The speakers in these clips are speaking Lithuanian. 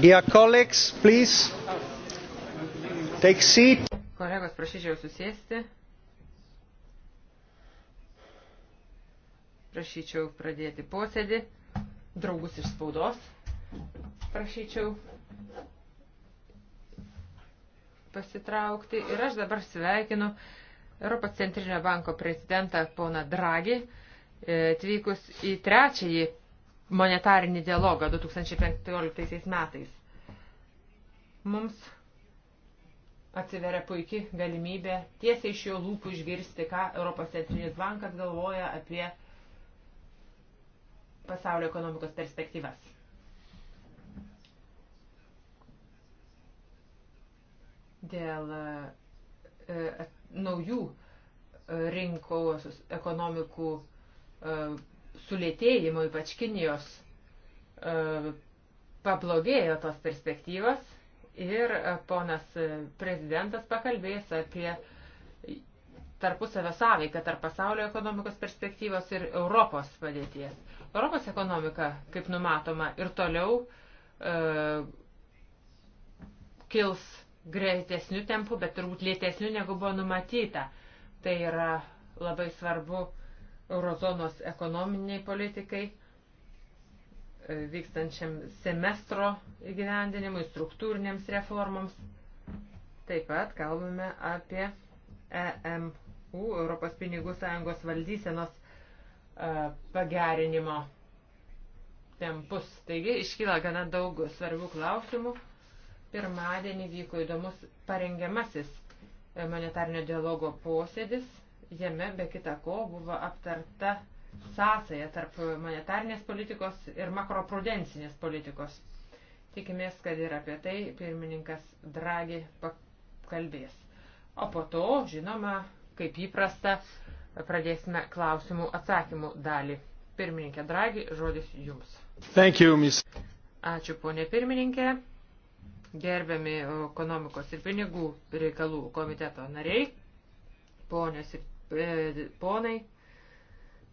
Dear colleagues, please take seat. Kolegos, prašyčiau susėsti. Prašyčiau pradėti posėdį. Draugus iš spaudos. Prašyčiau pasitraukti. Ir aš dabar sveikinu Europos Centrinio banko prezidentą poną Dragį e, atvykus į trečiąjį monetarinį dialogą 2015 metais. Mums atsiveria puikiai galimybė tiesiai iš jo lūpų išgirsti, ką Europos centrinis bankas galvoja apie pasaulio ekonomikos perspektyvas. Dėl e, naujų e, rinkos ekonomikų e, sulėtėjimo, ypač Kinijos, e, pablogėjo tos perspektyvos ir e, ponas e, prezidentas pakalbės apie tarpusavio sąveiką tarp pasaulio ekonomikos perspektyvos ir Europos padėties. Europos ekonomika, kaip numatoma, ir toliau uh, kils greitesnių tempų, bet turbūt lėtesnių negu buvo numatyta. Tai yra labai svarbu uh, eurozonos ekonominiai politikai, e, vykstančiam semestro įgyvendinimui, struktūrinėms reformoms. Taip pat kalbame apie EMU, Europos pinigų sąjungos valdysenos e, pagerinimo tempus. Taigi iškyla gana daug svarbių klausimų. Pirmadienį vyko įdomus parengiamasis e, monetarnio dialogo posėdis Jame be kita ko buvo aptarta sąsaja tarp monetarnės politikos ir makroprudencinės politikos. Tikimės, kad ir apie tai pirmininkas Dragi pakalbės. O po to, žinoma, kaip įprasta, pradėsime klausimų atsakymų dalį. Pirmininkė Dragi, žodis jums. Thank you, miss. Ačiū, ponė pirmininkė. Gerbiami ekonomikos ir pinigų reikalų komiteto nariai, ponios ir E, ponai,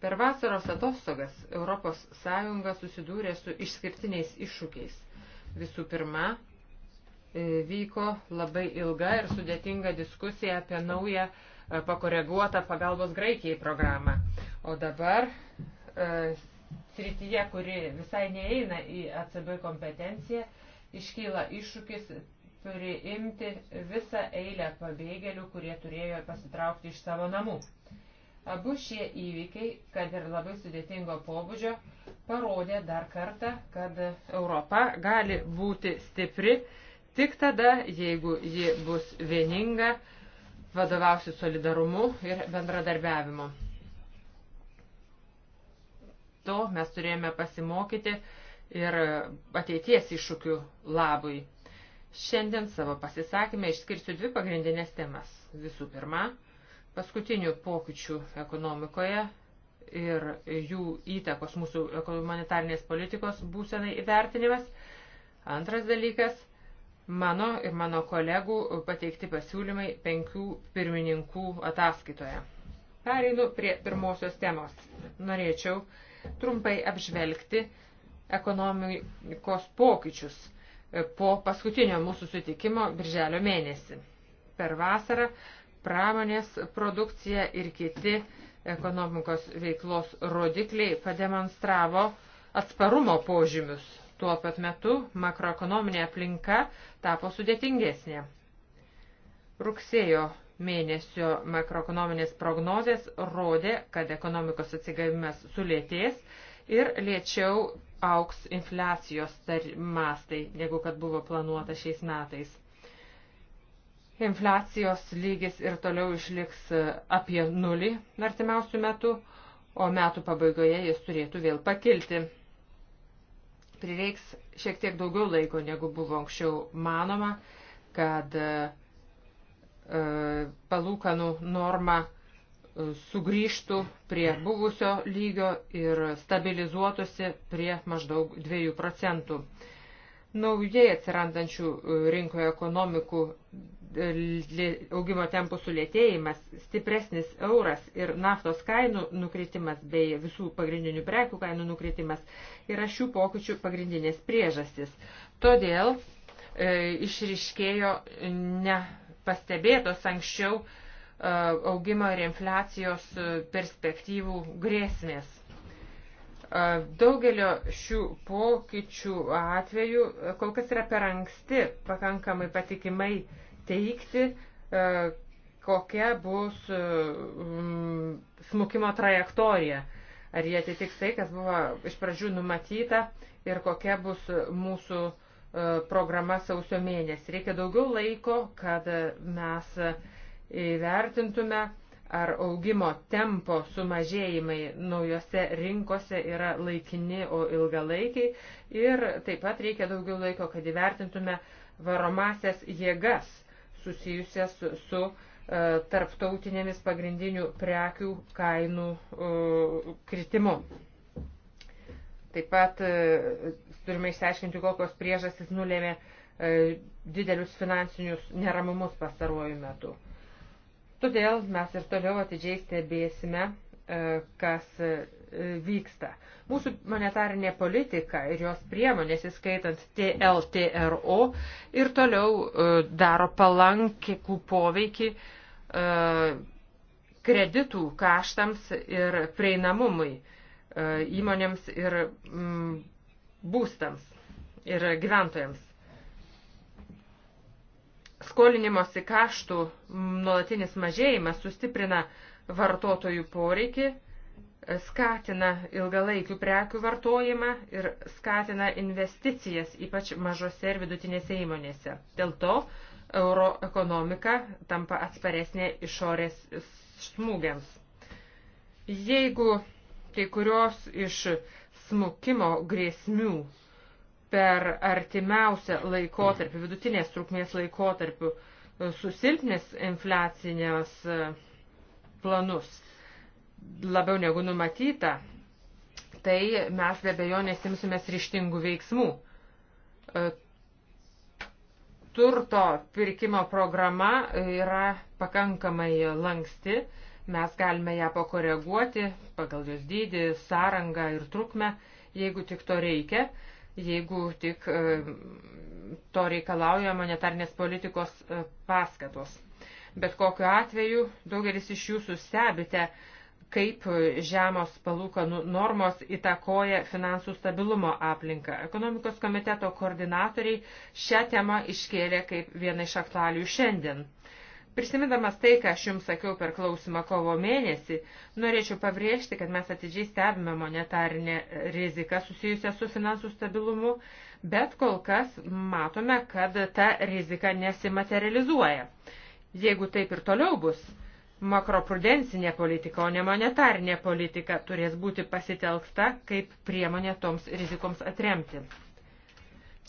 per vasaros atostogas ES susidūrė su išskirtiniais iššūkiais. Visų pirma, e, vyko labai ilga ir sudėtinga diskusija apie naują e, pakoreguotą pagalbos Graikijai programą. O dabar srityje, kuri visai neeina į ACB kompetenciją, iškyla iššūkis priimti visą eilę pabėgėlių, kurie turėjo pasitraukti iš savo namų. Abu šie įvykiai, kad ir labai sudėtingo pobūdžio, parodė dar kartą, kad Europa gali būti stipri tik tada, jeigu ji bus vieninga, vadovausi solidarumu ir bendradarbiavimu. To mes turėjome pasimokyti ir ateities iššūkių labui. Šiandien savo pasisakymę išskirsiu dvi pagrindinės temas. Visų pirma, paskutinių pokyčių ekonomikoje ir jų įtakos mūsų humanitarnės politikos būsenai įvertinimas. Antras dalykas - mano ir mano kolegų pateikti pasiūlymai penkių pirmininkų ataskaitoje. Pereinu prie pirmosios temos. Norėčiau trumpai apžvelgti ekonomikos pokyčius – po paskutinio mūsų sutikimo birželio mėnesį. Per vasarą pramonės produkcija ir kiti ekonomikos veiklos rodikliai pademonstravo atsparumo požymius. Tuo pat metu makroekonominė aplinka tapo sudėtingesnė. Rugsėjo mėnesio makroekonominės prognozės rodė, kad ekonomikos atsigavimas sulėtės ir lėčiau auks infliacijos mastai, negu kad buvo planuota šiais metais. Infliacijos lygis ir toliau išliks e, apie nulį artimiausių metų, o metų pabaigoje jis turėtų vėl pakilti. Prireiks šiek tiek daugiau laiko, negu buvo anksčiau manoma, kad e, palūkanų norma uh, sugrįžtų prie buvusio lygio ir stabilizuotųsi prie maždaug 2 procentų. Naujai atsirandančių e, rinkoje ekonomikų e, augimo tempų sulėtėjimas, stipresnis euras ir naftos kainų nukritimas bei visų pagrindinių prekių kainų nukritimas yra šių pokyčių pagrindinės priežastis. Todėl e, išriškėjo nepastebėtos anksčiau e, augimo ir infliacijos perspektyvų grėsmės. Daugelio šių pokyčių atveju kol kas yra per anksti pakankamai patikimai teikti, kokia bus mm, smukimo trajektorija. Ar jie atitiks tai, kas buvo iš pradžių numatyta ir kokia bus mūsų programa sausio mėnesį. Reikia daugiau laiko, kad mes įvertintume, ar augimo tempo sumažėjimai naujose rinkose yra laikini, o ilgalaikiai. Ir taip pat reikia daugiau laiko, kad įvertintume varomasias jėgas susijusias su, su e, tarptautinėmis pagrindinių prekių kainų e, kritimu. Taip pat e, turime išsiaiškinti, kokios priežastys nulėmė e, didelius finansinius neramumus pastaruoju metu. E, Todėl mes ir toliau atidžiai stebėsime, e, kas e, vyksta. Mūsų monetarinė politika ir jos priemonės, įskaitant TLTRO, ir toliau e, daro palankikų poveikį kreditų kaštams ir prieinamumui įmonėms ir mm, būstams ir gyventojams skolinimosi kaštų nuolatinis mažėjimas sustiprina vartotojų poreikį, skatina ilgalaikių prekių vartojimą ir skatina investicijas, ypač mažose ir vidutinėse įmonėse. Dėl to euro ekonomika tampa atsparesnė išorės smūgiams. Jeigu kai kurios iš smukimo grėsmių per artimiausią laikotarpį, vidutinės trukmės laikotarpių, e, susilpnis infliacinės e, planus labiau negu numatyta, tai mes be abejo nesimsimės ryštingų veiksmų. E, turto pirkimo programa yra pakankamai lanksti, mes galime ją pakoreguoti pagal jos dydį, sąrangą ir trukmę, jeigu tik to reikia jeigu tik e, to reikalauja monetarnės politikos e, paskatos. Bet kokiu atveju daugelis iš jūsų stebite, kaip žemos palūkanų normos įtakoja finansų stabilumo aplinką. Ekonomikos komiteto koordinatoriai šią temą iškėlė kaip vieną iš aktualių šiandien. Prisimindamas tai, ką aš jums sakiau per klausimą kovo mėnesį, norėčiau pabrėžti, kad mes atidžiai stebime monetarinę riziką susijusią su finansų stabilumu, bet kol kas matome, kad ta rizika nesimaterializuoja. Jeigu taip ir toliau bus, makroprudencinė politika, o ne monetarinė politika turės būti pasitelkta kaip priemonė toms rizikoms atremti.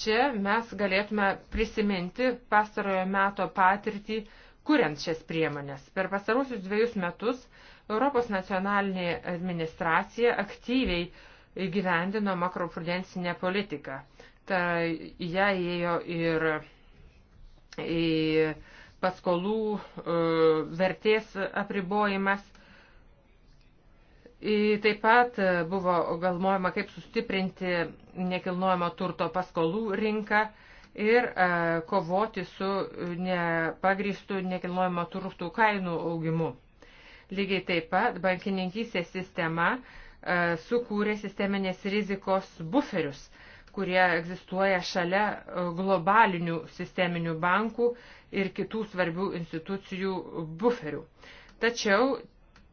Čia mes galėtume prisiminti pastarojo meto patirtį kuriant šias priemonės. Per pastarosius dviejus metus Europos nacionalinė administracija aktyviai įgyvendino makroprudencinę politiką. Ta, ją įėjo ir į paskolų e, vertės apribojimas. Taip pat buvo galvojama, kaip sustiprinti nekilnojamo turto paskolų rinką ir e, kovoti su nepagristų nekilnojimo turtų kainų augimu. Lygiai taip pat bankininkysės sistema e, sukūrė sisteminės rizikos buferius, kurie egzistuoja šalia e, globalinių sisteminių bankų ir kitų svarbių institucijų buferių. Tačiau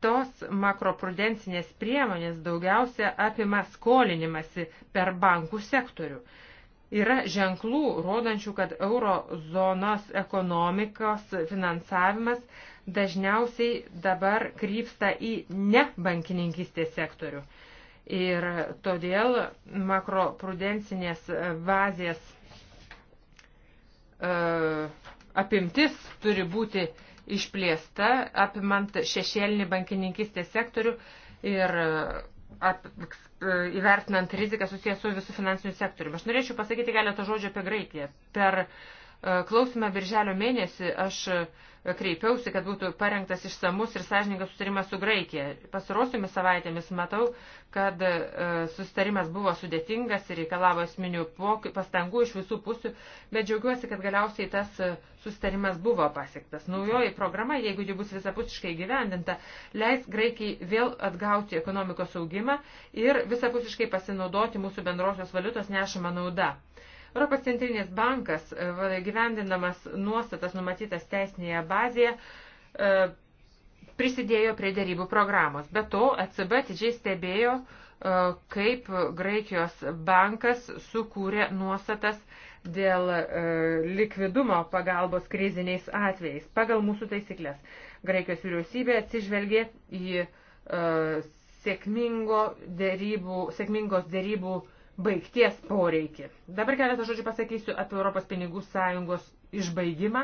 tos makroprudencinės priemonės daugiausia apima skolinimasi per bankų sektorių. Yra ženklų, rodančių, kad eurozonos ekonomikos finansavimas dažniausiai dabar krypsta į nebankininkistės sektorių. Ir todėl makroprudencinės bazės e, apimtis turi būti išplėsta, apimant šešėlinį bankininkistės sektorių ir ap, įvertinant riziką susijęs su visų finansiniu sektoriumi. Aš norėčiau pasakyti keletą žodžių apie Graikiją. Per uh, E, klausime birželio mėnesį, aš e, kreipiausi, kad būtų parengtas išsamus ir sąžininkas sustarimas su Graikija. Pasarosiomis savaitėmis matau, kad e, sustarimas buvo sudėtingas ir reikalavo esminių pastangų iš visų pusių, bet džiaugiuosi, kad galiausiai tas sustarimas buvo pasiektas. Naujoji programa, jeigu ji bus visapusiškai gyvendinta, leis Graikijai vėl atgauti ekonomikos augimą ir visapusiškai pasinaudoti mūsų bendrosios valiutos nešamą naudą. Europos centrinis bankas, e, gyvendinamas nuostatas numatytas teisinėje bazėje, e, prisidėjo prie dėrybų programos. Be to, ECB atidžiai stebėjo, e, kaip Graikijos bankas sukūrė nuostatas dėl likvidumo pagalbos kriziniais atvejais pagal mūsų taisyklės. Graikijos vyriausybė atsižvelgė į sėkmingo dėrybų, sėkmingos dėrybų baigties poreikį. Dabar keletą žodžių pasakysiu apie Europos pinigų sąjungos išbaigimą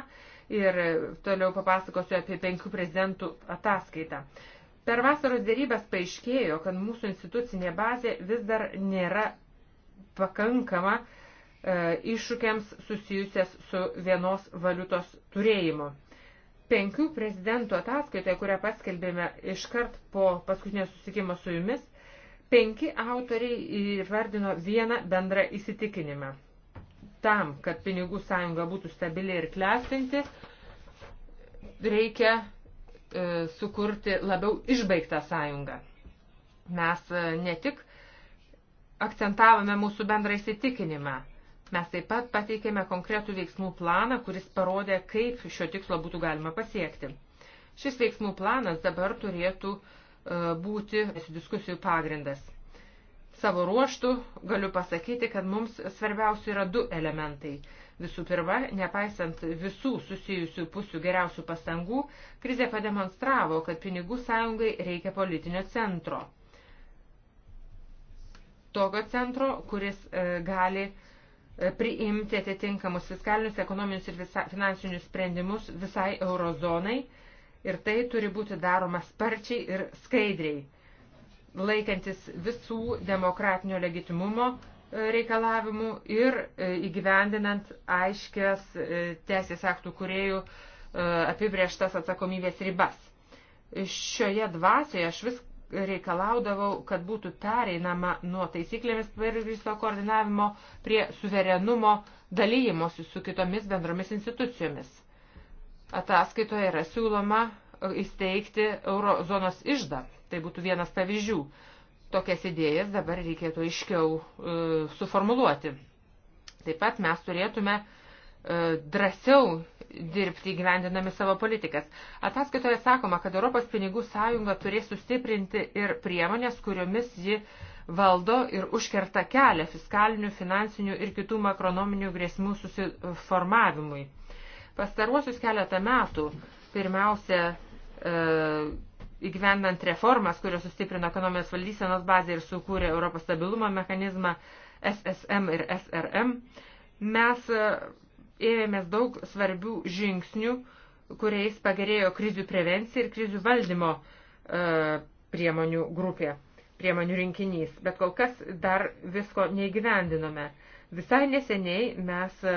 ir toliau papasakosiu apie penkių prezidentų ataskaitą. Per vasaros dėrybęs paaiškėjo, kad mūsų institucinė bazė vis dar nėra pakankama e, iššūkiams susijusias su vienos valiutos turėjimu. Penkių prezidentų ataskaitoje, kurią paskelbėme iškart po paskutinio susikimo su jumis, Penki autoriai išvardino vieną bendrą įsitikinimą. Tam, kad pinigų sąjunga būtų stabili ir klestinti, reikia e, sukurti labiau išbaigtą sąjungą. Mes e, ne tik akcentavome mūsų bendrą įsitikinimą, mes taip pat pateikėme konkretų veiksmų planą, kuris parodė, kaip šio tikslo būtų galima pasiekti. Šis veiksmų planas dabar turėtų e, E, būti diskusijų pagrindas. Savo ruoštų galiu pasakyti, kad mums svarbiausia yra du elementai. Visų pirma, nepaisant visų susijusių pusių geriausių pastangų, krizė pademonstravo, kad pinigų sąjungai reikia politinio centro. Tokio centro, kuris e, gali e, priimti atitinkamus fiskalinius, ekonominius ir visa, finansinius sprendimus visai eurozonai ir tai turi būti daroma sparčiai ir skaidriai, laikantis visų demokratinio legitimumo e, reikalavimų ir e, įgyvendinant aiškias e, teisės aktų kuriejų apibrieštas atsakomybės ribas. Šioje dvasioje aš vis reikalaudavau, kad būtų pereinama nuo taisyklėmis pavyzdžio koordinavimo prie suverenumo dalyjimosi su kitomis bendromis institucijomis. Ataskaitoje yra siūloma e, įsteigti eurozonos išdą. Tai būtų vienas pavyzdžių. Tokias idėjas dabar reikėtų aiškiau e, suformuluoti. Taip pat mes turėtume e, drąsiau dirbti įgyvendinami savo politikas. Ataskaitoje sakoma, kad Europos pinigų sąjunga turės sustiprinti ir priemonės, kuriomis ji valdo ir užkerta kelią fiskalinių, finansinių ir kitų makronominių grėsmų susiformavimui. E, Pastaruosius keletą metų, pirmiausia, e, įgyvendant reformas, kurios sustiprino ekonomijos valdysenos bazę ir sukūrė Europos stabilumo mechanizmą SSM ir SRM, mes e, ėmėmės daug svarbių žingsnių, kuriais pagerėjo krizių prevencija ir krizių valdymo e, priemonių grupė, priemonių rinkinys. Bet kol kas dar visko neįgyvendinome. Visai neseniai mes e,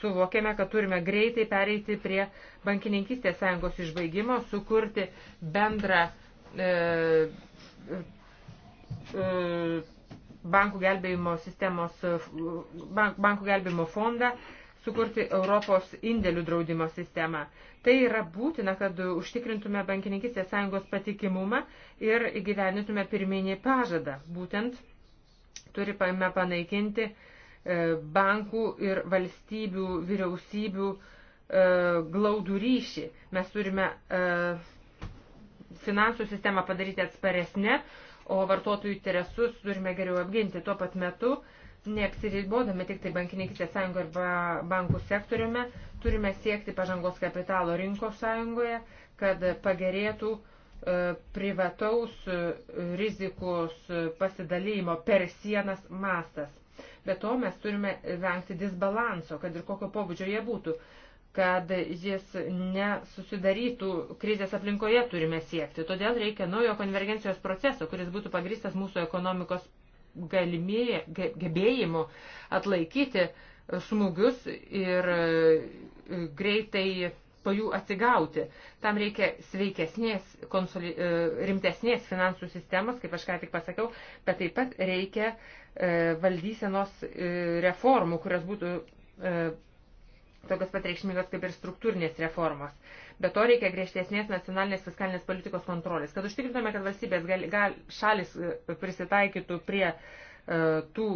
suvokėme, kad turime greitai pereiti prie bankininkystės sąjungos išbaigimo, sukurti bendrą e, e, bankų gelbėjimo sistemos, e, bank, bankų gelbėjimo fondą, sukurti Europos indėlių draudimo sistemą. Tai yra būtina, kad užtikrintume bankininkistės sąjungos patikimumą ir įgyvenintume pirminį pažadą, būtent turime panaikinti e, bankų ir valstybių, vyriausybių e, glaudų ryšį. Mes turime e, finansų sistemą padaryti atsparesnę, o vartotojų interesus turime geriau apginti. Tuo pat metu, neapsiribodami tik tai bankininkistės sąjungoje arba bankų sektoriume, turime siekti pažangos kapitalo rinkos sąjungoje, kad pagerėtų uh, E, privataus rizikos pasidalymo per sienas mastas. Be to mes turime vengti disbalanso, kad ir kokio pobūdžio jie būtų, kad jis nesusidarytų krizės aplinkoje turime siekti. Todėl reikia naujo konvergencijos proceso, kuris būtų pagristas mūsų ekonomikos galimėje, gebėjimu atlaikyti smūgius ir greitai po jų atsigauti. Tam reikia sveikesnės, konsoli, e, rimtesnės finansų sistemos, kaip aš ką tik pasakiau, bet taip pat reikia e, valdysenos e, reformų, kurios būtų tokios pat reikšmingos kaip ir struktūrinės reformos. Be to reikia griežtesnės nacionalinės fiskalinės politikos kontrolės, kad užtikrintume, kad valstybės gal, gal, šalis prisitaikytų prie uh, tų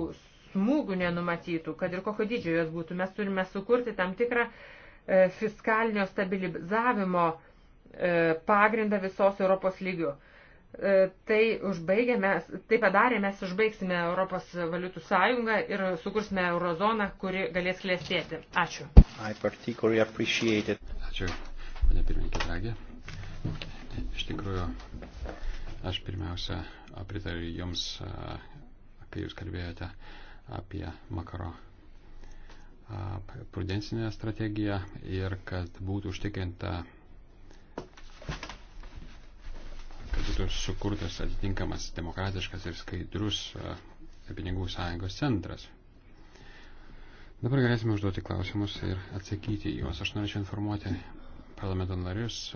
smūgių nenumatytų, kad ir kokio dydžio jos būtų. Mes turime sukurti tam tikrą uh, E, fiskalinio stabilizavimo e, pagrindą visos Europos lygių. E, tai užbaigėme, tai padarė, mes užbaigsime Europos valiutų sąjungą ir sukursime eurozoną, kuri galės klėstėti. Ačiū. Ačiū, ponė pirmininkė Dragė. Iš tikrųjų, aš pirmiausia pritariu Jums, kai Jūs kalbėjote apie makaro prudencinė strategija ir kad būtų užtikrinta, kad būtų sukurtas atitinkamas demokratiškas ir skaidrus pinigų sąjungos centras. Dabar galėsime užduoti klausimus ir atsakyti į juos. Aš norėčiau informuoti parlamento narius,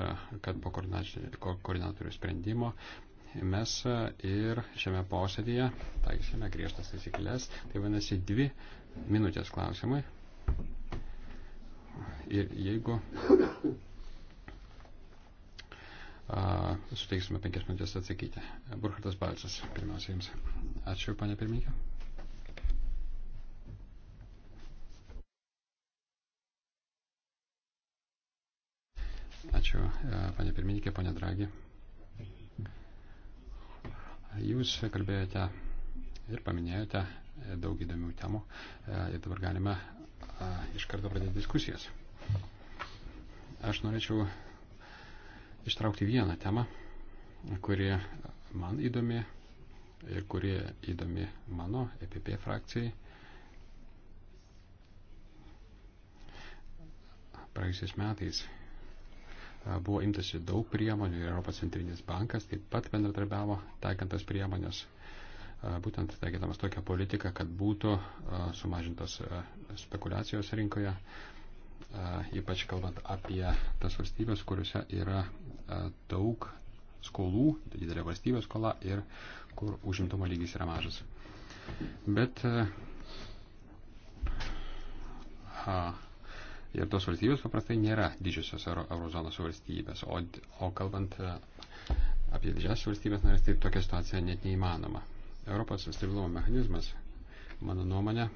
kad po koordinatorių sprendimo mes ir šiame posėdėje taikysime griežtas taisyklės. Tai vadinasi dvi minutės klausimui Ir jeigu a, suteiksime penkias minutės atsakyti. Burkhardas Balcas, pirmiausia Jums. Ačiū, panė pirmininkė. Ačiū, e, panė pirmininkė, panė Dragi. Jūs kalbėjote ir paminėjote daug įdomių temų e, ir dabar galime iš karto pradėti diskusijas. Aš norėčiau ištraukti vieną temą, kuri man įdomi ir kuri įdomi mano EPP frakcijai. Praėjusiais metais buvo imtasi daug priemonių ir Europos centrinis bankas taip pat bendradarbiavo taikant tas priemonės būtent taikydamas tokią politiką, kad būtų sumažintos spekulacijos rinkoje, ypač kalbant apie tas valstybės, kuriuose yra daug skolų, didelė valstybės skola ir kur užimtumo lygis yra mažas. Bet a, ir tos valstybės paprastai nėra didžiosios eurozonos valstybės, o, o kalbant apie didžiasias valstybės narės, tai tokia situacija net neįmanoma. Europos stabilumo mechanizmas, mano nuomonė,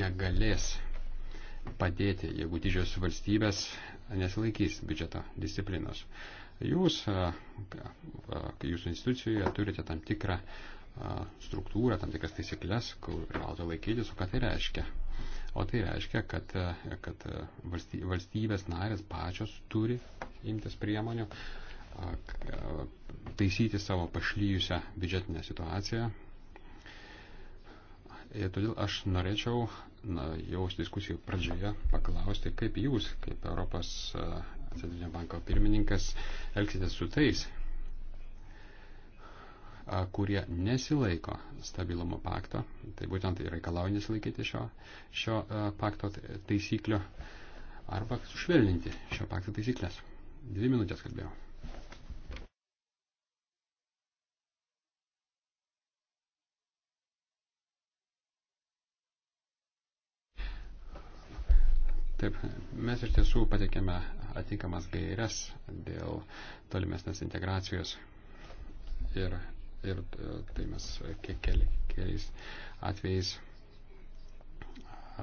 negalės padėti, jeigu didžios valstybės nesilaikys biudžeto disciplinos. Jūs, jūsų institucijoje turite tam tikrą struktūrą, tam tikras taisyklės, kur privalote laikytis, o ką tai reiškia? O tai reiškia, kad, kad valstybės narės pačios turi imtis priemonių, taisyti savo pašlyjusią biudžetinę situaciją. Ir todėl aš norėčiau na, jau diskusijų pradžioje paklausti, kaip jūs, kaip Europos Centrinio banko pirmininkas, elgsitės su tais, kurie nesilaiko stabilumo pakto, tai būtent tai reikalauja nesilaikyti šio, šio pakto taisyklių arba sušvelninti šio pakto taisyklės. Dvi minutės kalbėjau. Taip, mes iš tiesų patikėme atitinkamas gairias dėl tolimesnės integracijos ir, ir tai mes keliais atvejais,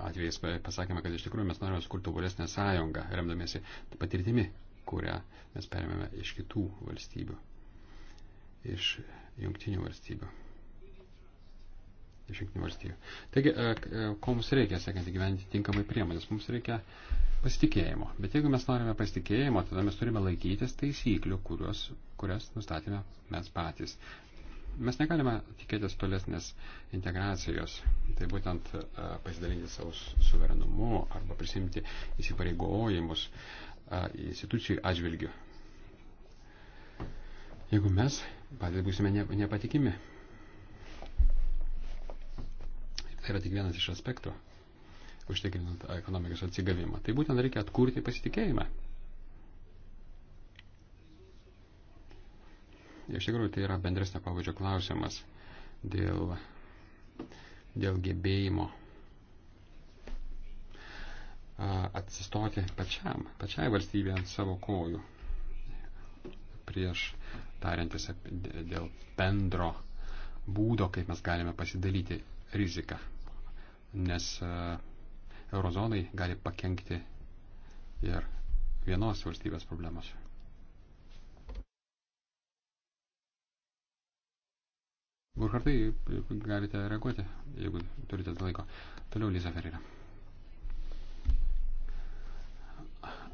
atvejais pasakėme, kad iš tikrųjų mes norime sukurti tobulesnę sąjungą, remdamiesi patirtimi, kurią mes perėmėme iš kitų valstybių, iš jungtinių valstybių iš jungtinių valstybių. Taigi, e, e, ko mums reikia, sakant, įgyventi tinkamai priemonės, mums reikia pasitikėjimo. Bet jeigu mes norime pasitikėjimo, tada mes turime laikytis taisyklių, kurios, kurias nustatėme mes patys. Mes negalime tikėtis tolesnės integracijos, tai būtent e, pasidalinti savo suverenumu arba prisimti įsipareigojimus institucijų atžvilgių. Jeigu mes patys būsime nepatikimi. Tai yra tik vienas iš aspektų, užtikrinant ekonomikos atsigavimą. Tai būtent reikia atkurti pasitikėjimą. Iš tikrųjų, tai yra bendresnio pavadžio klausimas dėl, dėl gebėjimo atsistoti pačiam, pačiai valstybė ant savo kojų prieš tariantis dėl bendro būdo, kaip mes galime pasidalyti riziką nes e, eurozonai gali pakengti ir vienos valstybės problemos. Burkhardai, galite reaguoti, jeigu turite laiko. Toliau Liza Ferreira.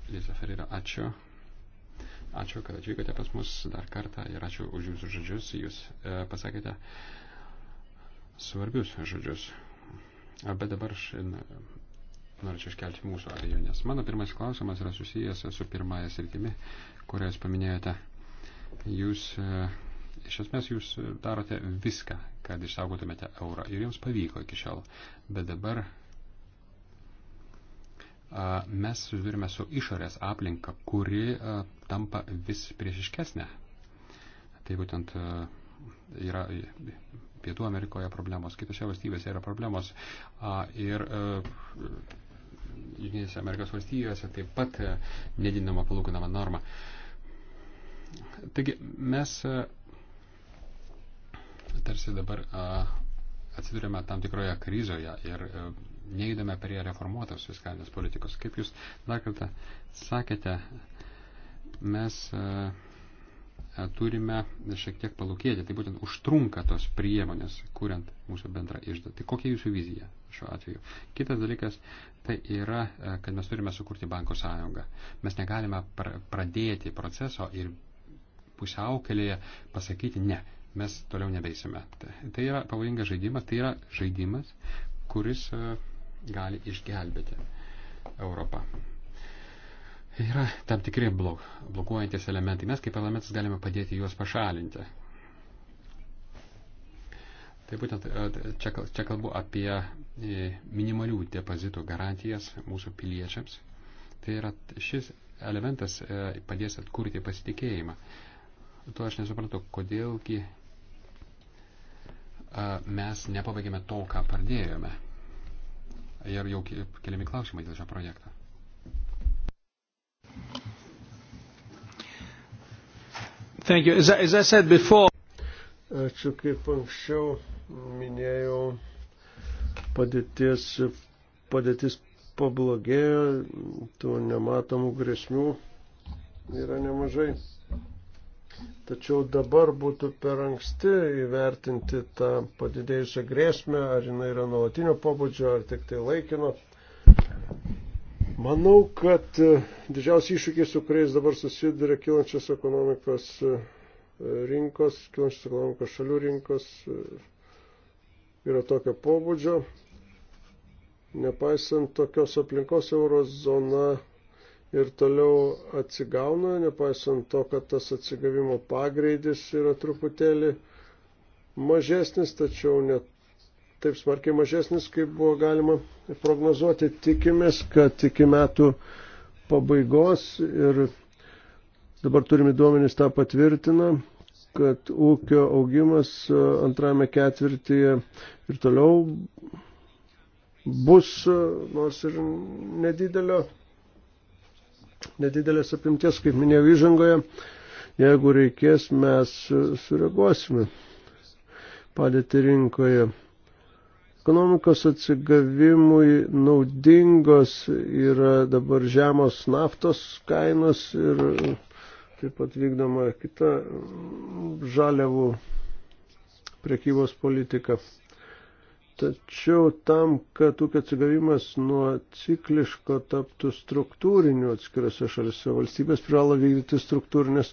Liza Ferreira, ačiū. Ačiū, kad atvykote pas mus dar kartą ir ačiū už jūsų žodžius. Jūs e, pasakėte svarbius žodžius. Bet dabar aš norėčiau iškelti mūsų abejonės. Mano pirmas klausimas yra susijęs su pirmąją sritimi, kurią jūs paminėjote. Jūs, e, iš esmės, jūs darote viską, kad išsaugotumėte eurą. Ir jums pavyko iki šiol. Bet dabar mes susidurime su išorės aplinka, kuri tampa vis priešiškesnė. Tai būtent yra Pietų Amerikoje problemos, kitose valstybėse yra problemos. Ir e, Junktinėse Amerikos valstybėse taip pat e, nedinama palūkanama norma. Taigi mes e, tarsi dabar atsidurėme tam tikroje krizoje ir neįdame prie reformuotos fiskalinės politikos. Kaip jūs dar kartą sakėte, mes E, turime šiek tiek palūkėti. Tai būtent užtrunka tos priemonės, kuriant mūsų bendrą išdą. Tai kokia jūsų vizija šiuo atveju? Kitas dalykas tai yra, e, kad mes turime sukurti banko sąjungą. Mes negalime pr pradėti proceso ir pusiaukelėje pasakyti ne. Mes toliau nebeisime. Tai, tai yra pavojingas žaidimas, tai yra žaidimas, kuris e, gali išgelbėti Europą yra tam tikri blok, blokuojantis elementai. Mes kaip parlamentas galime padėti juos pašalinti. Tai būtent e, čia, čia kalbu apie e, minimalių depozitų garantijas mūsų piliečiams. Tai yra šis elementas e, padės atkurti pasitikėjimą. To aš nesuprantu, kodėlgi mes nepabaigėme to, ką pradėjome. Ir jau keliami klausimai dėl šio projekto. Thank you. As I, as I said before, Ačiū, kaip anksčiau minėjau, padėties, padėtis pablogėjo, tų nematomų grėsmių yra nemažai. Tačiau dabar būtų per anksti įvertinti tą padidėjusią grėsmę, ar jinai yra nuolatinio pobūdžio, ar tik tai laikino. Manau, kad e, didžiausi iššūkiai, su kuriais dabar susiduria kilančios ekonomikos e, rinkos, kilančios ekonomikos šalių rinkos, e, yra tokio pobūdžio. Nepaisant tokios aplinkos eurozona ir toliau atsigauna, nepaisant to, kad tas atsigavimo pagreidis yra truputėlį mažesnis, tačiau net taip smarkiai mažesnis, kaip buvo galima prognozuoti. Tikimės, kad iki metų pabaigos ir dabar turime duomenys tą patvirtina, kad ūkio augimas e, antrame ketvirtyje ir toliau bus e, nors ir nedidelio, nedidelės apimties, kaip minėjau įžangoje, jeigu reikės, mes e, sureaguosime padėti rinkoje. Ekonomikos atsigavimui naudingos yra dabar žemos naftos kainos ir taip pat vykdoma kita žaliavų prekybos politika. Tačiau tam, kad ūkio atsigavimas nuo cikliško taptų struktūriniu atskirose šalise, valstybės privalo vykdyti struktūrinės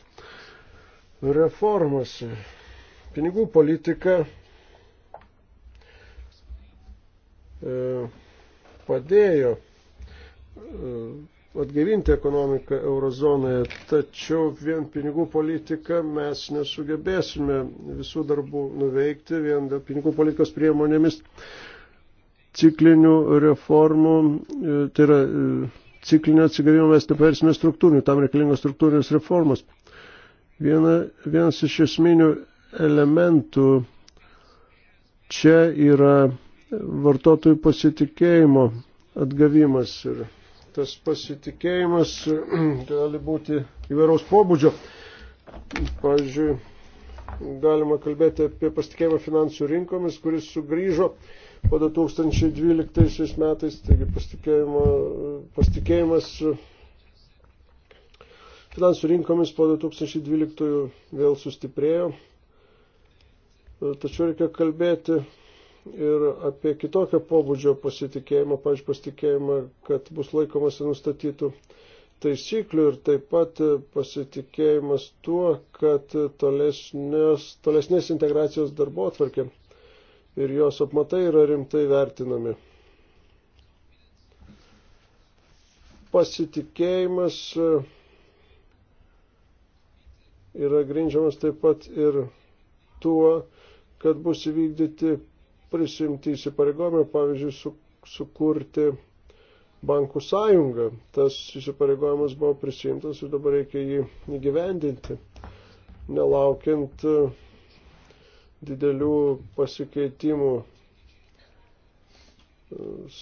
reformas. Pinigų politika E, padėjo e, atgaivinti ekonomiką eurozonoje, tačiau vien pinigų politiką mes nesugebėsime visų darbų nuveikti vien pinigų politikos priemonėmis ciklinių reformų, e, tai yra ciklinio atsigavimo mes nepaversime struktūrinių, tam reikalingos struktūrinės reformos. Viena, vienas iš esminių elementų čia yra vartotojų pasitikėjimo atgavimas. Ir tas pasitikėjimas gali būti įvairaus pobūdžio. Pavyzdžiui, galima kalbėti apie pasitikėjimą finansų rinkomis, kuris sugrįžo po 2012 metais, taigi pasitikėjimas finansų rinkomis po 2012 vėl sustiprėjo. Tačiau reikia kalbėti ir apie kitokio pobūdžio pasitikėjimą, pavyzdžiui, pasitikėjimą, kad bus laikomasi nustatytų taisyklių ir taip pat pasitikėjimas tuo, kad tolesnės, tolesnės integracijos darbo atvarkė ir jos apmatai yra rimtai vertinami. Pasitikėjimas yra grindžiamas taip pat ir tuo, kad bus įvykdyti prisimti įsipareigojimą, pavyzdžiui, su, sukurti bankų sąjungą. Tas įsipareigojimas buvo prisimtas ir dabar reikia jį įgyvendinti, nelaukiant e, didelių pasikeitimų e,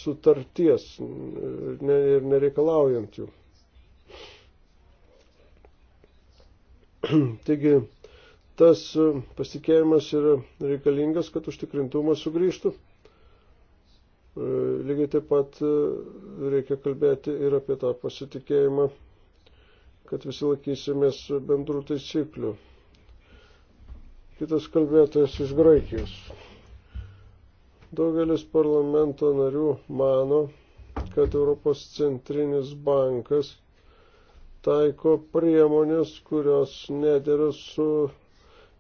sutarties ir nereikalaujant jų. Taigi, tas e, pasikėjimas yra reikalingas, kad užtikrintumas sugrįžtų. E, lygiai taip pat e, reikia kalbėti ir apie tą pasitikėjimą, kad visi laikysimės bendrų taisyklių. Kitas kalbėtojas iš Graikijos. Daugelis parlamento narių mano, kad Europos centrinis bankas taiko priemonės, kurios nedėra su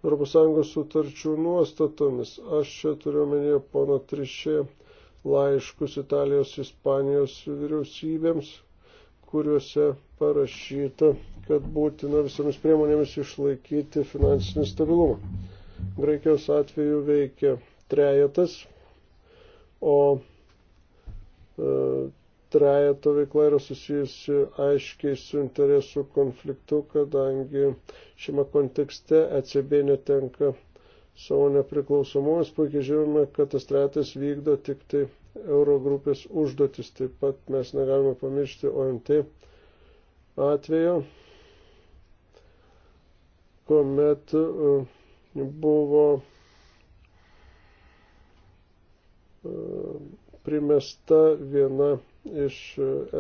ES sutarčių nuostatomis. Aš čia turiu omenyje pono Trišė laiškus Italijos, Ispanijos vyriausybėms, kuriuose parašyta, kad būtina visomis priemonėmis išlaikyti finansinį stabilumą. Graikijos atveju veikia trejetas, o e, trejato veikla yra susijusi aiškiai su interesų konfliktu, kadangi šiame kontekste ECB netenka savo nepriklausomumus. Puikiai žinome, kad tas trejatas vykdo tik tai eurogrupės užduotis. Taip pat mes negalime pamiršti OMT atvejo, kuomet e, buvo e, primesta viena iš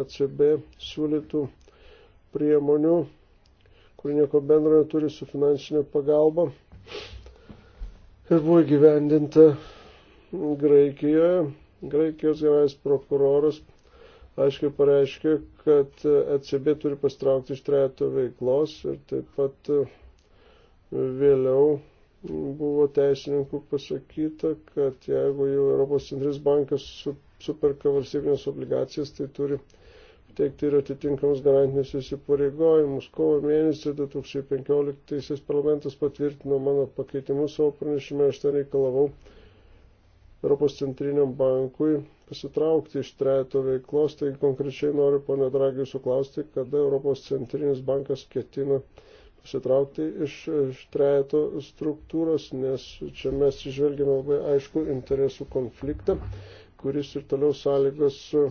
ECB siūlytų priemonių, kur nieko bendrojo turi su finansinė pagalba. Ir buvo gyvendinta Graikijoje. Graikijos generalinis prokuroras aiškiai pareiškė, kad ECB turi pastraukti iš trejato veiklos ir taip pat e, vėliau buvo teisininkų pasakyta, kad jeigu jau Europos centrinis bankas su superka valstybinės obligacijas, tai turi teikti ir atitinkamus garantinius įsipareigojimus. Kovo mėnesį 2015 parlamentas patvirtino mano pakeitimus savo pranešime, aš ten reikalavau Europos centriniam bankui pasitraukti iš trejato veiklos, tai konkrečiai noriu ponė Dragiai suklausti, kada Europos centrinis bankas ketina pasitraukti iš, iš trejato struktūros, nes čia mes išvelgiame labai aišku interesų konfliktą kuris ir toliau sąlygos e,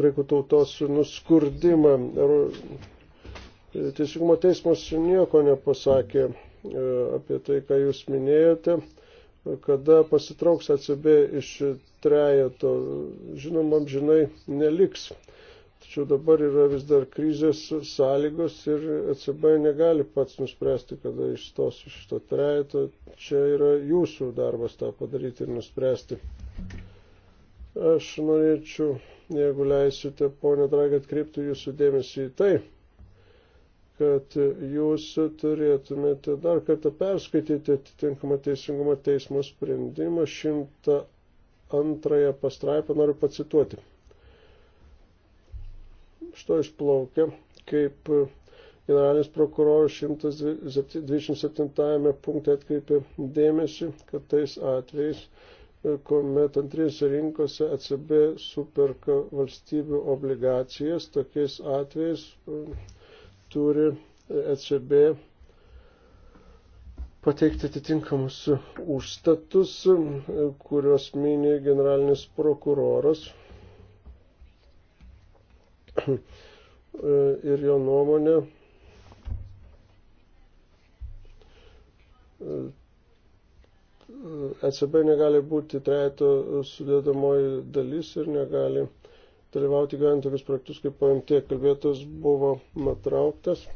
graikų tautos nuskurdimą. E, Teisingumo teismas nieko nepasakė e, apie tai, ką jūs minėjote, kada pasitrauks atsibė iš trejeto, žinom, amžinai neliks. Tačiau dabar yra vis dar krizės sąlygos ir ECB negali pats nuspręsti, kada išstos iš to trejato. Čia yra jūsų darbas tą padaryti ir nuspręsti. Aš norėčiau, jeigu leisite, ponė Dragė, atkreipti jūsų dėmesį į tai, kad jūs turėtumėte dar kartą perskaityti atitinkamą teisingumo teismo sprendimą 102 pastraipą, noriu pacituoti iš to išplaukia, kaip e, generalinis prokuroras 127 punkte atkreipė dėmesį, kad tais atvejais, e, kuomet antrinėse rinkose ECB superka valstybių obligacijas, tokiais atvejais e, turi ECB pateikti atitinkamus užstatus, kuriuos mini generalinis prokuroras E, ir jo nuomonė ECB e negali būti trejato sudėdamoji dalis ir negali dalyvauti gyventi tokius projektus kaip PMT. Kalbėtas buvo matrauktas.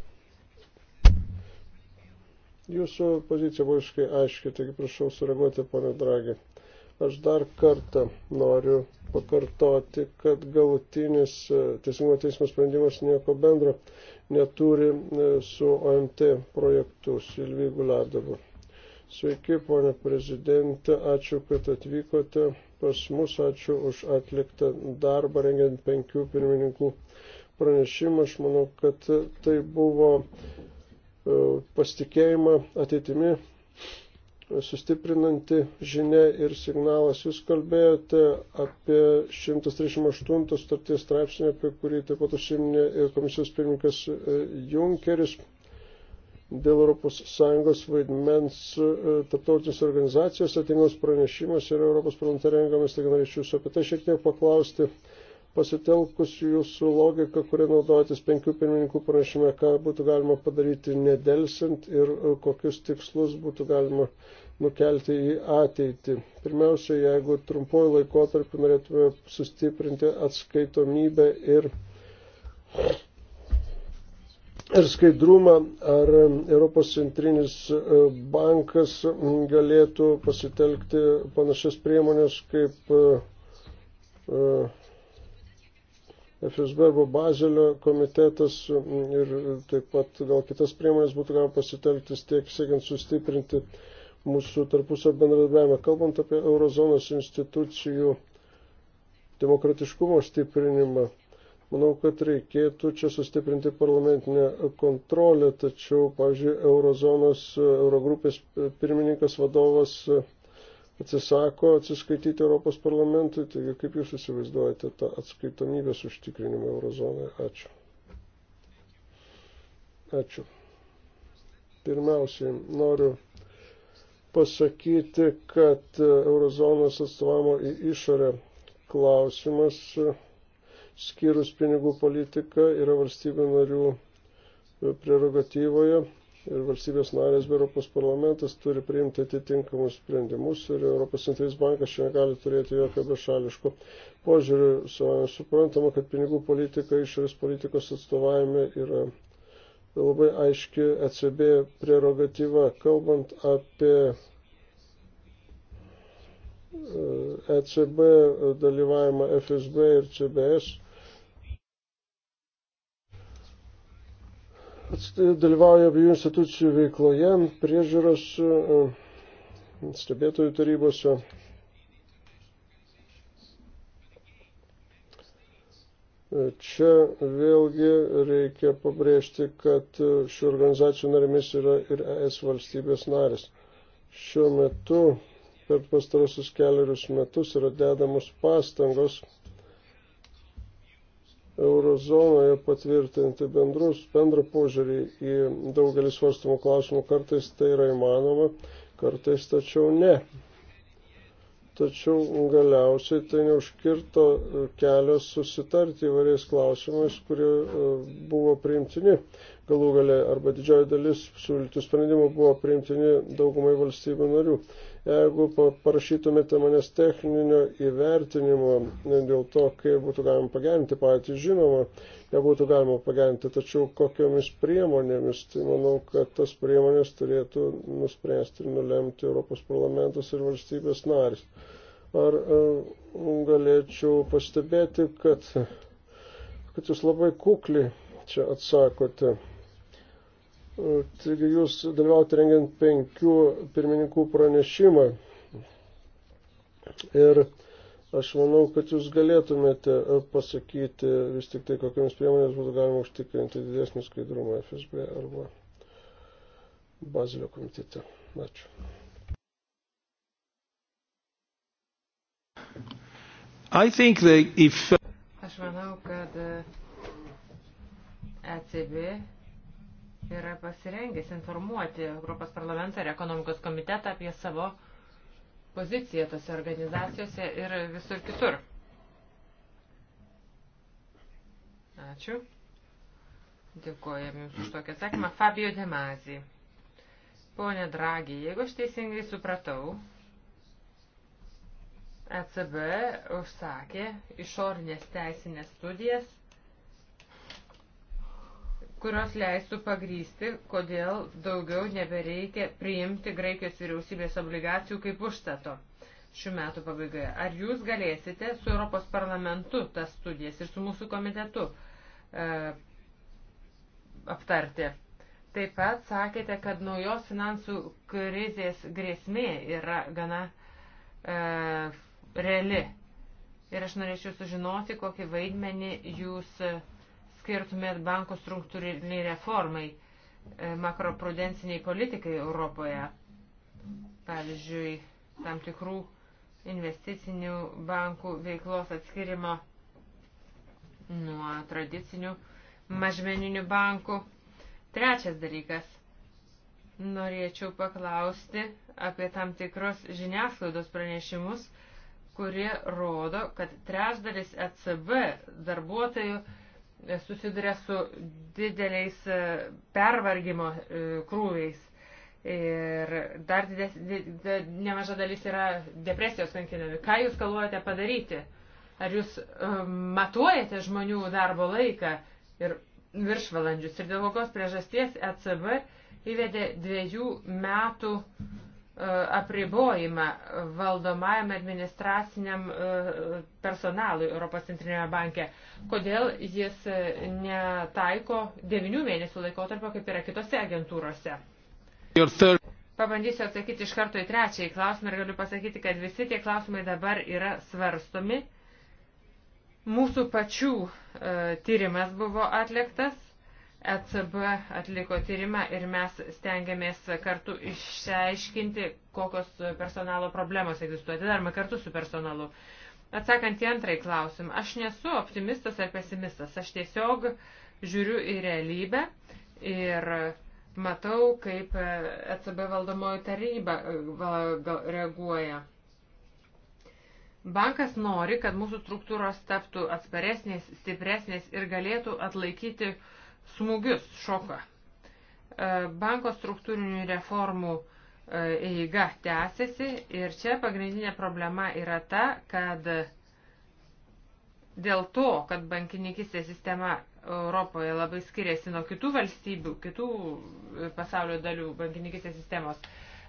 Jūsų pozicija buvo iškai aiškiai, taigi prašau sureaguoti, ponė Dragi. Aš dar kartą noriu pakartoti, kad galutinis e, teisingumo teismo sprendimas nieko bendro neturi e, su OMT projektu Silvi Gulardabu. Sveiki, ponė prezidentė, ačiū, kad atvykote pas mus, ačiū už atliktą darbą rengiant penkių pirmininkų pranešimą. Aš manau, kad tai buvo e, pasitikėjimą ateitimi sustiprinanti žinia ir signalas. Jūs kalbėjote apie 138 starties straipsnį, apie kurį taip pat užsiminė ir komisijos pirmininkas e, Junkeris dėl ES vaidmens e, tarptautinės organizacijos atingos pranešimas ir ES parlamente rengiamas, tai norėčiau jūsų apie tai šiek tiek paklausti pasitelkus jūsų logiką, kurią naudotis penkių pirmininkų pranešime, ką būtų galima padaryti nedelsint ir e, kokius tikslus būtų galima nukelti į ateitį. Pirmiausia, jeigu trumpuoju laikotarpiu norėtume sustiprinti atskaitomybę ir, ir skaidrumą, ar Europos centrinis e, bankas galėtų pasitelkti panašias priemonės kaip uh, FSB arba Bazelio komitetas mm, ir taip pat gal kitas priemonės būtų galima pasitelktis tiek siekiant sustiprinti mūsų tarpusio bendradarbiavimą. Kalbant apie eurozonos institucijų demokratiškumo stiprinimą, manau, kad reikėtų čia sustiprinti parlamentinę kontrolę, tačiau, pavyzdžiui, eurozonos, eurogrupės pirmininkas vadovas atsisako atsiskaityti Europos parlamentui, taigi kaip jūs įsivaizduojate tą atskaitomybės užtikrinimą eurozonoje? Ačiū. Ačiū. Pirmiausiai noriu pasakyti, kad eurozonos atstovamo į išorę klausimas, skyrus pinigų politiką, yra valstybių narių prerogatyvoje ir valstybės narės bei Europos parlamentas turi priimti atitinkamus sprendimus ir Europos centrinis bankas čia negali turėti jokio bešališko požiūrių. Suprantama, kad pinigų politika, išorės politikos atstovavime yra labai aiški ECB prerogatyva, kalbant apie ECB e dalyvavimą FSB ir CBS dalyvauja abiejų institucijų veikloje, priežiūros e, stebėtojų tarybose. E, čia vėlgi reikia pabrėžti, kad šių organizacijų narėmis yra ir ES valstybės narės. Šiuo metu per pastarosius keliarius metus yra dedamos pastangos eurozonoje patvirtinti bendrus, bendrą požiūrį į daugelį svarstamų klausimų. Kartais tai yra įmanoma, kartais tačiau ne. Tačiau galiausiai tai neužkirto kelio susitarti įvairiais klausimais, kurie e, buvo priimtini galų galę arba didžioji dalis siūlytų sprendimų buvo priimtini daugumai valstybių narių. Jeigu parašytumėte manęs techninio įvertinimo dėl to, kaip būtų galima pagerinti patį, žinoma, nebūtų galima pagerinti, tačiau kokiomis priemonėmis, tai manau, kad tas priemonės turėtų nuspręsti ir nulemti Europos parlamentas ir valstybės narys. Ar e, galėčiau pastebėti, kad, kad jūs labai kukliai čia atsakote. E, taigi jūs dalyvaujate rengiant penkių pirmininkų pranešimą. Ir aš manau, kad jūs galėtumėte e, pasakyti vis tik tai, kokiamis priemonės būtų galima užtikrinti didesnį skaidrumą FSB arba Bazilio komitete. Ačiū. I think that if... Aš manau, kad ECB e yra pasirengęs informuoti Europos parlamentą ir ekonomikos komitetą apie savo poziciją tose organizacijose ir visur kitur. Ačiū. Dėkojame Jums už tokį atsakymą. Fabio Demazį. Pone Dragi, jeigu aš teisingai supratau, ECB užsakė išorinės teisinės studijas kurios leistų pagrysti, kodėl daugiau nebereikia priimti Graikijos vyriausybės obligacijų kaip užstato šių metų pabaigoje. Ar jūs galėsite su Europos parlamentu tas studijas ir su mūsų komitetu e, aptarti? Taip pat sakėte, kad naujos finansų krizės grėsmė yra gana e, reali. Ir aš norėčiau sužinoti, kokį vaidmenį jūs. E, skirtumėt bankų struktūriniai reformai, e, makroprudenciniai politikai Europoje, pavyzdžiui, tam tikrų investicinių bankų veiklos atskirimo nuo tradicinių mažmeninių bankų. Trečias dalykas. Norėčiau paklausti apie tam tikrus žiniasklaidos pranešimus, kurie rodo, kad trečdalis ECB darbuotojų susiduria su dideliais e, pervargimo e, krūviais. Ir dar dides, nemaža dalis yra depresijos kankinami. Ką jūs galvojate padaryti? Ar jūs e, matuojate žmonių darbo laiką ir viršvalandžius? Ir dėl kokios priežasties ECB įvedė dviejų metų uh, E, apribojimą valdomajam administraciniam e, personalui Europos centrinėme banke. Kodėl jis e, netaiko devinių mėnesių laikotarpio, kaip yra kitose agentūrose? Pabandysiu atsakyti iš karto į trečiąjį klausimą ir galiu pasakyti, kad visi tie klausimai dabar yra svarstomi. Mūsų pačių e, tyrimas buvo atliktas ECB atliko tyrimą ir mes stengiamės kartu išsiaiškinti, kokios personalo problemos egzistuoja. Tai darome kartu su personalu. Atsakant į antrąjį klausimą, aš nesu optimistas ar pesimistas. Aš tiesiog žiūriu į realybę ir matau, kaip ECB valdomoji taryba e, reaguoja. Bankas nori, kad mūsų struktūros taptų atsparesnės, stipresnės ir galėtų atlaikyti uh, smūgius, šoką. E, banko struktūrinių reformų e, eiga tęsiasi ir čia pagrindinė problema yra ta, kad dėl to, kad bankininkistės sistema Europoje labai skiriasi nuo kitų valstybių, kitų e, pasaulio dalių bankininkistės sistemos,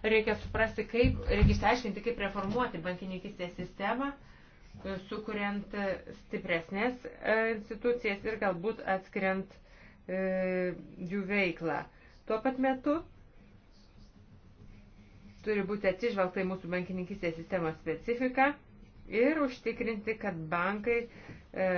reikia suprasti, kaip, reikia išsiaiškinti, kaip reformuoti bankininkistės sistemą, sukuriant stipresnės institucijas ir galbūt atskiriant E, jų veiklą. Tuo pat metu turi būti atsižvelgta į mūsų bankininkistės sistemos specifiką ir užtikrinti, kad bankai e,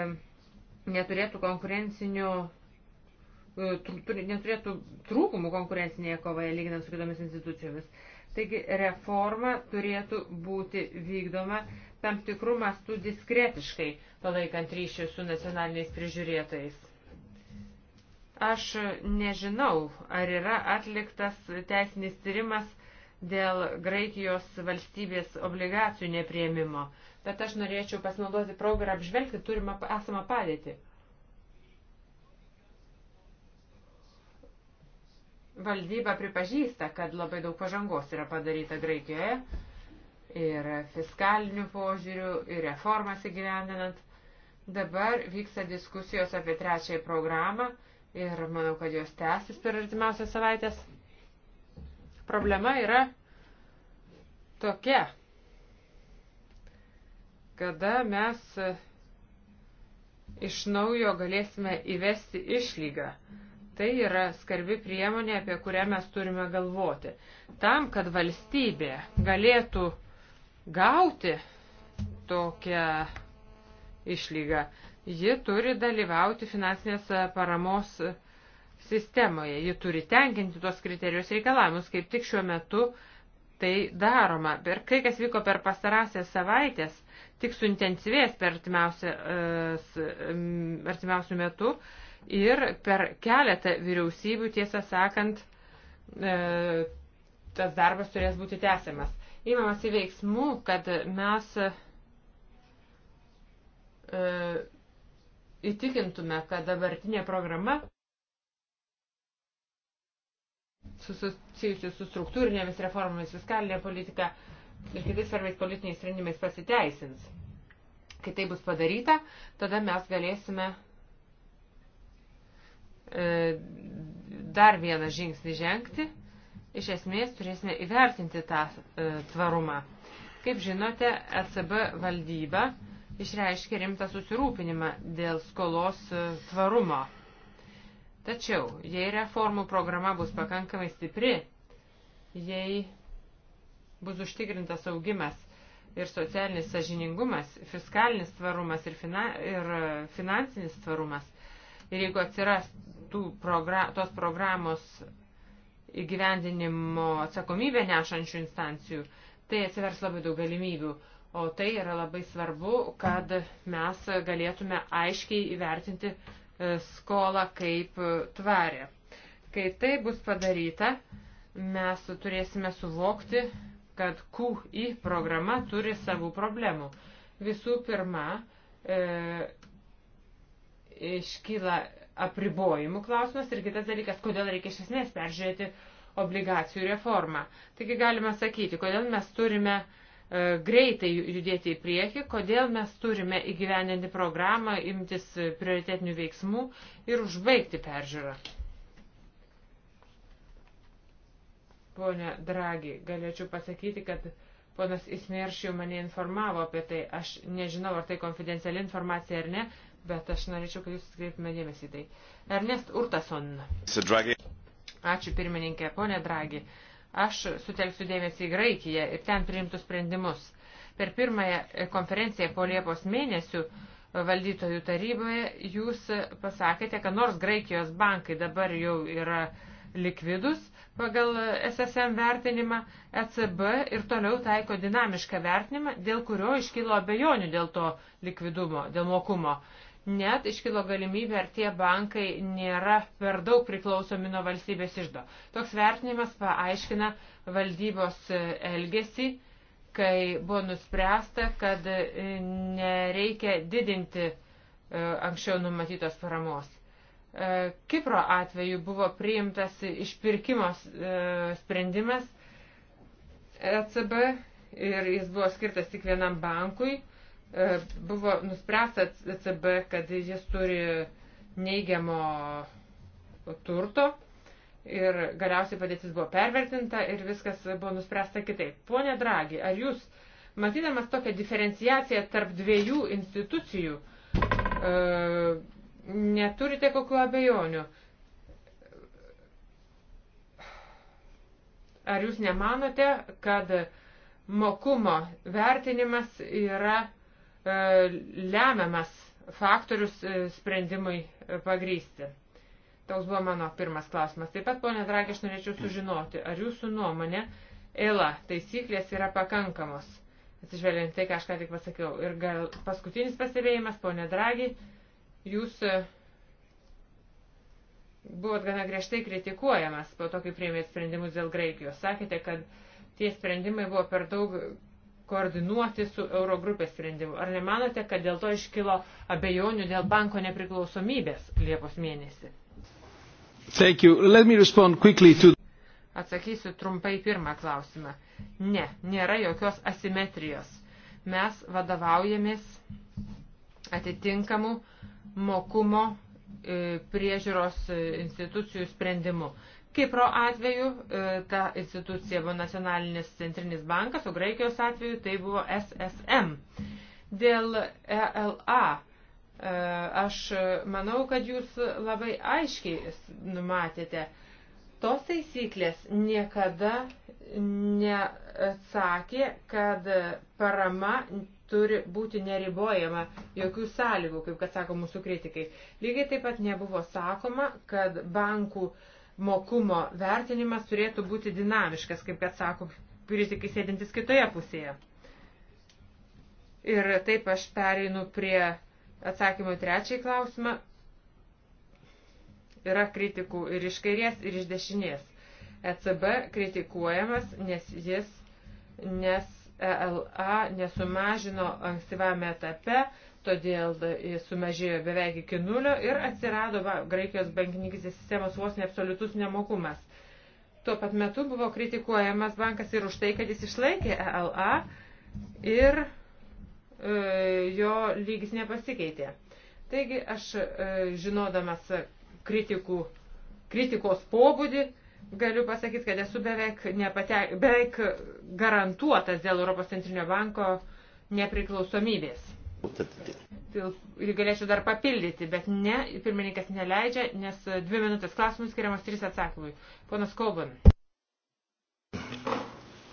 neturėtų konkurencinių e, neturėtų trūkumų konkurencinėje kovoje lyginant su kitomis institucijomis. Taigi reforma turėtų būti vykdoma tam tikrų mastų diskretiškai, palaikant ryšį su nacionaliniais prižiūrėtojais. Aš nežinau, ar yra atliktas teisinis tyrimas dėl Graikijos valstybės obligacijų neprieimimo, bet aš norėčiau pasinaudoti progą ir apžvelgti turimą esamą padėtį. Valdyba pripažįsta, kad labai daug pažangos yra padaryta Graikijoje ir fiskalinių požiūrių, ir reformas įgyvendinant. Dabar vyksta diskusijos apie trečiąją programą ir manau, kad jos tęsis per artimiausias savaitės. Problema yra tokia, kada mes iš naujo galėsime įvesti išlygą. Tai yra skarbi priemonė, apie kurią mes turime galvoti. Tam, kad valstybė galėtų gauti tokią išlygą, Ji turi dalyvauti finansinės paramos sistemoje. Ji turi tenkinti tuos kriterijus reikalavimus, kaip tik šiuo metu tai daroma. Per kai kas vyko per pastarąsias savaitės, tik suintensyvės per e, artimiausių metų ir per keletą vyriausybių, tiesą sakant, e, tas darbas turės būti tęsiamas. Įmamas į veiksmų, kad mes e, įtikintume, kad dabartinė programa susijusi su struktūrinėmis reformomis, fiskalinė politika ir kitais svarbiais politiniais sprendimais pasiteisins. Kai tai bus padaryta, tada mes galėsime e, dar vieną žingsnį žengti. Iš esmės turėsime įvertinti tą e, tvarumą. Kaip žinote, ECB valdyba išreiškė rimtą susirūpinimą dėl skolos e, tvarumo. Tačiau, jei reformų programa bus pakankamai stipri, jei bus užtikrintas augimas ir socialinis sažiningumas, fiskalinis tvarumas ir, fina, ir e, finansinis tvarumas, ir jeigu atsiras progra, tos programos įgyvendinimo atsakomybę nešančių instancijų, tai atsivers labai daug galimybių O tai yra labai svarbu, kad mes galėtume aiškiai įvertinti e, skolą kaip e, tvarę. Kai tai bus padaryta, mes turėsime suvokti, kad QI programa turi savų problemų. Visų pirma, e, iškyla apribojimų klausimas ir kitas dalykas, kodėl reikia iš esmės peržiūrėti obligacijų reformą. Taigi galime sakyti, kodėl mes turime e, E, greitai judėti į priekį, kodėl mes turime įgyveninti programą, imtis prioritetinių veiksmų ir užbaigti peržiūrą. Pone Dragi, galėčiau pasakyti, kad ponas Ismerš jau mane informavo apie tai. Aš nežinau, ar tai konfidenciali informacija ar ne, bet aš norėčiau, kad jūs atkreipime dėmesį tai. Ernest Urtason. Ačiū pirmininkė, ponė Dragi. Uh, Aš sutelksiu dėmesį į Graikiją ir ten priimtų sprendimus. Per pirmąją konferenciją po Liepos mėnesių valdytojų taryboje jūs pasakėte, kad nors Graikijos bankai dabar jau yra likvidus pagal SSM vertinimą, ECB ir toliau taiko dinamišką vertinimą, dėl kurio iškilo abejonių dėl to likvidumo, dėl mokumo net iškilo galimybė, ar tie bankai nėra per daug priklausomi nuo valstybės išdo. Toks vertinimas paaiškina valdybos e, elgesį, kai buvo nuspręsta, kad e, nereikia didinti e, anksčiau numatytos paramos. Kipro atveju buvo priimtas išpirkimos sprendimas ECB ir jis buvo skirtas tik vienam bankui E, buvo nuspręsta ECB, kad jis turi neigiamo turto ir galiausiai padėtis buvo pervertinta ir viskas buvo nuspręsta kitaip. Pone Dragi, ar jūs, matydamas tokią diferenciaciją tarp dviejų institucijų, e, neturite kokiu abejonių? Ar jūs nemanote, kad mokumo vertinimas yra E, lemiamas faktorius e, sprendimui e, pagrysti. Toks buvo mano pirmas klausimas. Taip pat, ponė Dragė, aš norėčiau sužinoti, ar jūsų nuomonė ELA taisyklės yra pakankamos, atsižvelgiant tai, ką aš ką tik pasakiau. Ir gal paskutinis pastebėjimas, ponė Dragė, jūs buvot gana griežtai kritikuojamas po to, kai priėmėt sprendimus dėl Graikijos. Sakėte, kad tie sprendimai buvo per daug koordinuoti su Eurogrupės sprendimu. Ar nemanote, kad dėl to iškilo abejonių dėl banko nepriklausomybės Liepos mėnesį? To... Atsakysiu trumpai pirmą klausimą. Ne, nėra jokios asimetrijos. Mes vadovaujamės atitinkamų mokumo e, priežiūros e, institucijų sprendimu. Kipro atveju e, ta institucija buvo nacionalinis centrinis bankas, o Graikijos atveju tai buvo SSM. Dėl ELA e, aš manau, kad jūs labai aiškiai numatėte, tos taisyklės niekada neatsakė, kad parama turi būti neribojama jokių sąlygų, kaip kad sako mūsų kritikai. Lygiai taip pat nebuvo sakoma, kad bankų uh, mokumo vertinimas turėtų būti dinamiškas, kaip kad sako kritikai sėdintis kitoje pusėje. Ir taip aš pereinu prie atsakymo trečiai klausimą. Yra kritikų ir iš kairės, ir iš dešinės. ECB kritikuojamas, nes jis, nes ELA nesumažino ankstyvame etape todėl e, sumažėjo beveik iki nulio ir atsirado va, Graikijos bankininkistės sistemos vos neabsoliutus nemokumas. Tuo pat metu buvo kritikuojamas bankas ir už tai, kad jis išlaikė ELA ir e, jo lygis nepasikeitė. Taigi aš e, žinodamas kritikų, kritikos pobūdį galiu pasakyti, kad esu beveik, nepate, beveik garantuotas dėl Europos centrinio banko nepriklausomybės. Tai- ir galėčiau dar papildyti, bet ne, pirmininkas neleidžia, nes dvi minutės klausimų skiriamas trys atsakymui. Ponas Kolban.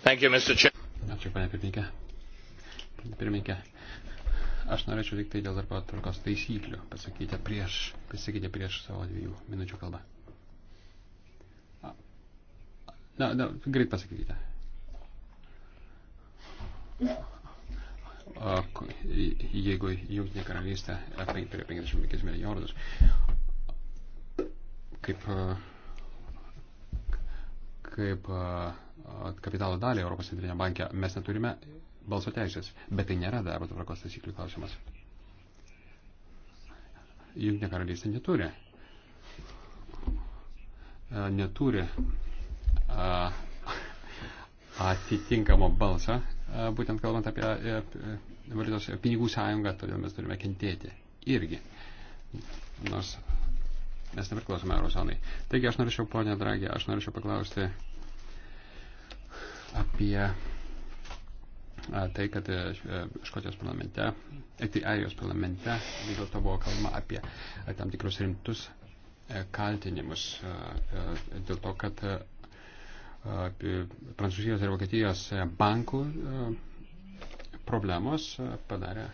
Ačiū, panė pirmininkė. Pirmininkė, aš norėčiau tik tai dėl darbo tvarkos taisyklių pasakyti prieš, pasakyti prieš savo dviejų minučių kalbą. Na, na, greit pasakykite. Yeah jeigu Junktinė karalystė prie 55 milijardus, kaip, kaip kapitalo dalį Europos centrinė bankė mes neturime balso teisės, bet tai nėra darbo tvarkos taisyklių klausimas. Junktinė karalystė neturi neturi atitinkamo balsą būtent kalbant apie e, e, valiutos e, pinigų sąjungą, todėl mes turime kentėti irgi. Nors mes nepriklausome eurozonai. Taigi aš norėčiau, ponė Dragė, aš norėčiau paklausti apie tai, kad Škotijos parlamente, tai Airijos parlamente vis dėlto buvo kalbama apie tam tikrus rimtus kaltinimus dėl to, kad Prancūzijos ir Vokietijos e, bankų e, problemos e, padarė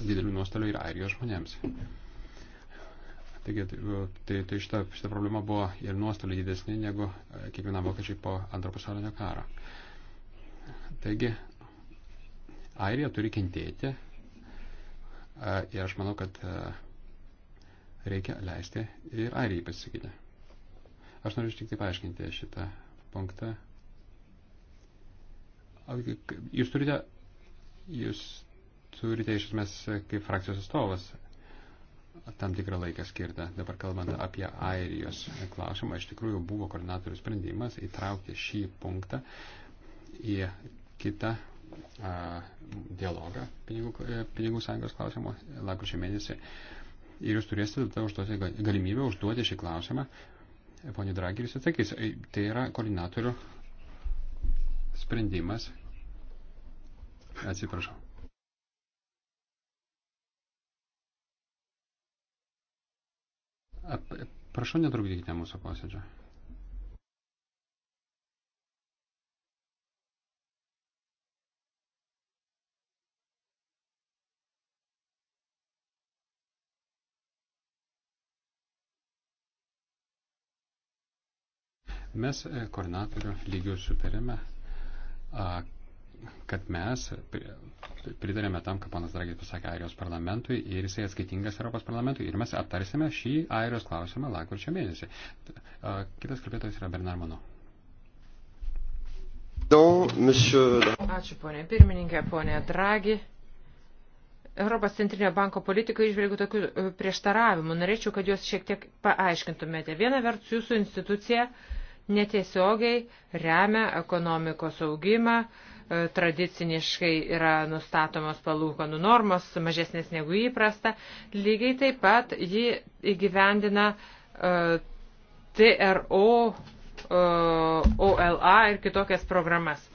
didelių nuostolių ir airijos žmonėms. Taigi, tai, tai, tai šita, šita problema buvo ir nuostoliai didesni negu kiekvienam vokiečiai po antro pasaulinio karo. Taigi, airija turi kentėti ir aš manau, kad reikia leisti ir airijai pasisakyti. Aš noriu tik tai paaiškinti šitą punktą. Jūs turite, jūs turite iš esmės kaip frakcijos atstovas tam tikrą laiką skirtą. Dabar kalbant apie Airijos klausimą, iš tikrųjų buvo koordinatorių sprendimas įtraukti šį punktą į kitą a, dialogą pinigų, e, pinigų sąjungos klausimo lakučio mėnesį. Ir jūs turėsite tada užduoti galimybę užduoti šį klausimą ponė Drageris atsakys. Tai yra koordinatorių sprendimas. Atsiprašau. Prašau netrukdykite mūsų posėdžio. Mes e, koordinatorių lygių sutarėme, kad mes pritarėme tam, ką panas Dragis pasakė Airijos parlamentui ir jisai atskaitingas Europos parlamentui ir mes aptarsime šį Airijos klausimą lakvarčio mėnesį. Kitas kalbėtojas yra Bernard Mano. Ačiū ponė pirmininkė, ponė Dragi. Europos centrinio banko politikai išvelgiu tokių e, prieštaravimų. Norėčiau, kad juos šiek tiek paaiškintumėte. Viena vertus, jūsų institucija uh, netiesiogiai remia ekonomikos augimą, e, tradiciniškai yra nustatomos palūkanų normos mažesnės negu įprasta. Lygiai taip pat ji įgyvendina e, TRO, e, OLA ir kitokias programas.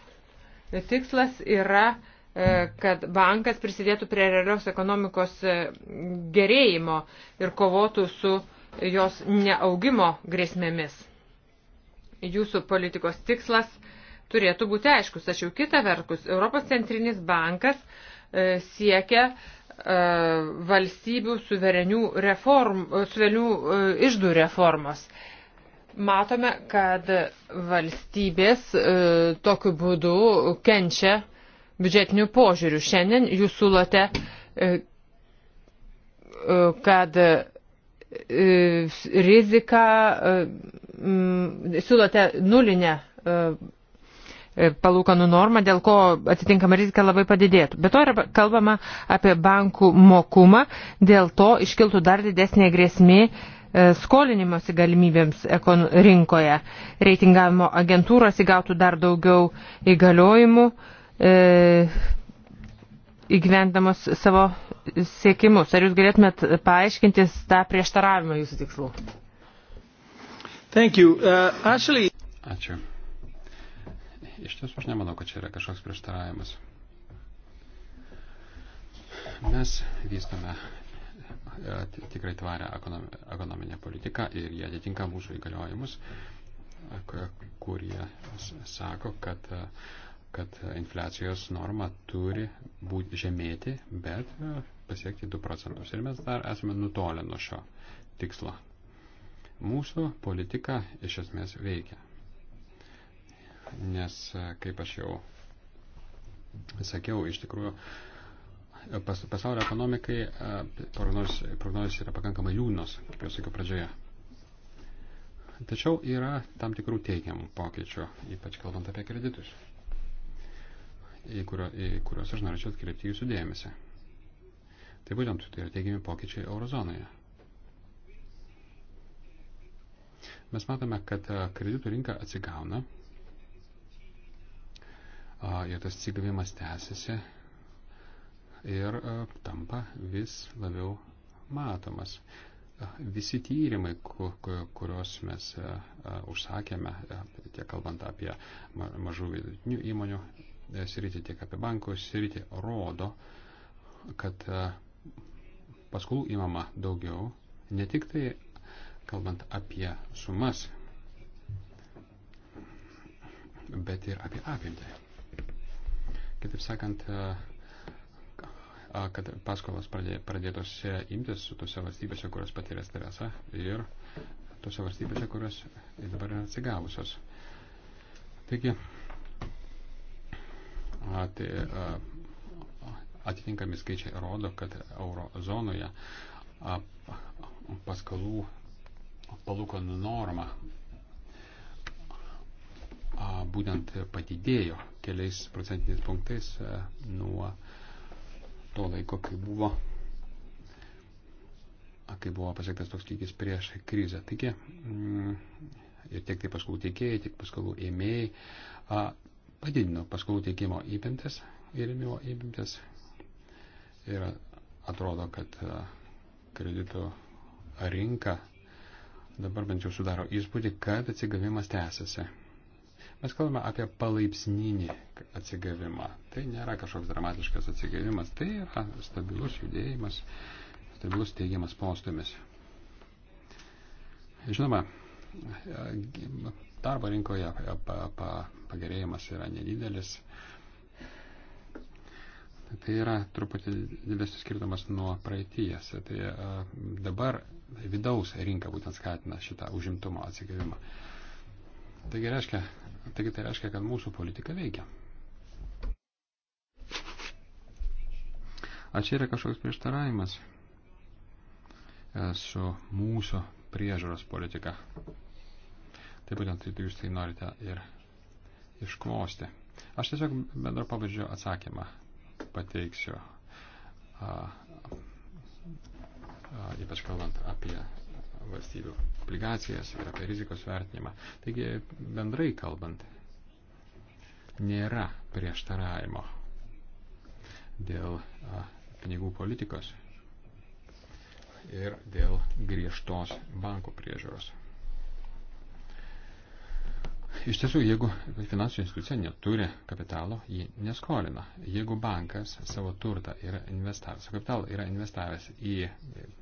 Tikslas yra, kad bankas prisidėtų prie realios ekonomikos gerėjimo ir kovotų su jos neaugimo grėsmėmis jūsų politikos tikslas turėtų būti aiškus. Tačiau kita vertus, Europos centrinis bankas e, siekia e, valstybių suverenių, reform, e, suverenių e, išdų reformos. Matome, kad valstybės e, tokiu būdu kenčia biudžetinių požiūrių. Šiandien jūs sulote, e, e, kad e, E, riziką, e, siūlote nulinę e, palūkanų normą, dėl ko atitinkama rizika labai padidėtų. Bet to yra kalbama apie bankų mokumą, dėl to iškiltų dar didesnė grėsmė skolinimosi galimybėms rinkoje. Reitingavimo agentūros įgautų dar daugiau įgaliojimų. E, įgyvendamos savo siekimus. Ar jūs galėtumėt paaiškinti tą prieštaravimą jūsų tikslų? Thank you. Uh, actually... Ačiū. Iš tiesų aš nemanau, kad čia yra kažkoks prieštaravimas. Mes vystome e, tikrai tvarę ekonominę politiką ir jie atitinka mūsų įgaliojimus, e, kurie sako, kad uh, kad infliacijos norma turi būti žemėti, bet e, pasiekti 2 procentus. Ir mes dar esame nutolę nuo šio tikslo. Mūsų politika iš esmės veikia. Nes, e, kaip aš jau sakiau, iš tikrųjų, e, pas, pasaulio ekonomikai prognozijos yra pakankamai liūnos, kaip jau sakiau pradžioje. Tačiau yra tam tikrų teigiamų pokyčių, ypač kalbant apie kreditus į, kurio, į kuriuos aš norėčiau atkreipti jūsų dėmesį. Tai būtent tai yra teigiami pokyčiai eurozonoje. Mes matome, kad e, kreditų rinka atsigauna ir tas atsigavimas tęsiasi ir e, tampa vis labiau matomas. Visi tyrimai, kuriuos mes e, užsakėme, tiek kalbant apie mažų vidutinių įmonių sritį, tiek apie bankų sritį rodo, kad e, paskolų įmama daugiau, ne tik tai kalbant apie sumas, bet ir apie apimtį. Kitaip sakant, e, kad paskolos pradėtos e, imtis tose valstybėse, kurios patiria stresą ir tose valstybėse, kurios dabar yra atsigavusios. Taigi, tai atitinkami skaičiai rodo, kad eurozonoje paskalų palūkanų norma būtent padidėjo keliais procentiniais punktais nuo to laiko, kai buvo, kai buvo pasiektas toks lygis prieš krizę. Taigi mm, ir tiek tai paskolų teikėjai, tiek paskolų ėmėjai padidino paskolų teikimo įpimtis ir įmimo įpimtis. Ir atrodo, kad e, kredito rinka dabar bent jau sudaro įspūdį, kad atsigavimas tęsiasi. Mes kalbame apie palaipsninį atsigavimą. Tai nėra kažkoks dramatiškas atsigavimas, tai yra stabilus judėjimas, stabilus teigiamas postumis. Žinoma, Darbo rinkoje pa, pa, pagerėjimas yra nedidelis. Tai yra truputį didesnis skirtumas nuo praeities. Tai a, dabar vidaus rinka būtent skatina šitą užimtumo atsigavimą. Taigi, reiškia, taigi tai reiškia, kad mūsų politika veikia. Ar čia yra kažkoks prieštaravimas e, su mūsų priežaros politika? Tai būtent tai jūs tai norite ir iškvosti. Aš tiesiog bendro pabudžio atsakymą pateiksiu, a, a, ypač kalbant apie valstybių obligacijas ir apie rizikos vertinimą. Taigi bendrai kalbant, nėra prieštaravimo dėl a, pinigų politikos ir dėl griežtos bankų priežiūros. Iš tiesų, jeigu finansų institucija neturi kapitalo, ji neskolina. Jeigu bankas savo turtą yra investavęs, savo kapitalą yra investavęs į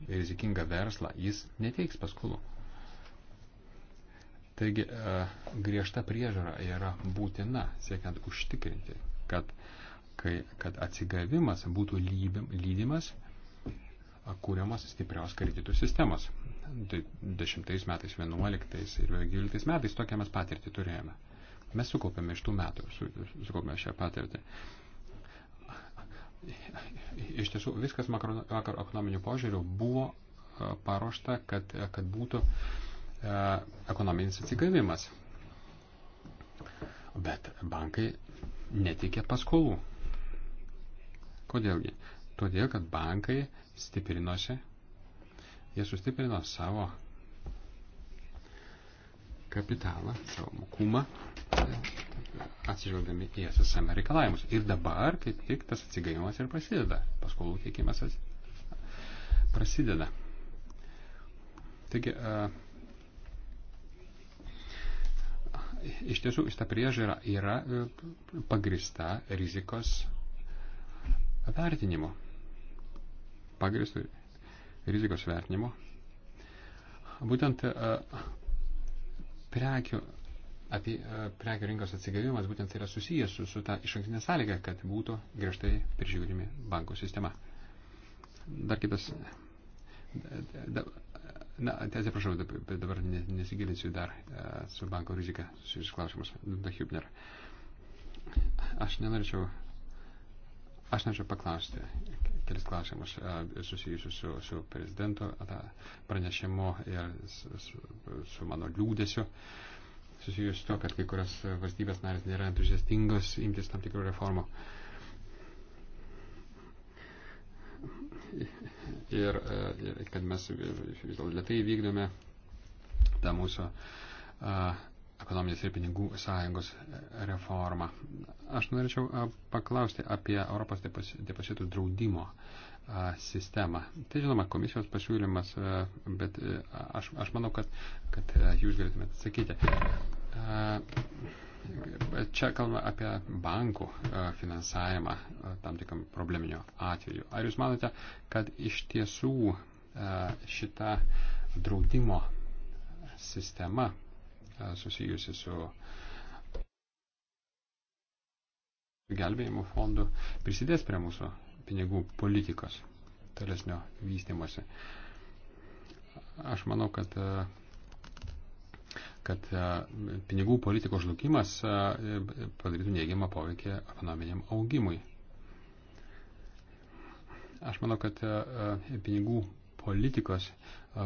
rizikingą verslą, jis neteiks paskolų. Taigi e, griežta priežara yra būtina, siekiant užtikrinti, kad, kai, kad atsigavimas būtų lydimas kūriamas stiprios kreditų sistemos. 10 metais, 11 ir 12 metais tokią mes patirtį turėjome. Mes sukaupėme iš tų metų, su, sukaupėme šią patirtį. Iš tiesų, viskas makroekonominių požiūrių buvo e, paruošta, kad, kad būtų e, ekonominis atsigavimas. Bet bankai netikė paskolų. Kodėlgi? Todėl, kad bankai stiprinosi Jie sustiprino savo kapitalą, savo kumą, atsižvelgdami į SSM reikalavimus. Ir dabar kaip tik tas atsigavimas ir prasideda. Paskolų teikimas prasideda. Taigi, iš tiesų, šita priežiūra yra e, pagrista rizikos vertinimu. Pagristų rizikos vertinimo, būtent e, prekių, apie e, prekių rinkos atsigavimas būtent yra susijęs su, su ta išankstinė sąlyga, kad būtų griežtai prižiūrimi bankų sistema. Dar kitas. Da, na, tai atsiprašau, dabar nesigilinsiu dar e, su banko rizika susijusius klausimus. Da Hübner. Aš nenorėčiau Aš norėčiau paklausti kelis klausimus susijusius su, su prezidento pranešimu ir su, su mano liūdėsiu. Susijusiu su to, kad kai kurios valstybės narės nėra entuziastingos imtis tam tikrų reformų. Ir, ir kad mes vis dėlto lietai vykdome tą mūsų ekonominės ir pinigų sąjungos reformą. Aš norėčiau paklausti apie Europos depozitų draudimo sistemą. Tai žinoma, komisijos pasiūlymas, bet e, aš, aš manau, kad, kad e, jūs galėtumėte atsakyti. Čia kalbame apie bankų finansavimą tam tikam probleminio atveju. Ar jūs manote, kad iš tiesų šita draudimo sistema susijusi su gelbėjimo fondu, prisidės prie mūsų pinigų politikos tolesnio vystimuose. Aš manau, kad, kad pinigų politikos žlugimas padarytų neigiamą poveikį ekonominiam augimui. Aš manau, kad pinigų politikos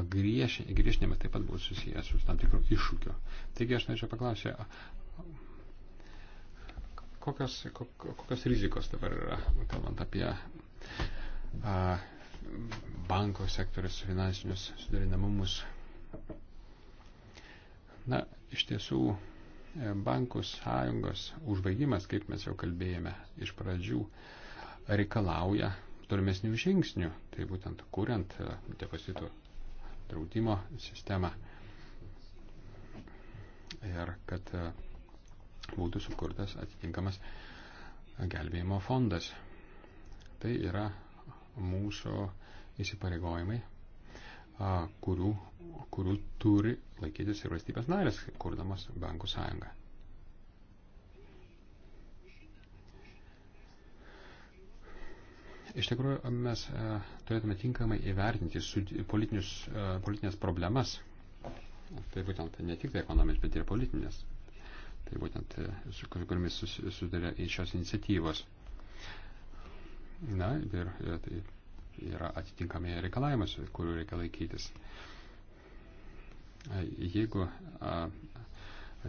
grieš, griežtinimas taip pat buvo susijęs su tam tikru iššūkiu. Taigi aš norėčiau paklausyti, kokios, kokios rizikos dabar yra, kalbant apie a, banko sektorius finansinius sudarinamumus. Na, iš tiesų, e, bankų sąjungos užbaigimas, kaip mes jau kalbėjome iš pradžių, reikalauja tolimesnių žingsnių, tai būtent kuriant e, depozitų draudimo sistemą ir kad e, būtų sukurtas atitinkamas gelbėjimo fondas. Tai yra mūsų įsipareigojimai, kurių, kurių turi laikytis ir valstybės narės, kurdamas bankų sąjungą. Iš tikrųjų, mes e, turėtume tinkamai įvertinti e, politinės problemas. Tai būtent ne tik tai ekonominės, bet ir politinės. Tai būtent e, su kuriomis susiduria į šios iniciatyvos. Na ir tai yra atitinkami reikalavimas, kurių reikia laikytis. Jeigu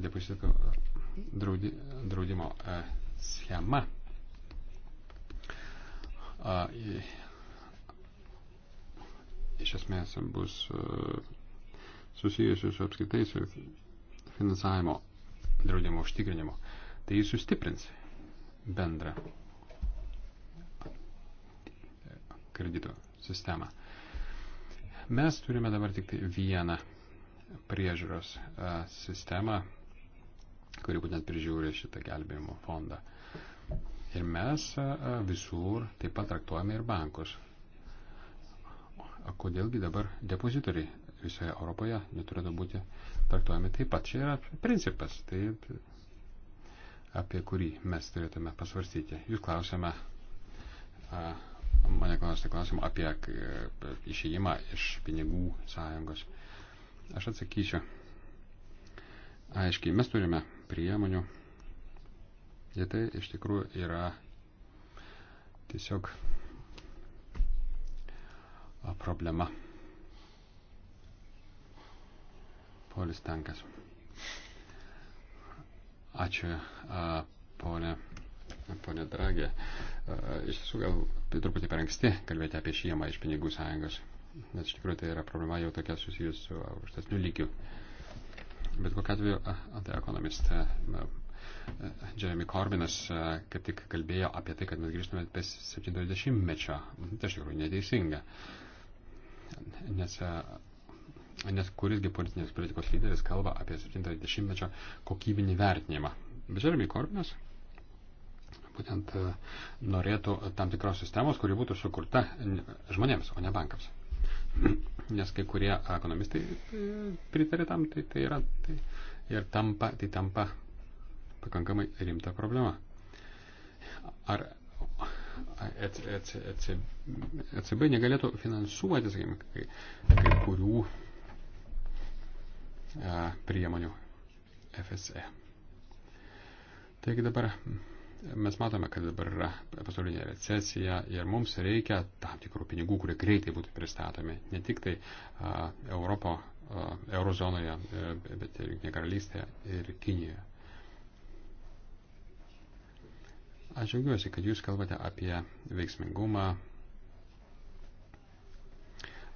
depozitų draudimo schema a, iš esmės bus e, susijusiu su apskaitai su finansavimo draudimo užtikrinimu. Tai jis sustiprins bendrą kredito sistemą. Mes turime dabar tik tai vieną priežiūros e, sistemą, kuri būtent prižiūri šitą gelbėjimo fondą. Ir mes visur taip pat traktuojame ir bankus. Kodėlgi dabar depozitoriai visoje Europoje neturėtų būti traktuojami taip pat. Čia yra principas, taip, apie kurį mes turėtume pasvarstyti. Jūs klausėme, mane klausėte klausimą apie išėjimą iš pinigų sąjungos. Aš atsakysiu. Aiškiai, mes turime priemonių Ir tai iš tikrųjų yra tiesiog problema. Polis Tankas. Ačiū, a, ponė, ponė Dragė. A, iš tiesų gal tai truputį per anksti kalbėti apie šiemą iš pinigų sąjungos, nes iš tikrųjų tai yra problema jau tokia susijusi su aukštesniu lygiu. Bet kokiu atveju, The tai Economist Jeremy Corbynas e, kaip tik kalbėjo apie tai, kad mes grįžtume apie 70-mečio. Tai iš tikrųjų neteisinga. Nes, e, nes kurisgi politinės politikos lyderis kalba apie 70-mečio kokybinį vertinimą. Bet Jeremy Corbynas būtent e, norėtų tam tikros sistemos, kuri būtų sukurta žmonėms, o ne bankams. Nes kai kurie ekonomistai pritarė tam, tai, tai yra tai, ir tampa, tai tampa pakankamai rimta problema. Ar ECB e e e negalėtų finansuoti, sakykime, kai, kai kurių a, priemonių FSE. Taigi dabar mes matome, kad dabar yra pasaulinė recesija ir mums reikia tam tikrų pinigų, kurie greitai būtų pristatomi. Ne tik tai uh, Europo, uh, eurozonoje, bet ir Junktinėje karalystėje ir Kinijoje. Aš džiaugiuosi, kad jūs kalbate apie veiksmingumą,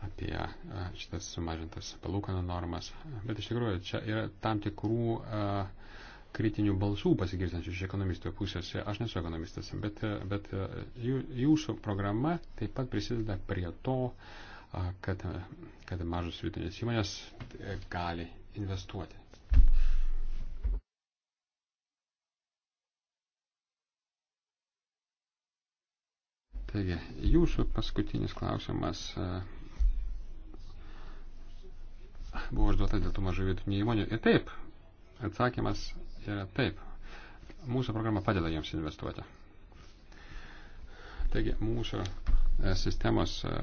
apie šitas sumažintas palūkanų normas, bet iš tikrųjų čia yra tam tikrų a, kritinių balsų pasigirstančių iš ekonomistų pusės. Aš nesu ekonomistas, bet, bet jūsų programa taip pat prisideda prie to, kad, kad mažos vidutinės įmonės e, gali investuoti. Taigi, jūsų paskutinis klausimas e, buvo užduotas dėl tų mažų vidutinių įmonių. Ir taip, atsakymas yra taip. Mūsų programa padeda jiems investuoti. Taigi, mūsų e, sistemos, e,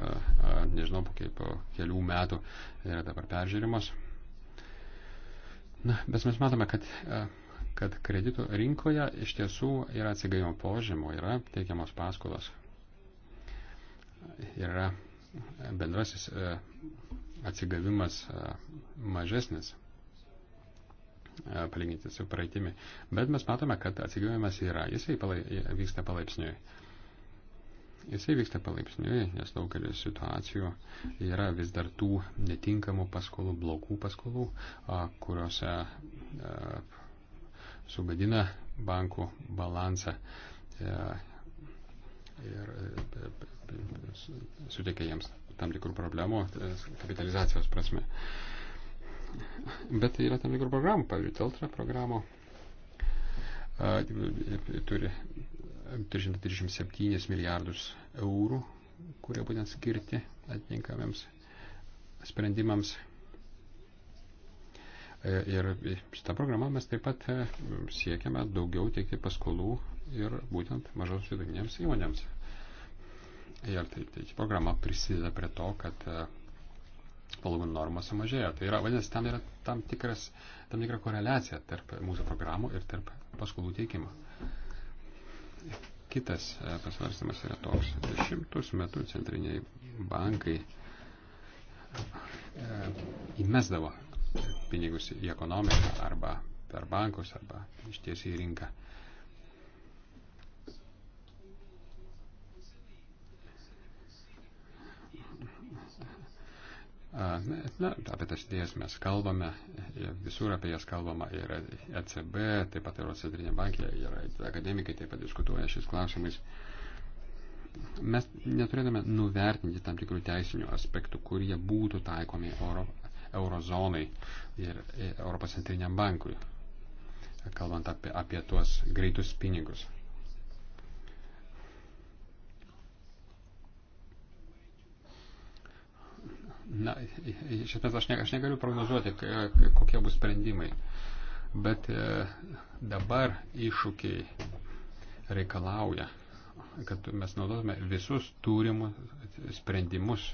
nežinau, kaip po kelių metų yra dabar peržiūrimos. Na, bet mes matome, kad, kad kreditų rinkoje iš tiesų yra atsigavimo požymų, yra teikiamos paskolos yra bendrasis e, atsigavimas e, mažesnis e, palyginti su praeitimi. Bet mes matome, kad atsigavimas yra. Jisai palai, vyksta palaipsniui. Jisai vyksta palaipsniui, nes daugelis situacijų yra vis dar tų netinkamų paskolų, blokų paskolų, kuriuose sugadina bankų balansą ir e, suteikia jiems tam tikrų problemų e, kapitalizacijos prasme. Bet tai yra tam tikrų programų, pavyzdžiui, Teltra programų e, turi 337 milijardus eurų, kurie būtent skirti atitinkamiems sprendimams. Ir šitą programą mes taip pat siekiame daugiau teikti paskolų ir būtent mažos vidutinėms įmonėms. Ir tai, tai programa prisideda prie to, kad e, palūkanų norma sumažėjo. Tai yra, vadinasi, tam yra tam, tikras, tam tikra koreliacija tarp mūsų programų ir tarp paskolų teikimo. Kitas e, pasvarstymas yra toks. Dešimtus metų centriniai bankai e, įmesdavo pinigus į ekonomiką arba per bankus arba iš tiesiai į rinką. Na, apie tas idėjas mes kalbame, visur apie jas kalbama, yra ECB, taip pat Europos centrinė bankė, yra akademikai taip pat diskutuoja šiais klausimais. Mes neturėtume nuvertinti tam tikrų teisinių aspektų, kurie būtų taikomi euro, eurozonai ir Europos centriniam bankui, kalbant apie, apie tuos greitus pinigus. Na, iš esmės aš, ne, aš negaliu prognozuoti, kokie bus sprendimai, bet e, dabar iššūkiai reikalauja, kad mes naudotume visus turimus sprendimus,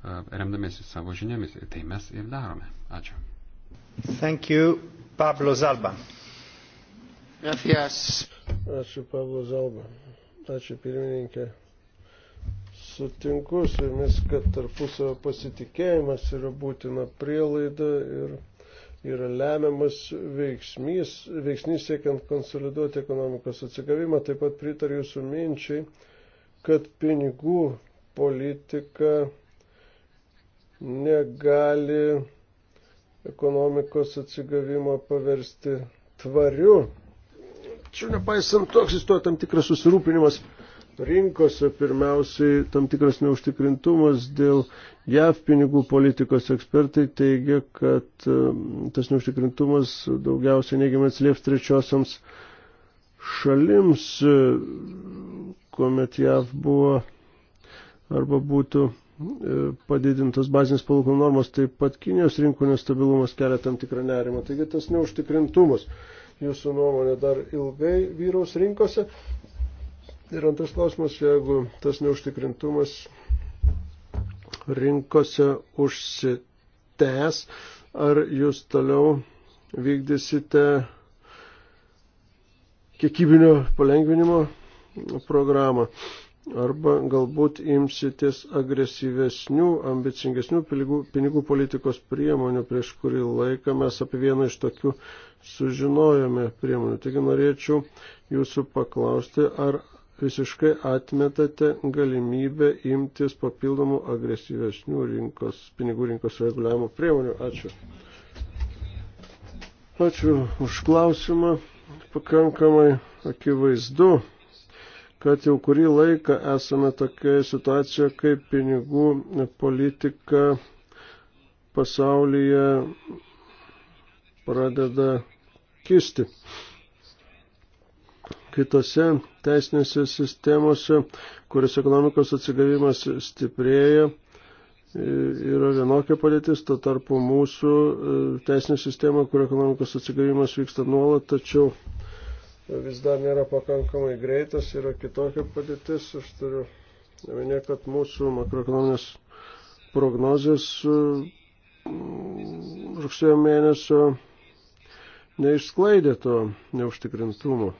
e, remdamėsi savo žiniomis. Tai mes ir darome. Ačiū. Thank you, Pablo Zalba. Gracias. Ačiū, Pablo Zalba. Ačiū, pirmininkė. Sutinku su jumis, kad tarpusavio pasitikėjimas yra būtina prielaida ir yra lemiamas veiksmys, veiksnys siekiant konsoliduoti ekonomikos atsigavimą. Taip pat pritariu jūsų minčiai, kad pinigų politika negali ekonomikos atsigavimo paversti tvariu. Čia nepaisant to egzistuoja tam tikras susirūpinimas rinkose, pirmiausiai tam tikras neužtikrintumas dėl JAV pinigų politikos ekspertai teigia, kad um, tas neužtikrintumas daugiausiai neigiamai atsilieps trečiosiams šalims, kuomet JAV buvo arba būtų e, padidintos bazinės palūkanų normos, taip pat Kinijos rinkų nestabilumas kelia tam tikrą nerimą. Taigi tas neužtikrintumas jūsų nuomonė dar ilgai vyraus rinkose. Ir antras klausimas, jeigu tas neužtikrintumas rinkose užsitęs, ar jūs toliau vykdysite kiekybinio palengvinimo programą, arba galbūt imsitės agresyvesnių, ambicingesnių pinigų, pinigų politikos priemonių, prieš kurį laiką mes apie vieną iš tokių sužinojome priemonių. Taigi norėčiau jūsų paklausti, ar visiškai atmetate galimybę imtis papildomų agresyvesnių rinkos, pinigų rinkos reguliavimo priemonių. Ačiū. Ačiū už klausimą. Pakankamai akivaizdu kad jau kurį laiką esame tokioje situacijoje, kai pinigų politika pasaulyje pradeda kisti kitose teisinėse sistemose, kuris ekonomikos atsigavimas stiprėja, yra vienokia padėtis, to tarpu mūsų e, teisinė sistema, kur ekonomikos atsigavimas vyksta nuolat, tačiau vis dar nėra pakankamai greitas, yra kitokia padėtis. Aš turiu minė, kad mūsų makroekonominės prognozijas e, rugsėjo mėnesio neišsklaidė to neužtikrintumo.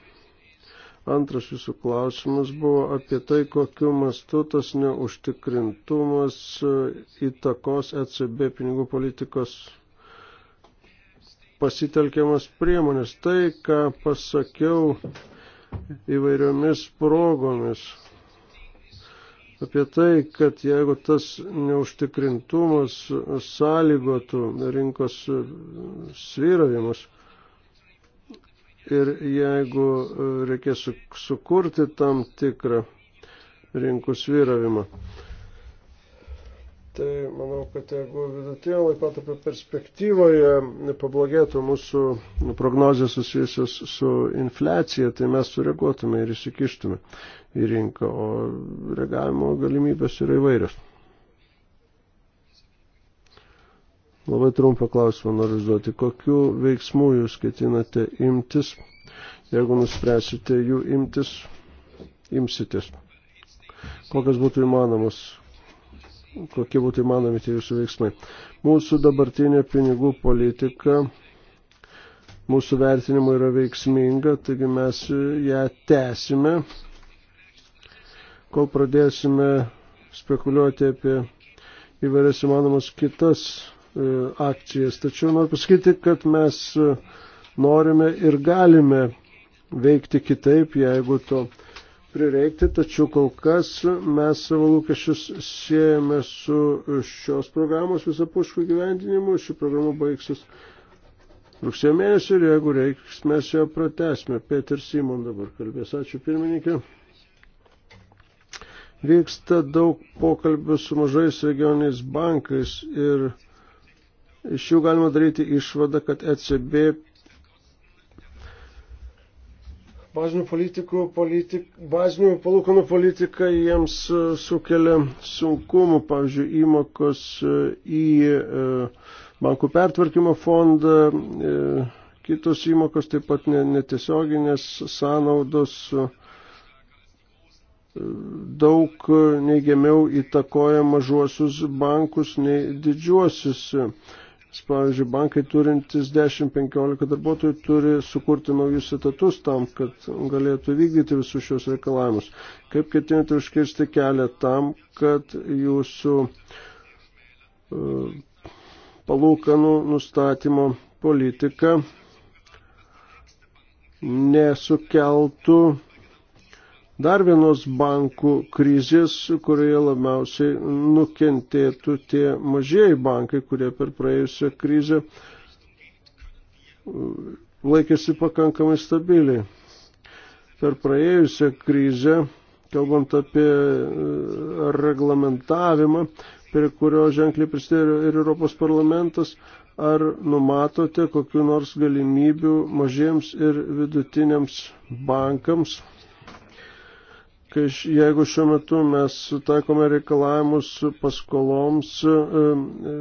Antras jūsų klausimas buvo apie tai, kokiu mastu tas neužtikrintumas e, įtakos ECB pinigų politikos pasitelkiamas priemonės. Tai, ką pasakiau įvairiomis progomis apie tai, kad jeigu tas neužtikrintumas sąlygotų rinkos svyravimus, ir jeigu e, reikės sukurti tam tikrą rinkų sviravimą. Tai manau, kad jeigu vidutinio laikotarpio perspektyvoje pablogėtų mūsų prognozijos susijusios su infliacija, tai mes sureaguotume ir įsikištume į rinką, o reagavimo galimybės yra įvairios. Labai trumpą klausimą noriu užduoti. Kokiu veiksmu jūs ketinate imtis, jeigu nuspręsite jų imtis, imsitės? Kokias būtų įmanomas, kokie būtų įmanomi tie jūsų veiksmai? Mūsų dabartinė pinigų politika mūsų vertinimu yra veiksminga, taigi mes ją tęsime, kol pradėsime spekuliuoti apie įvairias įmanomas kitas E, akcijas. Tačiau noriu pasakyti, kad mes e, norime ir galime veikti kitaip, jeigu to prireikti, tačiau kol kas mes savo lūkesčius siejame su šios programos visapuškų gyvendinimu. Ši programa baigsis rugsėjo mėnesį ir jeigu reiks, mes ją pratesime. Peter Simon dabar kalbės. Ačiū pirmininkė. Vyksta daug pokalbių su mažais regioniais bankais ir Iš jų galima daryti išvadą, kad ECB bazinių, politikų, politik, bazinių palūkanų politika jiems e, sukelia sunkumų, pavyzdžiui, įmokos e, į e, bankų pertvarkymo fondą, kitos įmokos taip pat netiesioginės sąnaudos daug neigiamiau įtakoja mažuosius bankus nei didžiuosius. Pavyzdžiui, bankai turintis 10-15 darbuotojų turi sukurti naujus etatus tam, kad galėtų vykdyti visus šios reikalavimus. Kaip ketinate užkirsti kelią tam, kad jūsų uh, palūkanų nustatymo politika nesukeltų dar vienos bankų krizės, kurioje labiausiai nukentėtų tie mažieji bankai, kurie per praėjusią krizę uh, laikėsi pakankamai stabiliai. Per praėjusią krizę, kalbant apie uh, reglamentavimą, prie kurio ženkliai prisidėjo ir Europos parlamentas, ar numatote kokiu nors galimybių mažiems ir vidutiniams bankams kai jeigu šiuo metu mes taikome reikalavimus paskoloms, e, e,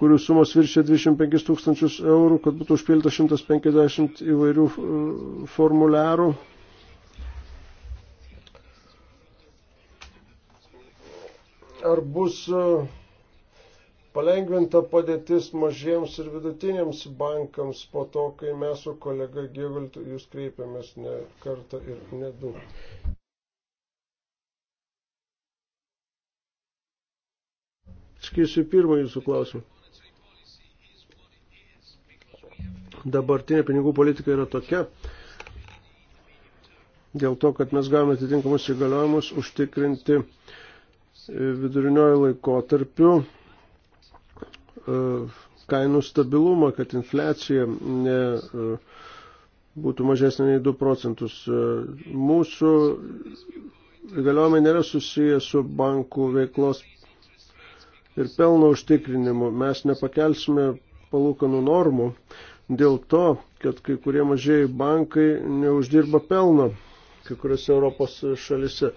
kurių sumos viršė 25 tūkstančius eurų, kad būtų užpilta 150 įvairių e, formuliarų. Ar bus palengvinta padėtis mažiems ir vidutiniams bankams po to, kai mes su kolega Gėgultu jūs kreipiamės ne kartą ir ne du. Skirsiu pirmą jūsų klausimą. Dabartinė pinigų politika yra tokia, dėl to, kad mes gavome atitinkamus įgaliojimus užtikrinti viduriniojų laikotarpių e, kainų stabilumą, kad infliacija ne, e, būtų mažesnė nei 2 procentus. E, mūsų įgaliojimai nėra susiję su bankų veiklos ir pelno užtikrinimu. Mes nepakelsime palūkanų normų dėl to, kad kai kurie mažieji bankai neuždirba pelno kai kuriuose Europos šalise.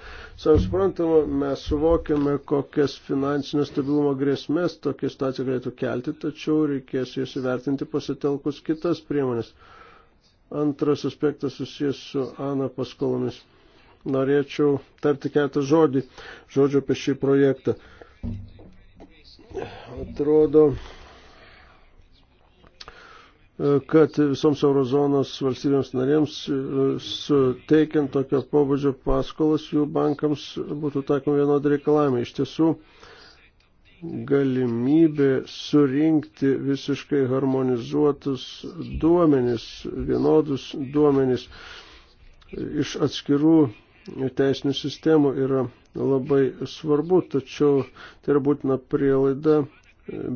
Savai suprantama, mes suvokiame, kokias finansinio stabilumo grėsmės tokia situacija galėtų kelti, tačiau reikės jas įvertinti pasitelkus kitas priemonės. Antras aspektas susijęs su Ana paskolomis. Norėčiau tarti keletą žodį, žodžio apie šį projektą. Atrodo, kad visoms eurozonos valstybėms narėms e, suteikiant tokio pobūdžio paskolas jų bankams būtų taikomi vienodai reikalavimai. Iš tiesų, galimybė surinkti visiškai harmonizuotus duomenis, vienodus duomenis iš atskirų teisinių sistemų yra labai svarbu, tačiau tai yra būtina prielaida e,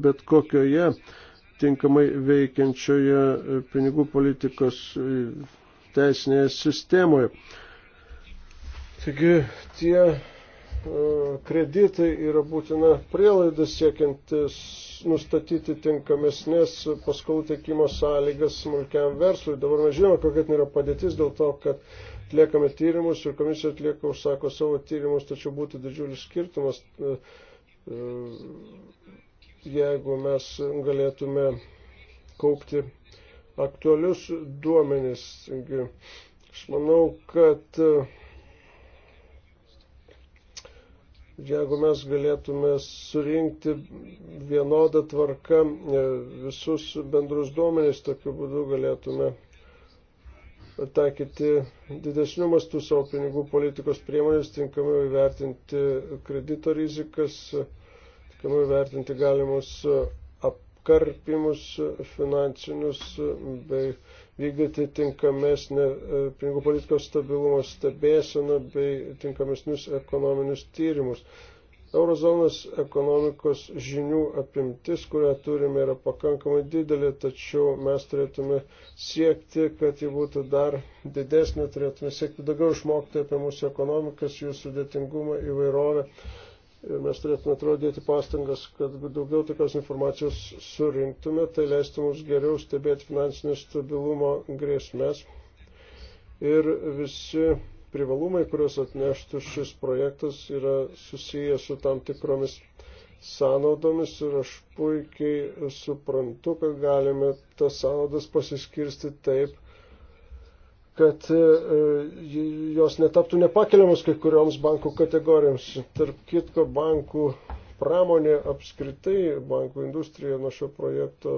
bet kokioje tinkamai veikiančioje e, pinigų politikos e, teisinėje sistemoje. Taigi tie E, kreditai yra būtina prielaida siekiant nustatyti tinkamesnės paskolų teikimo sąlygas smulkiam verslui. Dabar mes žinome, kokia yra padėtis dėl to, kad atliekame tyrimus ir komisija atlieka užsako savo tyrimus, tačiau būtų didžiulis skirtumas, e, e, jeigu mes galėtume kaupti aktualius duomenis. Aš manau, kad jeigu mes galėtume surinkti vienodą tvarką e, visus bendrus duomenys, tokiu būdu galėtume taikyti didesnių mastų savo pinigų politikos priemonės, tinkamiau įvertinti kredito rizikas, tinkamiau įvertinti galimus apkarpimus finansinius bei vykdyti tinkamesnę e, pinigų politikos stabilumo stebėseną bei tinkamesnius ekonominius tyrimus. Eurozonos ekonomikos žinių apimtis, kurią turime, yra pakankamai didelė, tačiau mes turėtume siekti, kad ji būtų dar didesnė, turėtume siekti daugiau išmokti apie mūsų ekonomikas, jų sudėtingumą, įvairovę ir mes turėtume atrodyti pastangas, kad daugiau tokios informacijos surinktume, tai leistų mums geriau stebėti finansinio stabilumo grėsmės. Ir visi privalumai, kuriuos atneštų šis projektas, yra susiję su tam tikromis sąnaudomis ir aš puikiai suprantu, kad galime tas sąnaudas pasiskirsti taip, kad e, jos netaptų nepakeliamos kai kurioms bankų kategorijoms. Tarp kitko, bankų pramonė apskritai, bankų industrija nuo šio projekto,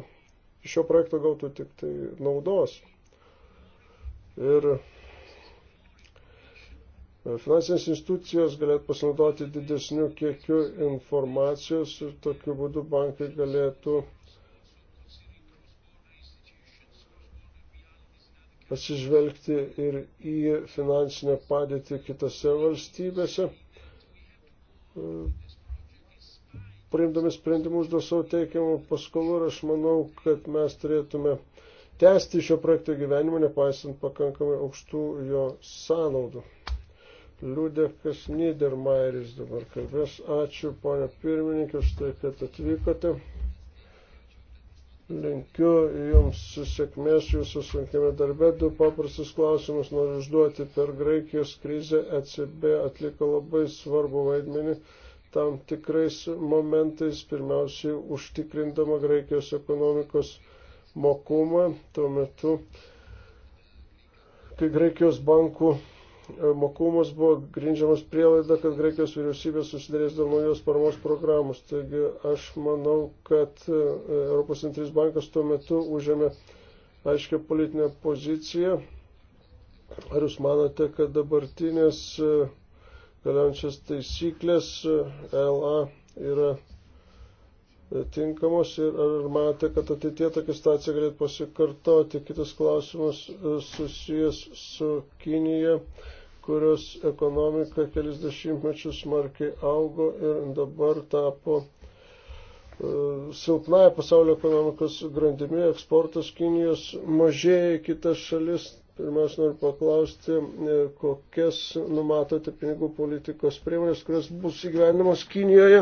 šio projekto gautų tik tai naudos. Ir e, finansinės institucijos galėtų pasinaudoti didesniu kiekiu informacijos ir tokiu būdu bankai galėtų uh, atsižvelgti ir į finansinę padėtį kitose valstybėse. Priimdami sprendimus dėl savo teikiamų paskolų ir aš manau, kad mes turėtume tęsti šio projekto gyvenimą, nepaisant pakankamai aukštų jo sąnaudų. Liudekas Niedermayeris dabar kalbės. Ačiū, ponia pirmininkė, už tai, kad atvykote. Linkiu Jums sėkmės Jūsų sunkiame darbe. Du paprastus klausimus noriu užduoti. Per Graikijos krizę ECB atliko labai svarbu vaidmenį tam tikrais momentais, pirmiausiai užtikrindama Graikijos ekonomikos mokumą. Tuo metu, kai Graikijos bankų E, mokumas buvo grindžiamas prielaida, kad Graikijos vyriausybė susidarės dėl naujos paramos programos. Taigi aš manau, kad e, Europos centrinis bankas tuo metu užėmė aiškę politinę poziciją. Ar jūs manote, kad dabartinės e, galiojančias taisyklės LA yra tinkamos ir ar manote, kad ateitie tokia stacija galėtų pasikartoti. Kitas klausimas susijęs su Kinija kurios ekonomika kelis dešimtmečius smarkiai augo ir dabar tapo e, silpnaja pasaulio ekonomikos grandimi, eksportas Kinijos mažėja į kitas šalis. Pirmiausia, noriu paklausti, e, kokias numatote pinigų politikos priemonės, kurios bus įgyvendamos Kinijoje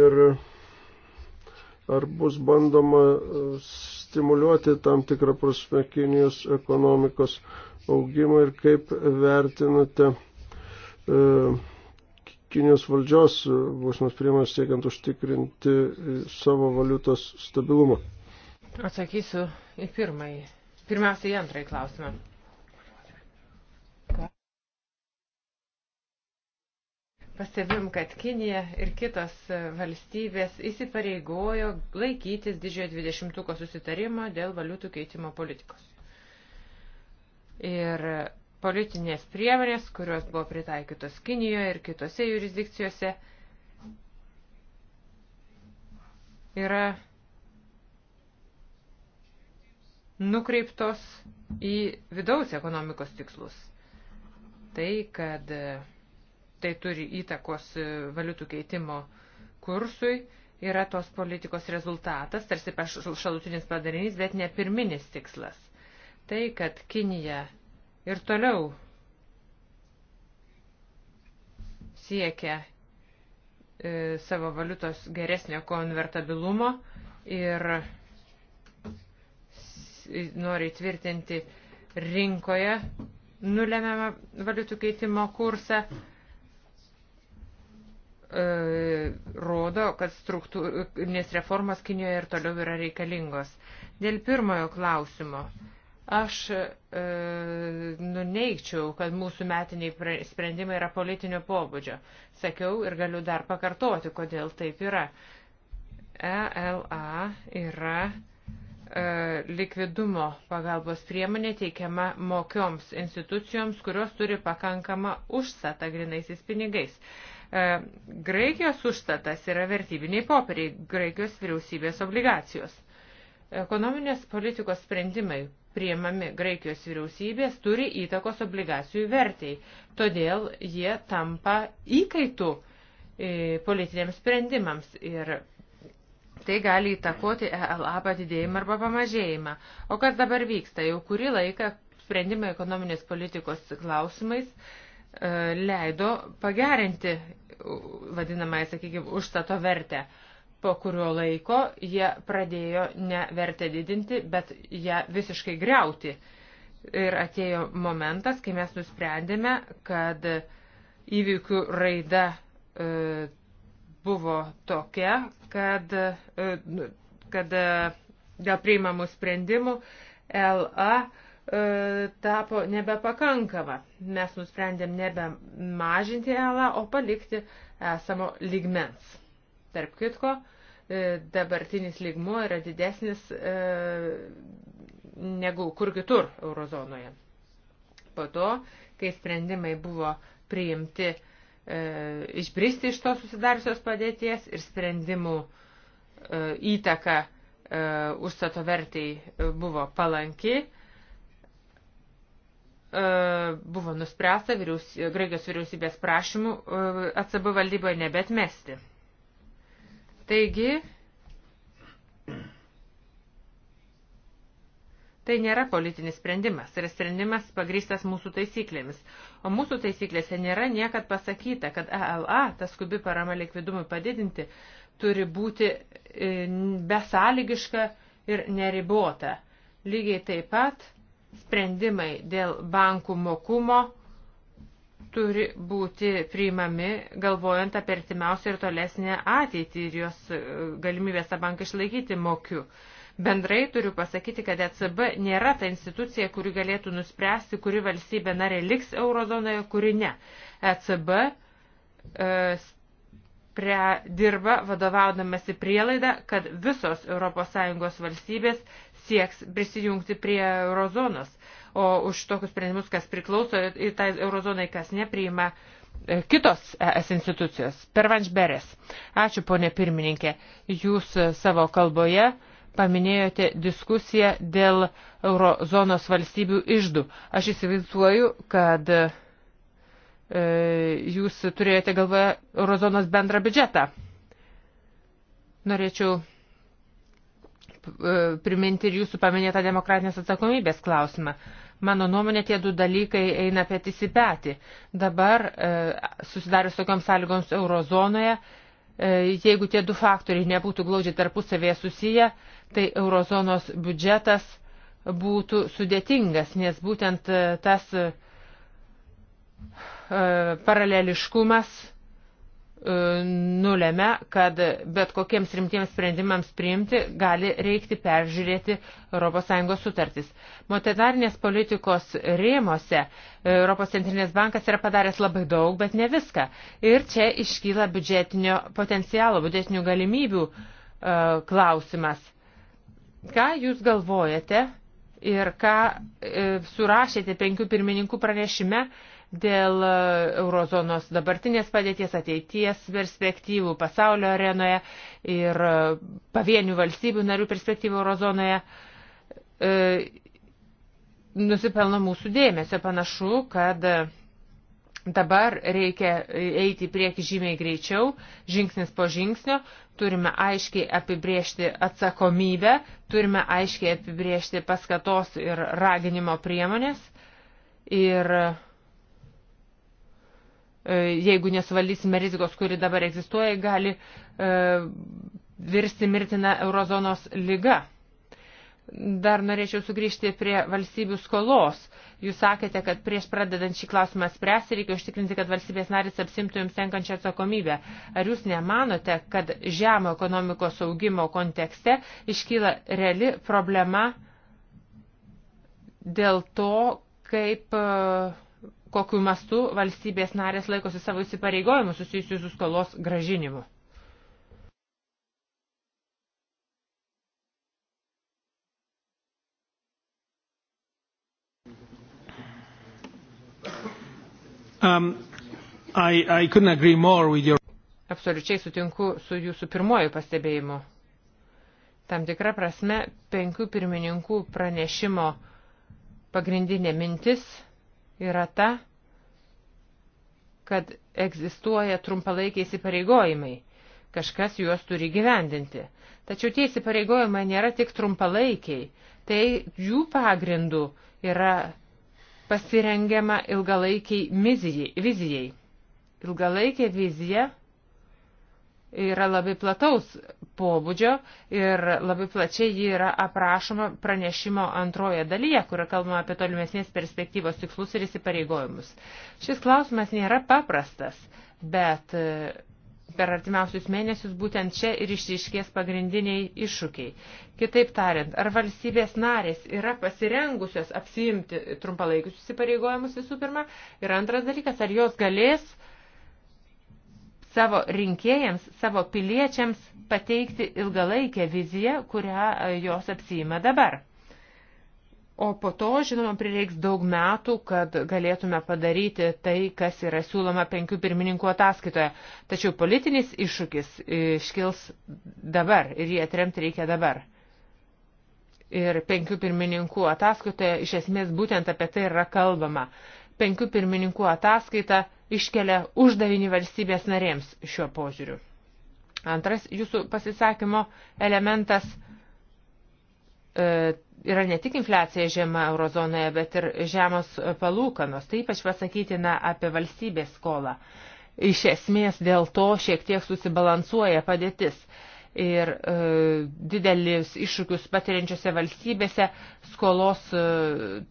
ir ar bus bandoma e, stimuliuoti tam tikrą prasme Kinijos ekonomikos augimą ir kaip vertinate e, Kinijos valdžios būsimas priemonės siekiant užtikrinti savo valiutos stabilumą? Atsakysiu į pirmąjį. Pirmiausia, į antrąjį klausimą. Pastebim, kad Kinija ir kitos valstybės įsipareigojo laikytis didžiojo dvidešimtuko susitarimo dėl valiutų keitimo politikos ir politinės priemonės, kurios buvo pritaikytos Kinijoje ir kitose jurisdikcijose, yra nukreiptos į vidaus ekonomikos tikslus. Tai, kad tai turi įtakos valiutų keitimo kursui, yra tos politikos rezultatas, tarsi šalutinis padarinys, bet ne pirminis tikslas tai, kad Kinija ir toliau siekia e, savo valiutos geresnio konvertabilumo ir nori tvirtinti rinkoje nulemiamą valiutų keitimo kursą, e, rodo, kad struktūrinės reformos Kinijoje ir toliau yra reikalingos. Dėl pirmojo klausimo Aš e, nuneikčiau, kad mūsų metiniai sprendimai yra politinio pobūdžio. Sakiau ir galiu dar pakartoti, kodėl taip yra. ELA yra e, likvidumo pagalbos priemonė teikiama mokioms institucijoms, kurios turi pakankamą užstatą grinaisiais pinigais. E, Graikijos užstatas yra vertybiniai popieriai, Graikijos vyriausybės obligacijos. Ekonominės politikos sprendimai, priemami Graikijos vyriausybės turi įtakos obligacijų vertėjai. Todėl jie tampa įkaitų e, politiniams sprendimams ir tai gali įtakoti ELA padidėjimą arba pamažėjimą. O kas dabar vyksta? Jau kurį laiką sprendimai ekonominės politikos klausimais e, leido pagerinti, vadinamąją, sakykime, užstato vertę po kurio laiko jie pradėjo ne vertę didinti, bet ją visiškai greuti. Ir atėjo momentas, kai mes nusprendėme, kad įvykių raida e, buvo tokia, kad, e, nu, kad e, dėl priimamų sprendimų LA e, tapo nebepakankama. Mes nusprendėm nebemažinti LA, o palikti esamo ligmens. Tarp kitko, e, dabartinis lygmuo yra didesnis e, negu kur kitur eurozonoje. Po to, kai sprendimai buvo priimti e, išbristi iš to susidariusios padėties ir sprendimų įtaka užstato vertai buvo palanki, buvo nuspręsta vyriaus, Graikijos vyriausybės prašymų ACB valdyboje nebetmesti. Taigi, tai nėra politinis sprendimas, tai yra sprendimas pagrįstas mūsų taisyklėmis. O mūsų taisyklėse nėra niekad pasakyta, kad ALA, ta skubi parama likvidumui padidinti, turi būti e, besąlygiška ir neribota. Lygiai taip pat sprendimai dėl bankų mokumo turi būti priimami galvojant apie artimiausią ir tolesnę ateitį ir jos e, galimybės tą banką išlaikyti mokiu. Bendrai turiu pasakyti, kad ECB nėra ta institucija, kuri galėtų nuspręsti, kuri valstybė narė liks eurozonoje, kuri ne. ECB e, e pre, dirba vadovaudamasi prielaidą, kad visos ES valstybės sieks prisijungti prie eurozonos o už tokius sprendimus, kas priklauso į tą tai eurozonai, kas nepriima e, kitos es institucijos. Pervanšberės. Ačiū, ponė pirmininkė. Jūs e, savo kalboje paminėjote diskusiją dėl eurozonos valstybių išdų. Aš įsivaizduoju, kad e, jūs turėjote galvoje eurozonos bendrą biudžetą. Norėčiau E, priminti ir jūsų paminėtą demokratinės atsakomybės klausimą. Mano nuomonė, tie du dalykai eina petys į petį. Dabar e, susidarius tokioms sąlygoms eurozonoje, e, jeigu tie du faktoriai nebūtų glaudžiai tarpusavėje susiję, tai eurozonos biudžetas būtų sudėtingas, nes būtent tas paraleliškumas E, nulėmė, kad bet kokiems rimtiems sprendimams priimti gali reikti peržiūrėti ES sutartis. Monetarinės politikos rėmose ES bankas yra padaręs labai daug, bet ne viską. Ir čia iškyla biudžetinio potencialo, biudžetinių galimybių e, klausimas. Ką Jūs galvojate ir ką e, surašėte penkių pirmininkų pranešime, e, dėl e, eurozonos dabartinės padėties, ateities perspektyvų pasaulio arenoje ir e, pavienių valstybių narių perspektyvų eurozonoje e, nusipelno mūsų dėmesio. Panašu, kad Dabar reikia eiti į priekį žymiai greičiau, žingsnis po žingsnio, turime aiškiai apibriežti atsakomybę, turime aiškiai apibriežti paskatos ir raginimo priemonės ir E, jeigu nesvaldysime rizikos, kuri dabar egzistuoja, gali e, virsti mirtina eurozonos lyga. Dar norėčiau sugrįžti prie valstybių skolos. Jūs sakėte, kad prieš pradedant šį klausimą spręsti, reikia užtikrinti, kad valstybės narys apsimtų jums tenkančią atsakomybę. Ar jūs nemanote, kad žemo ekonomikos augimo kontekste iškyla reali problema dėl to, kaip uh, kokiu mastu valstybės narės laikosi savo įsipareigojimų susijusių su skolos gražinimu. Um, I, I couldn't agree more with your... Absoliučiai sutinku su jūsų pirmoju pastebėjimu. Tam tikra prasme, penkių pirmininkų pranešimo pagrindinė mintis yra ta, kad egzistuoja trumpalaikiai įsipareigojimai. Kažkas juos turi gyvendinti. Tačiau tie įsipareigojimai nėra tik trumpalaikiai, tai jų pagrindų yra pasirengiama ilgalaikiai vizijai. Ilgalaikė vizija yra labai plataus pobūdžio ir labai plačiai ji yra aprašoma pranešimo antroje dalyje, kur kalbama apie tolimesnės perspektyvos tikslus ir įsipareigojimus. Šis klausimas nėra paprastas, bet e, per artimiausius mėnesius būtent čia ir išryškės pagrindiniai iššūkiai. Kitaip tariant, ar valstybės narės yra pasirengusios apsiimti trumpalaikius įsipareigojimus visų pirma? Ir antras dalykas, ar jos galės uh, savo rinkėjams, savo piliečiams pateikti ilgalaikę viziją, kurią e, jos apsijima dabar. O po to, žinoma, prireiks daug metų, kad galėtume padaryti tai, kas yra siūloma penkių pirmininkų ataskaitoje. Tačiau politinis iššūkis iškils dabar ir jį atremti reikia dabar. Ir penkių pirmininkų ataskaitoje iš esmės būtent apie tai yra kalbama penkių pirmininkų ataskaita iškelia uždavinį valstybės narėms šiuo požiūriu. Antras jūsų pasisakymo elementas e, yra ne tik infliacija žema eurozonoje, bet ir žemos palūkanos. Tai ypač pasakytina apie valstybės skolą. Iš esmės dėl to šiek tiek susibalansuoja padėtis. E, ir e, didelis iššūkius patiriančiose valstybėse skolos e,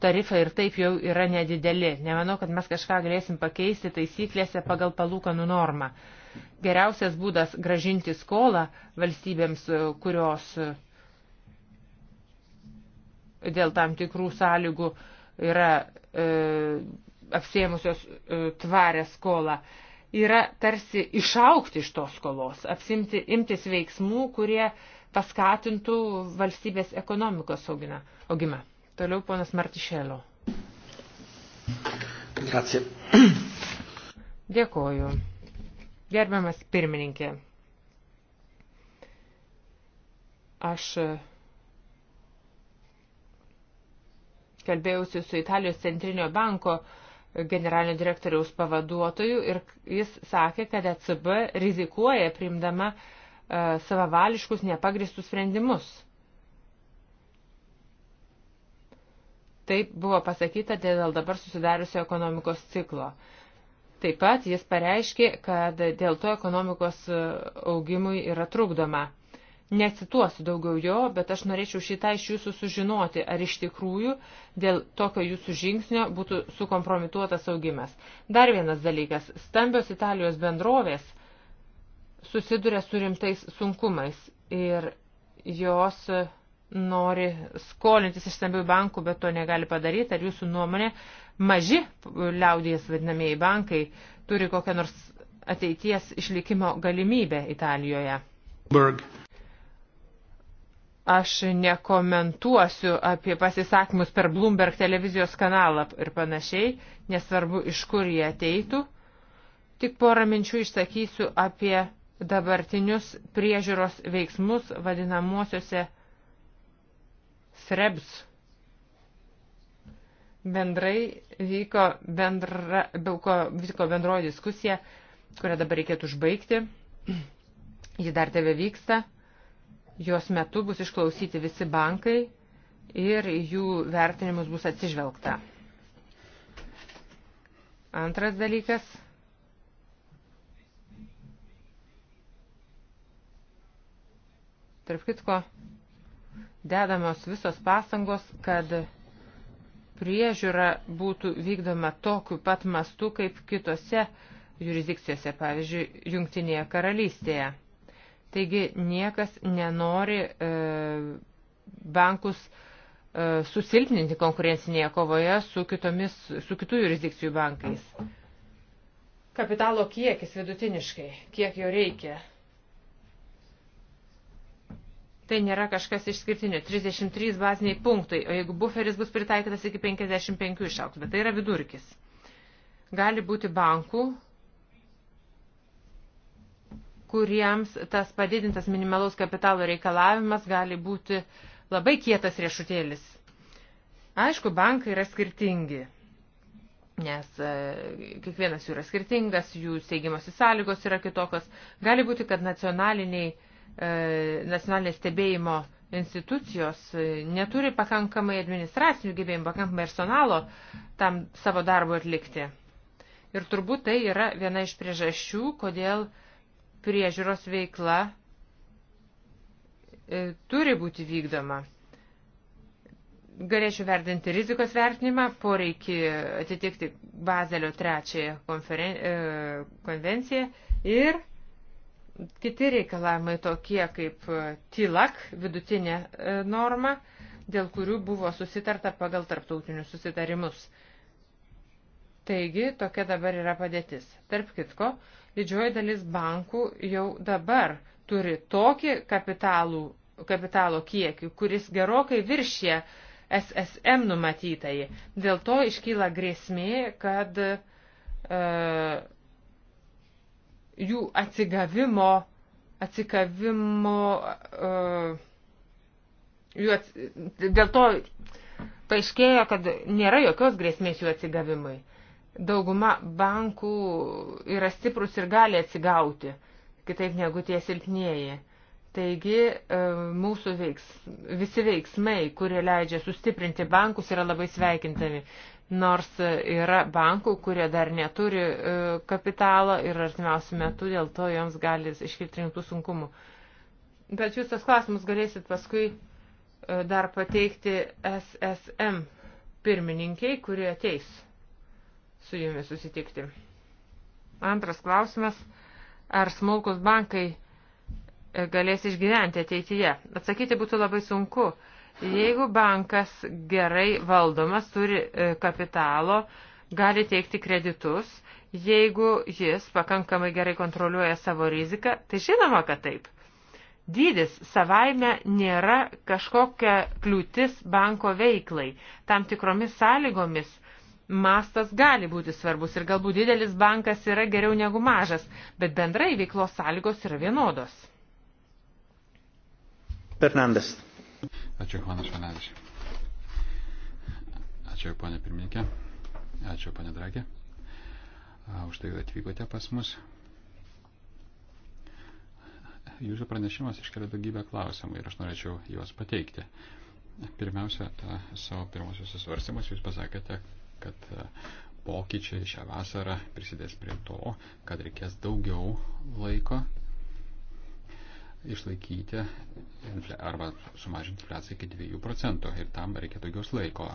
tarifai ir taip jau yra nedideli. Nemanau, kad mes kažką galėsim pakeisti taisyklėse pagal palūkanų normą. Geriausias būdas gražinti skolą valstybėms, e, kurios e, dėl tam tikrų sąlygų yra e, apsėmusios e, tvarę skolą. E, yra tarsi išaukti iš tos skolos, apsimti, imtis veiksmų, kurie paskatintų valstybės ekonomikos augina, augimą. Toliau ponas Martišėlo. Grazie. Dėkoju. Gerbiamas pirmininkė. Aš kalbėjausi su Italijos centrinio banko uh, generalinio direktoriaus pavaduotoju ir jis sakė, kad ECB rizikuoja priimdama e, savavališkus nepagristus sprendimus. Taip buvo pasakyta dėl dabar susidariusio ekonomikos ciklo. Taip pat jis pareiškė, kad dėl to ekonomikos e, augimui yra trukdoma. Necituosiu daugiau jo, bet aš norėčiau šitą iš jūsų sužinoti, ar iš tikrųjų dėl tokio jūsų žingsnio būtų sukompromituotas augimas. Dar vienas dalykas. Stambios Italijos bendrovės susiduria su rimtais sunkumais ir jos nori skolintis iš stambių bankų, bet to negali padaryti. Ar jūsų nuomonė maži liaudijas vadinamieji bankai turi kokią nors ateities išlikimo galimybę Italijoje? Berg. Aš nekomentuosiu apie pasisakymus per Bloomberg televizijos kanalą ir panašiai, nesvarbu, iš kur jie ateitų. Tik porą minčių išsakysiu apie dabartinius priežiūros veiksmus vadinamuosiuose SREBS. Bendrai vyko, bendra, vyko, vyko bendroji diskusija, kurią dabar reikėtų užbaigti. Ji dar tebe vyksta. Jos metu bus išklausyti visi bankai ir jų vertinimus bus atsižvelgta. Antras dalykas. Tarp kitko, dedamos visos pastangos, kad priežiūra būtų vykdoma tokiu pat mastu kaip kitose jurisdikcijose, pavyzdžiui, Jungtinėje karalystėje. Taigi niekas nenori e, bankus e, susilpninti konkurencinėje kovoje su, kitomis, su kitų jurisdikcijų bankais. Kapitalo kiekis vidutiniškai, kiek jo reikia. Tai nėra kažkas išskirtinio. 33 baziniai punktai, o jeigu buferis bus pritaikytas iki 55 išauks, bet tai yra vidurkis. Gali būti bankų, kuriems tas padidintas minimalaus kapitalo reikalavimas gali būti labai kietas riešutėlis. Aišku, bankai yra skirtingi, nes e, kiekvienas jų yra skirtingas, jų steigimosi sąlygos yra kitokios. Gali būti, kad nacionaliniai, e, nacionalinės stebėjimo institucijos e, neturi pakankamai administracinių gebėjimų, pakankamai personalo tam savo darbo atlikti. Ir turbūt tai yra viena iš priežasčių, kodėl uh, priežiūros veikla e, turi būti vykdoma. Galėčiau vertinti rizikos vertinimą, poreikį atitikti Bazelio trečiąją konferen... E, konvenciją ir kiti reikalavimai tokie kaip e, TILAK, vidutinė norma, dėl kurių buvo susitarta pagal tarptautinius susitarimus. Taigi, tokia dabar yra padėtis. Tarp kitko, Didžioji dalis bankų jau dabar turi tokį kapitalų, kapitalo kiekį, kuris gerokai viršė SSM numatytai. Dėl to iškyla grėsmė, kad e, jų atsigavimo, atsigavimo, e, jų ats, dėl to paaiškėjo, kad nėra jokios grėsmės jų atsigavimui. E, Dauguma bankų yra stiprus ir gali atsigauti, kitaip negu tie silpnieji. Taigi e, mūsų veiks, visi veiksmai, kurie leidžia sustiprinti bankus, yra labai sveikintami. Nors yra bankų, kurie dar neturi e, kapitalo ir artimiausių metų dėl to joms gali iškilti rimtų sunkumų. Bet jūs tas klausimus galėsit paskui e, dar pateikti SSM pirmininkiai, kurie ateis su jumis susitikti. Antras klausimas. Ar smulkus bankai e, galės išgyventi ateityje? Atsakyti būtų labai sunku. Jeigu bankas gerai valdomas, turi e, kapitalo, gali teikti kreditus, jeigu jis pakankamai gerai kontroliuoja savo riziką, tai žinoma, kad taip. Dydis savaime nėra kažkokia kliūtis banko veiklai. Tam tikromis sąlygomis mastas gali būti svarbus ir galbūt didelis bankas yra geriau negu mažas, bet bendrai veiklos sąlygos yra vienodos. Fernandes. Ačiū, Juanas Fernandes. Ačiū, ponė pirmininkė. Ačiū, ponė Dragė. Už tai atvykote pas mus. Jūsų pranešimas iškelia daugybę klausimų ir aš norėčiau juos pateikti. Pirmiausia, ta, savo pirmosios svarstymus jūs pasakėte, kad e, pokyčiai šią vasarą prisidės prie to, kad reikės daugiau laiko išlaikyti arba sumažinti infliaciją iki 2 procentų ir tam reikia daugiau laiko.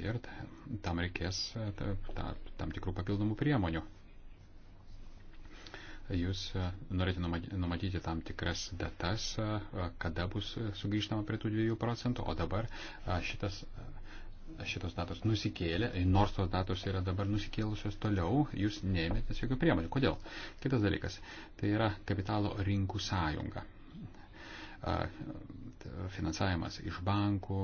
Ir tam reikės e, tam tikrų papildomų priemonių. Jūs e, norite numatyti tam tikras datas, kada bus sugrįžtama prie tų 2 procentų, o dabar šitas šitos datos nusikėlė, e, nors tos datos yra dabar nusikėlusios toliau, jūs neėmėtės jokių priemonių. Kodėl? Kitas dalykas, tai yra kapitalo rinkų sąjunga. Finansavimas iš bankų,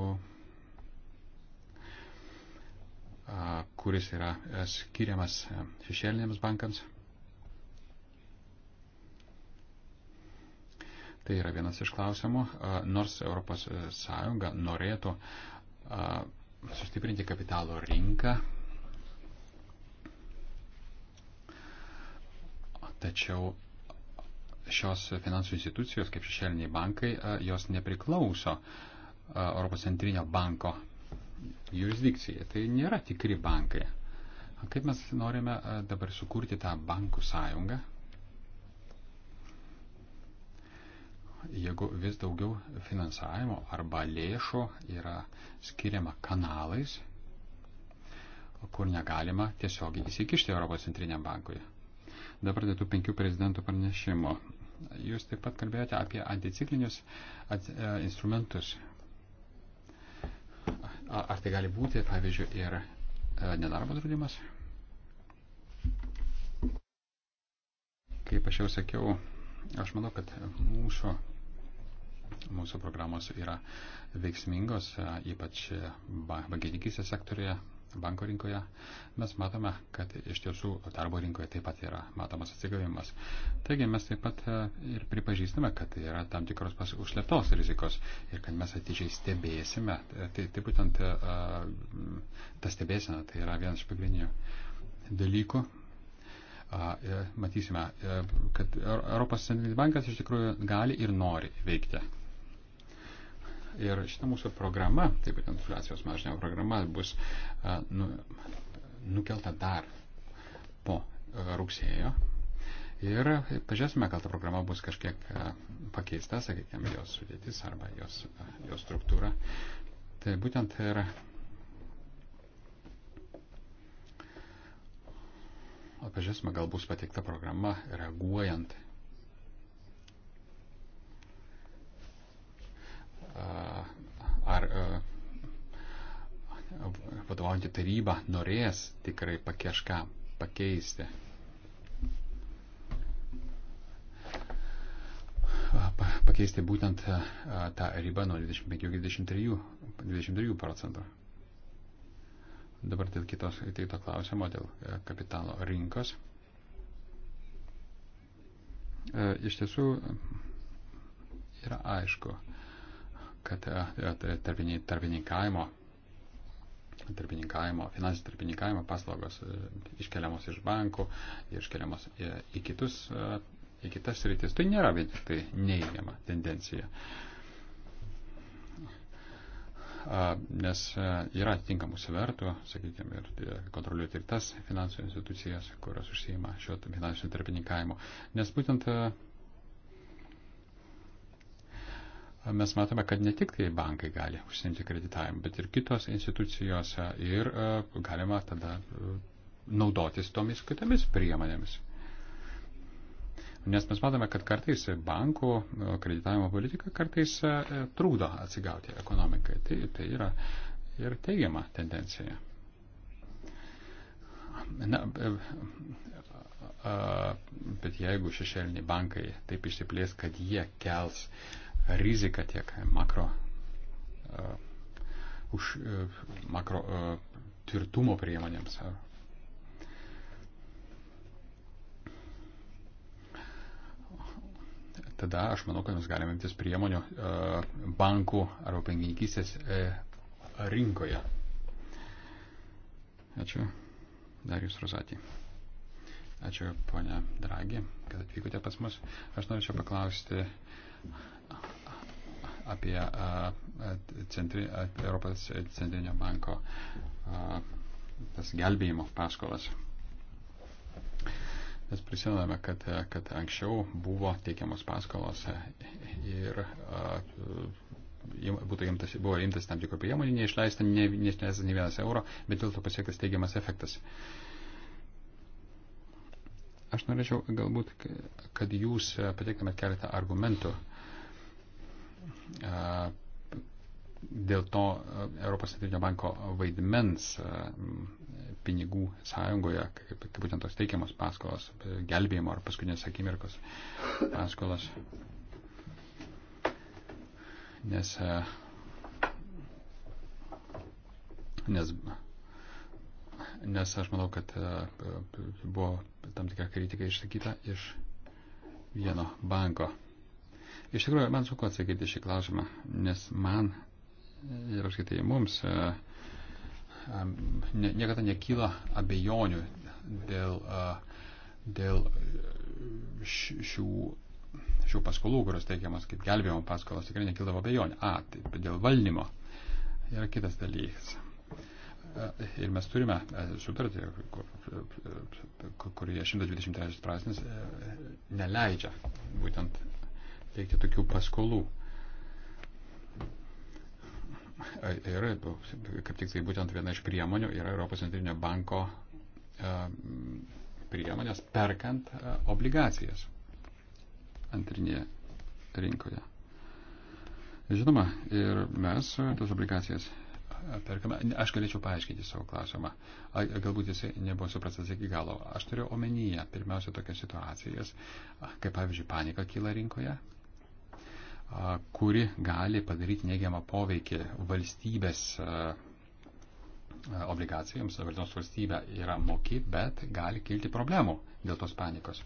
kuris yra e, skiriamas e, šešėlinėms bankams. Tai yra vienas iš klausimų, nors ES norėtų sustiprinti kapitalo rinką. Tačiau šios finansų institucijos, kaip šešėliniai bankai, jos nepriklauso Europos centrinio banko jurisdikcijai. Tai nėra tikri bankai. Kaip mes norime dabar sukurti tą bankų sąjungą, jeigu vis daugiau finansavimo arba lėšų yra skiriama kanalais, kur negalima tiesiogiai įsikišti Europos centriniam bankui. Dabar dėl tų penkių prezidentų pranešimo. Jūs taip pat kalbėjote apie anticiklinius at, e, instrumentus. Ar, ar tai gali būti, pavyzdžiui, ir e, nedarbo draudimas? Kaip aš jau sakiau, Aš manau, kad mūsų, mūsų programos yra veiksmingos, ypač bankininkysės sektorėje, banko rinkoje. Mes matome, kad iš tiesų darbo rinkoje taip pat yra matomas atsigavimas. Taigi mes taip pat e, ir pripažįstame, kad yra tam tikros užslėptos rizikos ir kad mes atidžiai stebėsime. Tai, tai būtent e, ta stebėsena tai yra vienas iš pagrindinių dalykų, E, matysime, e, kad Europos centrinis bankas iš tikrųjų gali ir nori veikti. Ir šita mūsų programa, taip pat infliacijos mažinimo programa, bus e, nu, nukelta dar po rugsėjo. Ir pažiūrėsime, gal ta programa bus kažkiek pakeista, sakykime, jos sudėtis arba jos, jos struktūra. Tai būtent ir Pažiūrėsime, gal bus pateikta programa reaguojant ar vadovaujantį tarybą norės tikrai kažką pakeisti. Pakeisti būtent tą ribą nuo 25 iki 23, 23 procentų. Dabar dėl kitos įteikto klausimo, dėl e, kapitalo rinkos. E, iš tiesų yra aišku, kad e, tai tarpininkavimo, tarpininkavimo, finansinio tarpininkavimo paslaugos iškeliamos iš bankų, iškeliamos į kitus į kitas rytis. Tai nėra vien tik tai neįgiama tendencija. Uh, nes yra atitinkamų svertų, sakykime, ir kontroliuoti ir tas finansų institucijas, kurios užsieima šio finansų tarpininkavimo. Nes būtent mes matome, kad ne tik tai bankai gali užsiimti kreditavimu, bet ir kitos institucijos ir galima tada naudotis tomis kitomis priemonėmis. Nes mes matome, kad kartais bankų e, kreditavimo politika kartais e, trūkdo atsigauti ekonomikai. Tai, tai yra ir teigiama tendencija. Na, e, bet jeigu šešėliniai bankai taip išsiplės, kad jie kels riziką tiek makro, uh, už uh, makro uh, tvirtumo priemonėms tada aš manau, kad mes galime imtis priemonių e, bankų arba bankininkystės e, rinkoje. Ačiū. Darius Rozatį. Ačiū, ponia Dragi, kad atvykote pas mus. Aš norėčiau paklausti apie e, centri, Europos centrinio banko tas gelbėjimo paskolas. Mes prisimename, kad, kad anksčiau buvo teikiamos paskolos ir būtų imtas, buvo imtas tam tikrų priemonių, neišleista ne, neišleista ne vienas euro, bet dėl to pasiektas teigiamas efektas. Aš norėčiau galbūt, kad jūs pateiktumėt keletą argumentų dėl to Europos Centrinio banko vaidmens pinigų sąjungoje, kaip, kaip būtent tos teikiamos paskolos, gelbėjimo ar paskutinės akimirkos paskolas. Nes, e, nes, nes aš manau, kad e, buvo tam tikra kritika išsakyta iš vieno banko. Iš tikrųjų, man sunku atsakyti šį klausimą, nes man ir apskaitai mums. Uh, ne, niekada nekyla abejonių dėl, dėl e, šių, šių paskolų, kurios teikiamas kaip gelbėjimo paskolos, tikrai nekildavo abejonių. A, taip, dėl valdymo yra kitas dalykas. E, ir mes turime e, sutartį, kurioje 123 prasnis neleidžia būtent teikti tokių paskolų. Ir kaip tik tai būtent viena iš priemonių yra Europos centrinio banko e, priemonės perkant e, obligacijas antrinėje rinkoje. Žinoma, ir mes tas obligacijas e, perkame. Aš galėčiau paaiškinti savo klausimą. Galbūt jis nebuvo suprastas iki galo. Aš turiu omenyje pirmiausia tokias situacijas, kaip pavyzdžiui panika kyla rinkoje, kuri gali padaryti neigiamą poveikį valstybės obligacijoms, valdos valstybė yra moki, bet gali kilti problemų dėl tos panikos,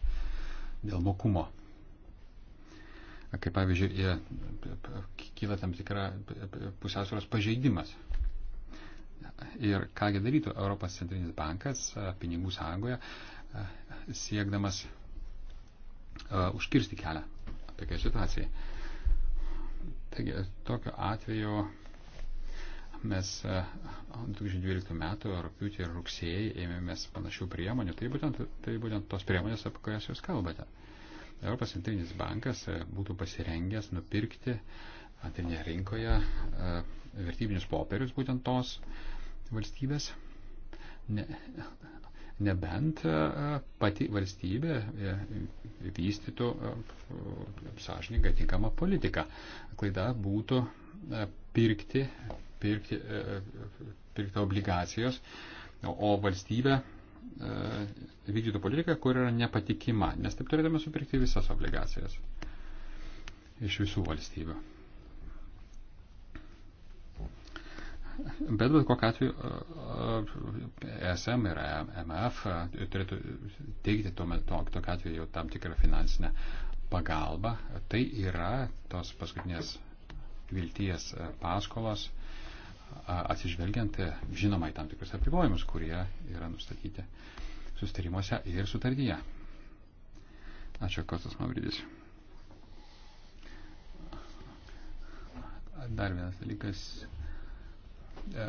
dėl mokumo. Kaip pavyzdžiui, kyla tam tikra pusiausvėros pažeidimas. Ir kągi darytų Europos centrinis bankas pinigų sąjungoje, siekdamas užkirsti kelią tokiai situacijai. Taigi, tokiu atveju mes 2012 e, metų rūpiutį ir rugsėjį ėmėmės panašių priemonių. Tai būtent, tai būtent tos priemonės, apie kurias jūs kalbate. Europos centrinis bankas e, būtų pasirengęs nupirkti antrinėje rinkoje e, vertybinius popierius būtent tos valstybės. Ne, nebent e, pati valstybė e, vystytų e, sąžininką tinkamą politiką. Klaida būtų pirkti, pirkti, pirkti obligacijos, o valstybė vykdytų politiką, kur yra nepatikima, nes taip turėtume supirkti visas obligacijas iš visų valstybių. Bet bet kokiu atveju ESM ir MF turėtų teikti tuo metu, tokiu atveju tam tikrą finansinę pagalbą. Tai yra tos paskutinės vilties paskolos atsižvelgiant žinoma į tam tikrus apribojimus, kurie yra nustatyti sustarimuose ir sutartyje. Ačiū, Kostas Mavridis. Dar vienas dalykas E,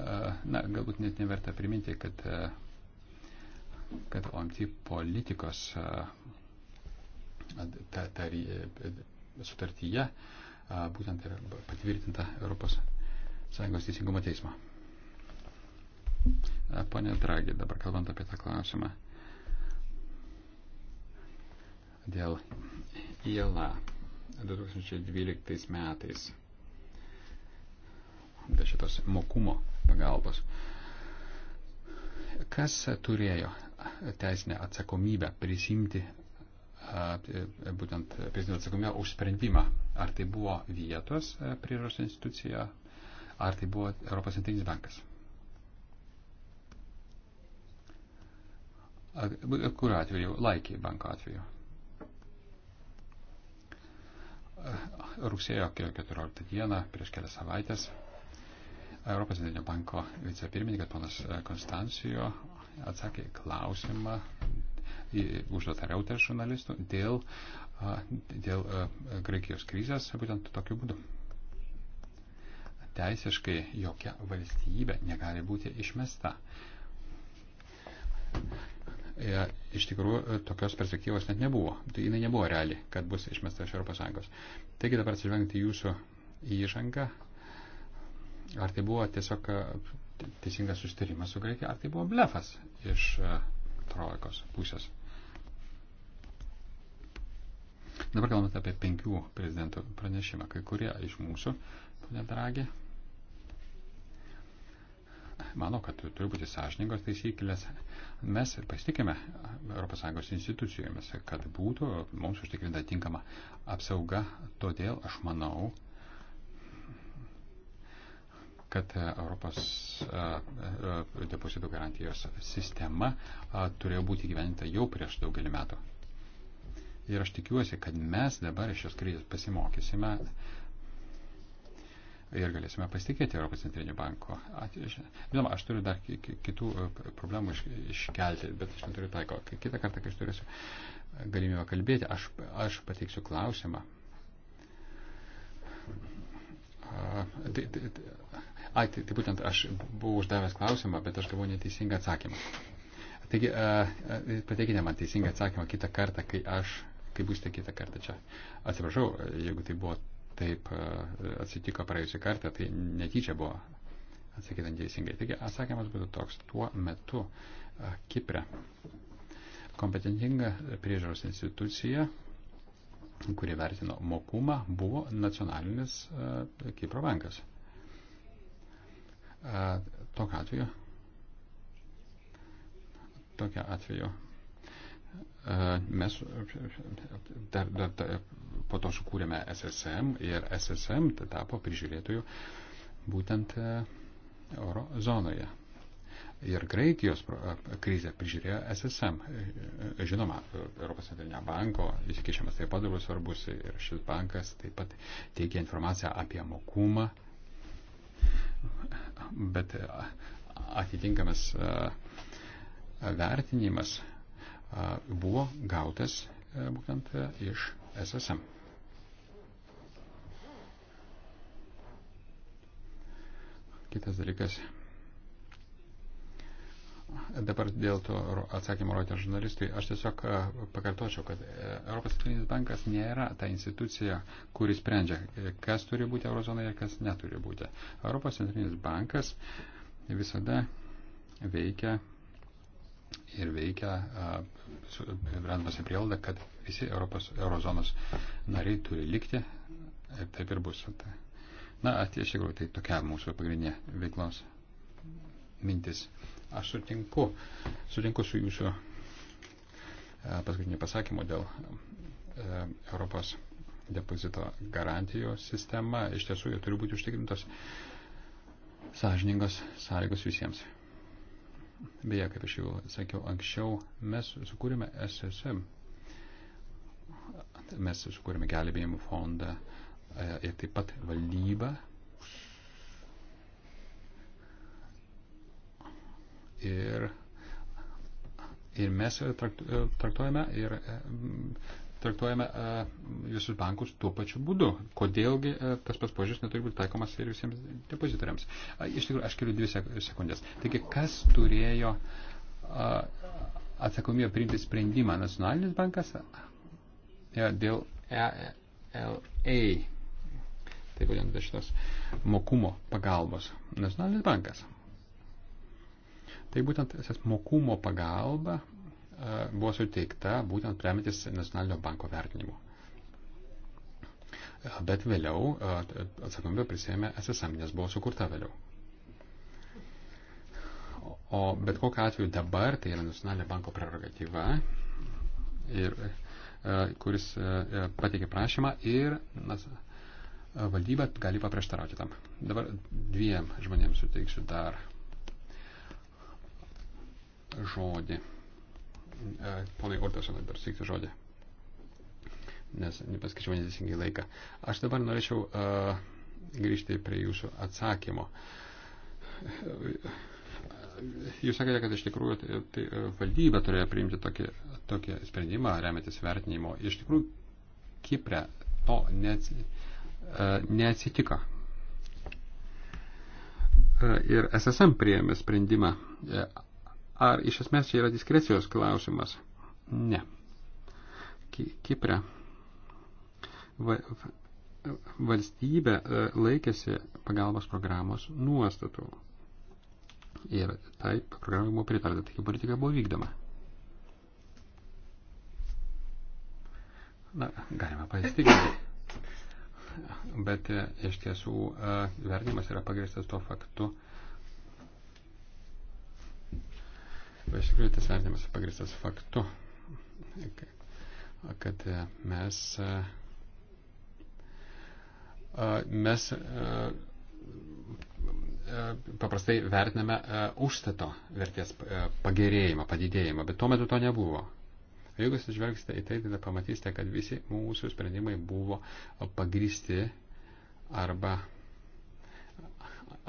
na, galbūt net neverta priminti, kad, e, kad OMT politikos e, ta, ta, sutartyje būtent yra patvirtinta Europos Sąjungos teisingumo teismo. Pone Dragi, dabar kalbant apie tą klausimą dėl ILA 2012 metais dėl šitos mokumo pagalbos. Kas turėjo teisinę atsakomybę prisimti būtent prisimti atsakomybę už sprendimą? Ar tai buvo vietos priežos institucija, ar tai buvo Europos centrinis bankas? Kur atveju? Laikiai banko atveju. Rugsėjo 14 dieną, prieš kelias savaitės, Europos Centrinio banko vicepirmininkas panas e, Konstancijo atsakė klausimą užduotą Reuters žurnalistų dėl, dėl e, Graikijos krizės būtent tokiu būdu. Teisiškai jokia valstybė negali būti išmesta. E, iš tikrųjų, tokios perspektyvos net nebuvo. Tai jinai nebuvo reali, kad bus išmesta iš ES. Taigi dabar atsižvengti jūsų įžangą, Ar tai buvo tiesiog e, teisingas sustarimas su Graikija, ar tai buvo blefas iš e, trojkos pusės. Dabar kalbant apie penkių prezidentų pranešimą, kai kurie iš mūsų, ponė Dragė, mano, kad turi būti sąžiningos taisyklės. Mes pasitikime ES institucijomis, kad būtų mums užtikrinta tinkama apsauga. Todėl aš manau, kad e, Europos e, e, depozitų garantijos sistema turėjo būti gyventa jau prieš daugelį metų. Ir aš tikiuosi, kad mes dabar iš šios krizės pasimokysime ir galėsime pasitikėti Europos centrinio banko. Žinoma, aš turiu dar kitų problemų iškelti, bet aš neturiu taiko. Kitą kartą, kai aš turėsiu galimybę kalbėti, aš, aš pateiksiu klausimą. A, tai, tai, tai, Ai, tai, tai būtent aš buvau uždavęs klausimą, bet aš gavau neteisingą atsakymą. Taigi, pateikite man teisingą atsakymą kitą kartą, kai aš, kai būsite kitą kartą čia. Atsiprašau, jeigu tai buvo taip atsitiko praėjusią kartą, tai netyčia buvo atsakyta neteisingai. Taigi, atsakymas būtų toks. Tuo metu Kipre kompetentinga priežiūros institucija, kuri vertino mokumą, buvo nacionalinis Kipro bankas. Tokiu atveju. Tokiu atveju. Mes dar, dar, dar po to sukūrėme SSM ir SSM tapo prižiūrėtojų būtent euro zonoje. Ir Graikijos krizę prižiūrėjo SSM. E, žinoma, Europos centrinio banko įsikišimas taip pat buvo svarbus ir šis bankas taip pat teikia informaciją apie mokumą, Bet e, atitinkamas e, vertinimas e, buvo gautas būtent iš SSM. Kitas dalykas Dabar dėl to atsakymo rodė žurnalistui, aš tiesiog e, pakartočiau, kad e, Europos centrinis bankas nėra ta institucija, kuri sprendžia, e, kas turi būti eurozonoje ir kas neturi būti. Europos centrinis bankas visada veikia ir veikia, randamasi prielaidą, kad visi Europos eurozonos nariai turi likti ir taip ir bus. Na, iš tikrųjų, tai tokia mūsų pagrindinė veiklos mintis. Aš sutinku, sutinku su jūsų e, paskutiniu pasakymu dėl e, Europos depozito garantijų sistema. Iš tiesų, jie turi būti užtikrintos sąžiningos sąlygos visiems. Beje, kaip aš jau sakiau anksčiau, mes sukūrėme SSM. Mes sukūrėme gelbėjimų fondą e, ir taip pat valdybą Ir, ir mes e, e, traktuojame, ir, e, traktuojame visus bankus tuo pačiu būdu. Kodėlgi tas pats požiūris neturi būti taikomas ir visiems depozitoriams. Iš tikrųjų, aš keliu dvi sekundės. Taigi, kas turėjo atsakomybę priimti sprendimą? Nacionalinis bankas dėl ELA. Tai būtent šitos mokumo pagalbos. Nacionalinis bankas. Tai būtent tas mokumo pagalba e, buvo suteikta būtent remiantis Nacionalinio banko vertinimu. E, bet vėliau e, atsakomybę prisėmė SSM, nes buvo sukurta vėliau. O bet kokiu atveju dabar tai yra Nacionalinio banko prerogatyva, ir, kuris pateikė prašymą ir valdyba gali paprieštarauti tam. Dabar dviem žmonėms suteiksiu dar žodį. E, ponai Ortasonai, dar sveikti žodį. Nes nepaskaičiau neteisingai laiką. Aš dabar norėčiau uh, grįžti prie jūsų atsakymo. Jūs sakėte, kad iš tikrųjų tai, tai, e, valdyba turėjo priimti tokį, tokį sprendimą, remiantis vertinimo. Iš tikrųjų, Kiprė to neats, uh, neatsitiko. Uh, ir SSM priėmė sprendimą. Uh, Ar iš esmės čia yra diskrecijos klausimas? Ne. Kipre valstybė e, laikėsi pagalbos programos nuostatų. Ir taip programai buvo pritarta, taigi politika buvo vykdoma. Na, galima pasitikinti. Bet e, iš tiesų e, vertinimas yra pagristas tuo faktu, Bet iš tikrųjų tas vertinimas pagristas faktu, kad mes, mes paprastai vertiname užstato vertės pagerėjimą, padidėjimą, bet tuo metu to nebuvo. Jeigu jūs žvelgsite į tai, tada pamatysite, kad visi mūsų sprendimai buvo pagristi arba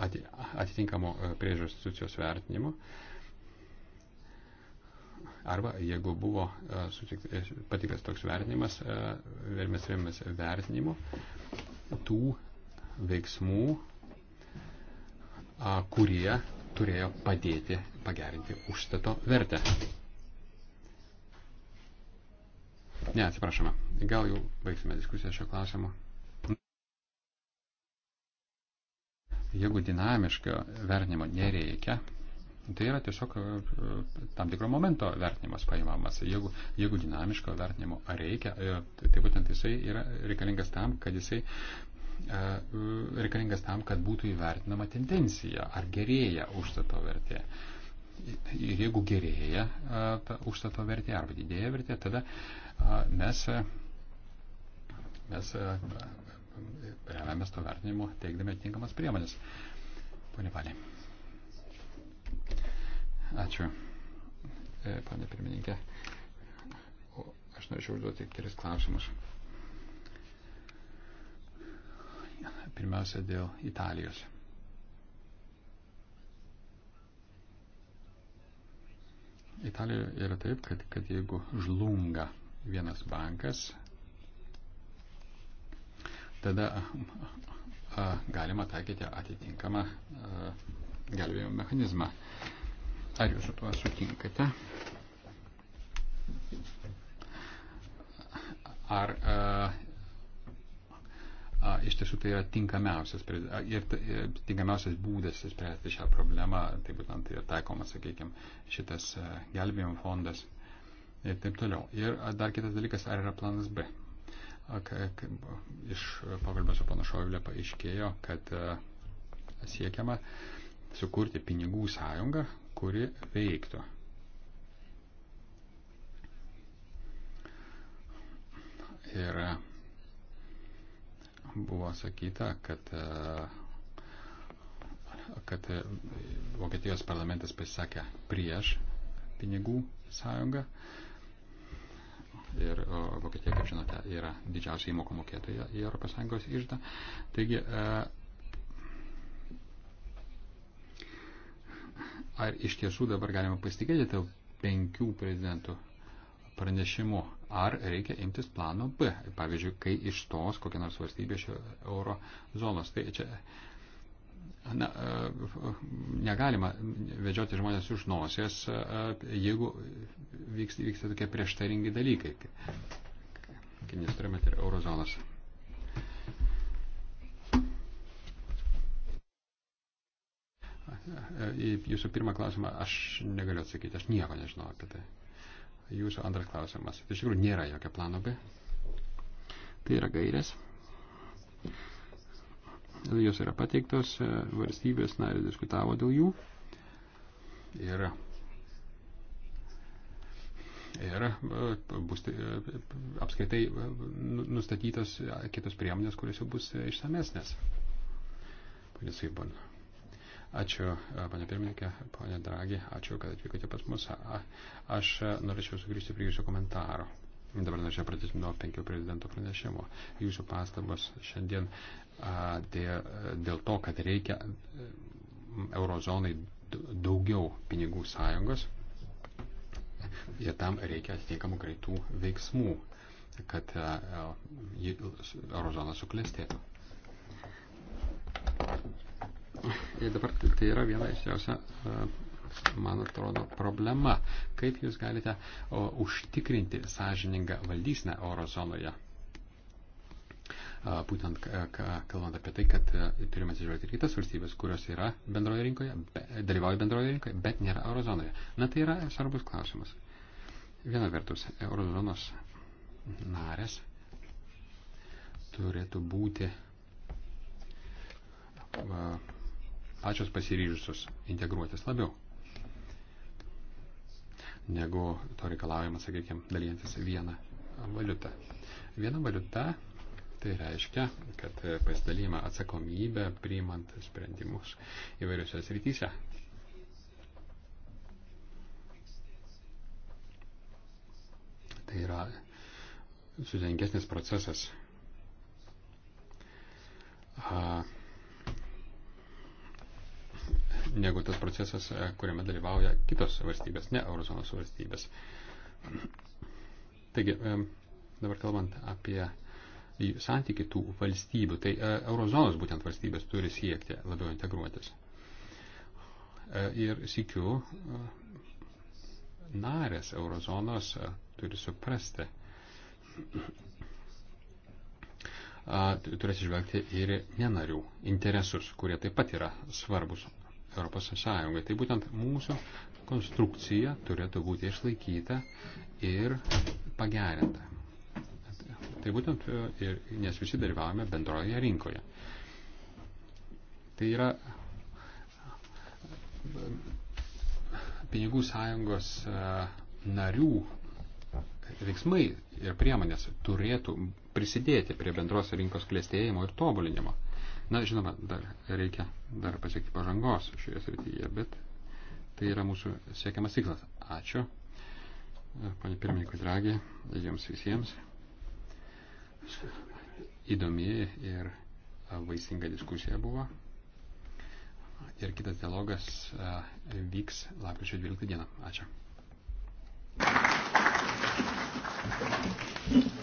atitinkamo priežiūros institucijos vertinimu. Uh, Arba jeigu buvo e, e, patiktas toks vertinimas, mes remiamės vertinimu tų veiksmų, kurie turėjo padėti pagerinti užstato vertę. Ne, atsiprašome. Gal jau baigsime diskusiją šio klausimu. Jeigu dinamiško vertinimo nereikia, Tai yra tiesiog e, e, tam tikro momento vertinimas paimamas. Jeigu, jeigu dinamiško vertinimo reikia, e, tai, tai būtent jisai yra reikalingas tam, kad jisai reikalingas tam, kad būtų įvertinama tendencija, ar gerėja užstato vertė. Ir jeigu gerėja ta užstato vertė arba didėja vertė, tada mes, mes remiamės to vertinimu, teikdami atitinkamas priemonės. Pone Valė. Ačiū, e, panė pirmininkė. Aš norėčiau užduoti kelis klausimus. Pirmiausia, dėl Italijos. Italijoje yra taip, kad, kad jeigu žlunga vienas bankas, tada a, galima taikyti atitinkamą a, gelbėjimo mechanizmą. A, Ar jūs su tuo sutinkate? Ar a, a, iš tiesų tai yra tinkamiausias, ir, ir tinkamiausias būdas spręsti šią problemą, tai būtent tai ir taikomas, sakykime, šitas gelbėjimo fondas ir taip toliau. Ir dar kitas dalykas, ar yra planas B. Iš pagalbės su panašovėlė paaiškėjo, kad siekiama sukurti pinigų sąjungą, kuri veiktų. Ir buvo sakyta, kad, kad Vokietijos parlamentas pasisakė prieš pinigų sąjungą. Ir Vokietija, kaip žinote, yra didžiausia įmokų mokėtoja į ES išdą. Taigi, e, ar iš tiesų dabar galima pasitikėti tą penkių prezidentų pranešimu, ar reikia imtis plano B, pavyzdžiui, kai išstos kokia nors valstybė iš euro zonos. Tai čia na, negalima vedžioti žmonės už nosies, jeigu vyksta, vyksta tokie prieštaringi dalykai, kai nesurėmėt ir euro zonos. į jūsų pirmą klausimą aš negaliu atsakyti, aš nieko nežinau apie tai. Jūsų antras klausimas. Tai iš tikrųjų, nėra jokio plano B. Tai yra gairės. Jos yra pateiktos, valstybės nariai diskutavo dėl jų. Ir, ir bus tai, apskaitai nu, nustatytos kitos priemonės, kurios jau bus išsamesnės. Pane Saibon. Ačiū, e, panė pirmininkė, panė Dragi, ačiū, kad atvykote pas mus. A, aš e, norėčiau sugrįžti prie jūsų komentaro. Dabar norėčiau pradėti nuo penkių prezidento pranešimo. Jūsų pastabos šiandien a, dėl, dėl to, kad reikia eurozonai daugiau pinigų sąjungos ir tam reikia atitinkamų greitų veiksmų, kad a, e, a, eurozonas suklestėtų. Ir dabar tai, tai yra viena iš jausia, e, man atrodo, problema. Kaip jūs galite o, užtikrinti sąžiningą valdysnę eurozonoje? E, būtent e, kalbant apie tai, kad turime atsižvelgti ir kitas valstybės, kurios yra bendroje rinkoje, be, dalyvauja bendroje rinkoje, bet nėra eurozonoje. Na tai yra svarbus klausimas. Viena vertus, eurozonos narės turėtų būti pačios pasiryžusios integruotis labiau negu to reikalaujama, sakykime, dalyjantis vieną valiutą. Viena valiuta tai reiškia, kad pasidalyma atsakomybė priimant sprendimus įvairiuose srityse. Tai yra sudėtingesnis procesas. A, negu tas procesas, e, kuriame dalyvauja kitos valstybės, ne eurozonos valstybės. Taigi, e, dabar kalbant apie santykių tų valstybių, tai e, eurozonos būtent valstybės turi siekti labiau integruotis. Ir sikiu, narės eurozonos turi suprasti, turės išvelgti ir nenarių interesus, kurie taip pat yra svarbus Europos Sąjungai. Tai būtent mūsų konstrukcija turėtų būti išlaikyta ir pagerinta. Tai būtent, e, ir, nes visi dalyvavome bendroje rinkoje. Tai yra pinigų sąjungos e, narių veiksmai ir priemonės turėtų prisidėti prie bendros rinkos klėstėjimo ir tobulinimo. Na, žinoma, dar reikia dar pasiekti pažangos šioje srityje, bet tai yra mūsų siekiamas tikslas. Ačiū, panė pirmininkui Dragė, jums visiems. Įdomi ir vaisinga diskusija buvo. Ir kitas dialogas vyks lapkričio 12 dieną. Ačiū. Thank you.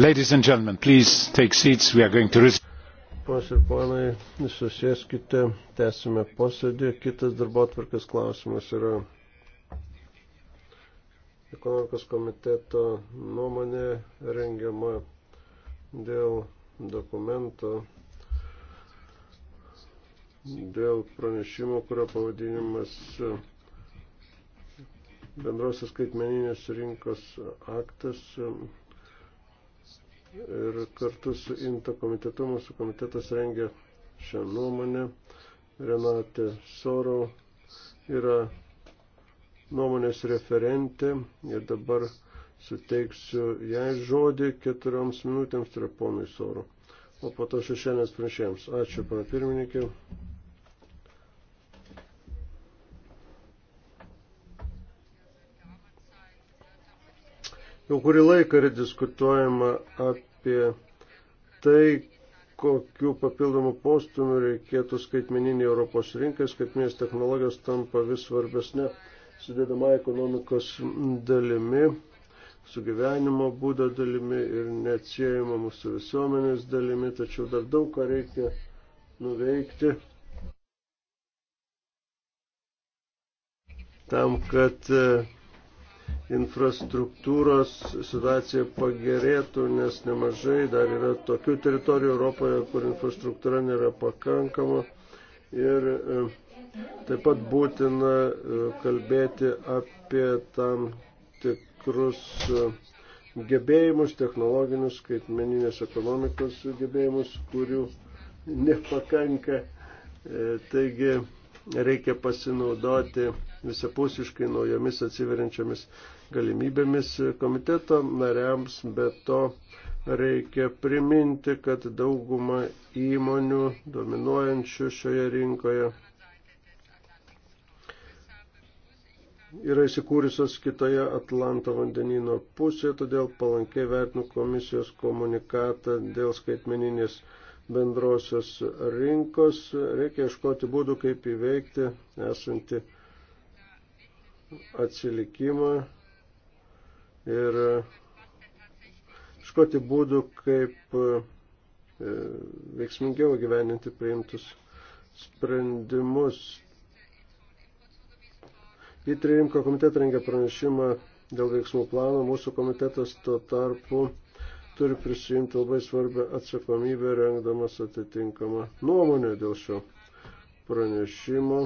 Ladies and gentlemen, please take seats. We are going to resume. Ponas ir ponai, susieskite, tęsime posėdį. Kitas darbo atvarkės klausimas yra ekonomikos komiteto nuomonė rengiama dėl dokumento, dėl pranešimo, kurio pavadinimas bendrosios skaitmeninės rinkos aktas ir kartu su INTA komitetu mūsų komitetas rengia šią nuomonę. Renate Sorau yra nuomonės referentė ir dabar suteiksiu jai žodį keturioms minutėms, tai yra ponui Sorau. O po to šešienės priešiems. Ačiū, pana pirmininkė. Jau kurį laiką yra diskutuojama apie tai, kokiu papildomu postumiu reikėtų skaitmeninį Europos rinkai, skaitminės technologijos tampa vis svarbesnė sudėdama ekonomikos dalimi, sugyvenimo būdo dalimi ir neatsiejama mūsų visuomenės dalimi, tačiau dar daug ką reikia nuveikti tam, kad infrastruktūros situacija pagerėtų, nes nemažai dar yra tokių teritorijų Europoje, kur infrastruktūra nėra pakankama. Ir e, taip pat būtina e, kalbėti apie tam tikrus e, gebėjimus, technologinius, skaitmeninės ekonomikos gebėjimus, kurių nepakanka. Taigi reikia pasinaudoti visapusiškai naujomis atsiveriančiamis galimybėmis komiteto nariams, bet to reikia priminti, kad dauguma įmonių dominuojančių šioje rinkoje yra įsikūrusios kitoje Atlanto vandenino pusėje, todėl palankiai vertinu komisijos komunikatą dėl skaitmeninės bendrosios rinkos. Reikia iškoti būdų, kaip įveikti esantį atsilikimą ir e, iškoti būdų, kaip e, veiksmingiau gyveninti priimtus sprendimus. Į Trijimko komitetą rengia pranešimą dėl veiksmų plano. Mūsų komitetas tuo tarpu turi prisijimti labai svarbią atsakomybę rengdamas atitinkamą nuomonę dėl šio pranešimo.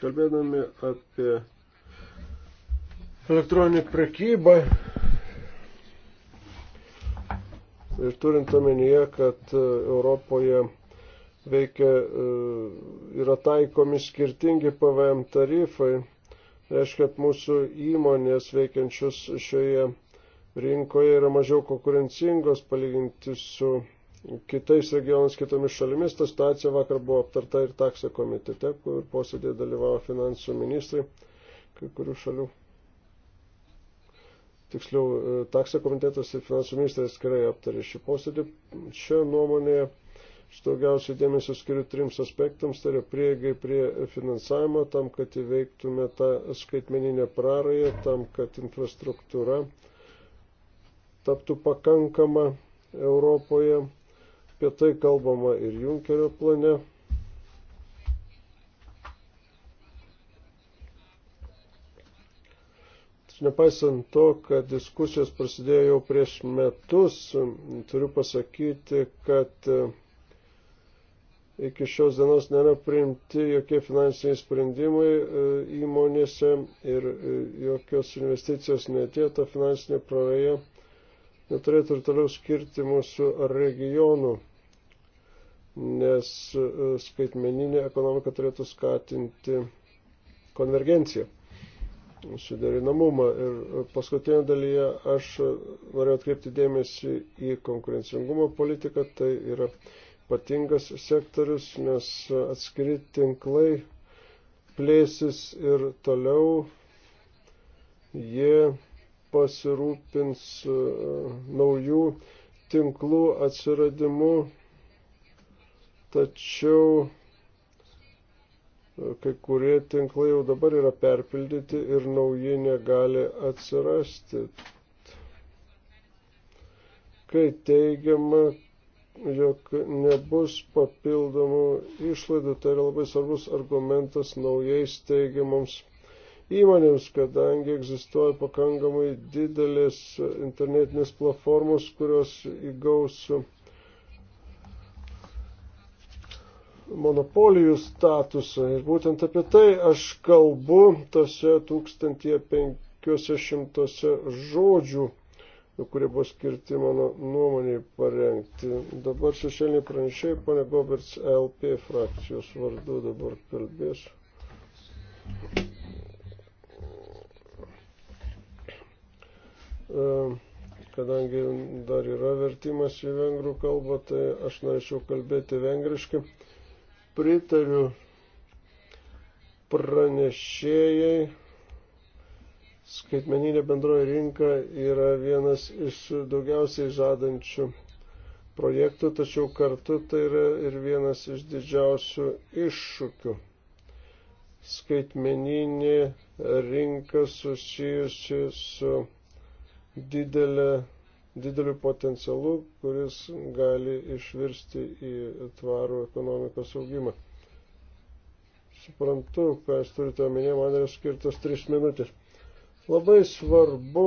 Kalbėdami apie elektroninė prekyba ir turint omenyje, kad e, Europoje veikia, e, yra taikomi skirtingi PVM tarifai, tai reiškia, kad mūsų įmonės veikiančios šioje rinkoje yra mažiau konkurencingos palyginti su kitais regionais, kitomis šalimis. Ta stacija vakar buvo aptarta ir taksio komitete, kur posėdėje dalyvavo finansų ministrai kai kurių šalių tiksliau, e, taksą komitetas ir finansų ministras skirai aptarė šį posėdį. Čia nuomonėje aš daugiausiai dėmesio skiriu trims aspektams, tai yra prieigai prie finansavimo, tam, kad įveiktume tą skaitmeninę prarąją, tam, kad infrastruktūra taptų pakankama Europoje. Apie tai kalbama ir Junkerio plane. Nepaisant to, kad diskusijos prasidėjo jau prieš metus, turiu pasakyti, kad e, iki šios dienos nėra priimti jokie finansiniai sprendimai e, įmonėse ir e, jokios investicijos netėjo, ta finansinė praraja neturėtų ir toliau skirti mūsų regionų, nes skaitmeninė ekonomika turėtų skatinti konvergenciją suderinamumą. Ir e, paskutinė dalyje aš norėjau atkreipti dėmesį į konkurencingumo politiką, tai yra patingas sektorius, nes atskiri tinklai plėsis ir toliau jie pasirūpins e, naujų tinklų atsiradimu, tačiau kai kurie tinklai jau dabar yra perpildyti ir nauji negali atsirasti. Kai teigiama, jog nebus papildomų išlaidų, tai yra labai svarbus argumentas naujai steigiamams įmonėms, kadangi egzistuoja pakankamai didelės internetinės platformos, kurios įgaus monopolijų statusą. Ir būtent apie tai aš kalbu tose 1500 žodžių, kurie buvo skirti mano nuomonėje parengti. Dabar šešėlį pranešėjai, pane Goberts, LP frakcijos vardu dabar kalbėsiu. E, kadangi dar yra vertimas į vengrų kalbą, tai aš norėčiau kalbėti vengriškai. Pritariu pranešėjai. Skaitmeninė bendroji rinka yra vienas iš daugiausiai žadančių projektų, tačiau kartu tai yra ir vienas iš didžiausių iššūkių. Skaitmeninė rinka susijusi su didelė dideliu potencialu, kuris gali išvirsti į tvarų ekonomikos augimą. Suprantu, ką jūs turite omenyje, man yra skirtos tris minutės. Labai svarbu,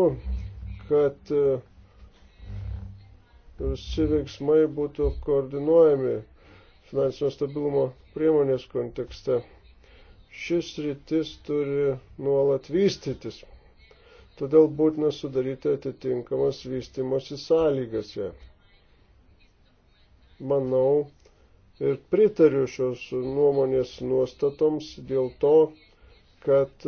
kad e, visi veiksmai būtų koordinuojami finansinio stabilumo priemonės kontekste. Šis rytis turi nuolat vystytis. Todėl būtina sudaryti atitinkamas vystimosi sąlygas. Manau ir pritariu šios nuomonės nuostatoms dėl to, kad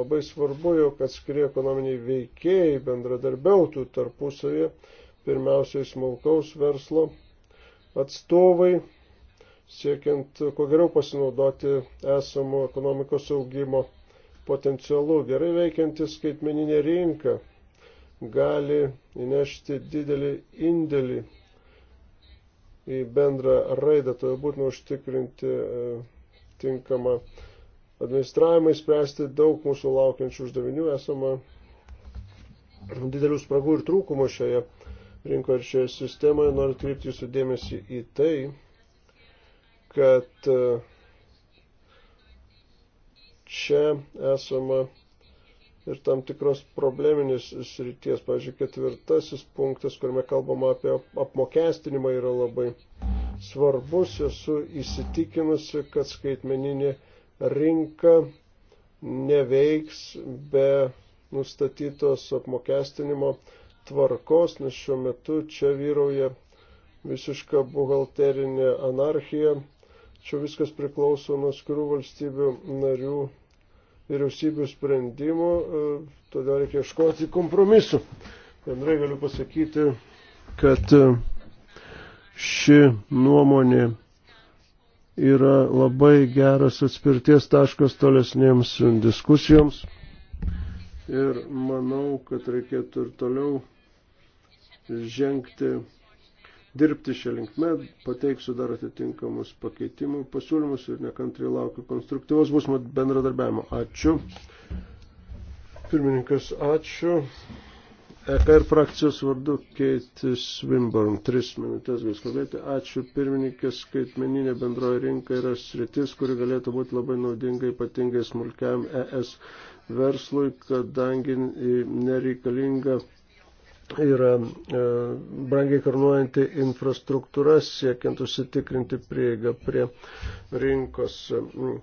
labai svarbu, jog atskiri ekonominiai veikėjai bendradarbiautų tarpusavėje, pirmiausiai smulkaus verslo atstovai, siekiant kuo geriau pasinaudoti esamų ekonomikos augimo potencialu. Gerai veikianti skaitmeninė rinka gali įnešti didelį indėlį į bendrą raidą, to būtina užtikrinti e, tinkamą administravimą, įspręsti daug mūsų laukiančių uždavinių, esama didelių spragų ir trūkumų šioje rinkoje ir šioje sistemoje. Noriu atkreipti jūsų dėmesį į tai, kad uh, Čia esama ir tam tikros probleminės srities. Pavyzdžiui, ketvirtasis punktas, kuriame kalbama apie apmokestinimą, yra labai svarbus. Esu įsitikinusi, kad skaitmeninė rinka neveiks be nustatytos apmokestinimo tvarkos, nes šiuo metu čia vyrauja visiška buhalterinė anarchija. Čia viskas priklauso nuo skirų valstybių narių vyriausybių sprendimų, e, todėl reikia ieškoti kompromisų. Bendrai galiu pasakyti, kad e, ši nuomonė yra labai geras atspirties taškas tolesnėms diskusijoms ir manau, kad reikėtų ir toliau žengti dirbti šią linkmę, pateiksiu dar atitinkamus pakeitimų pasiūlymus ir nekantrai laukiu konstruktyvos būsimo bendradarbiavimo. Ačiū. Pirmininkas, ačiū. EKR frakcijos vardu Keiti Swinburn. Tris minutės gali kalbėti. Ačiū pirmininkės, skaitmeninė bendroji rinka yra sritis, kuri galėtų būti labai naudinga ypatingai smulkiam ES verslui, kadangi nereikalinga yra e, brangiai karnuojanti infrastruktūra, siekiant užsitikrinti prieigą prie rinkos. Mm,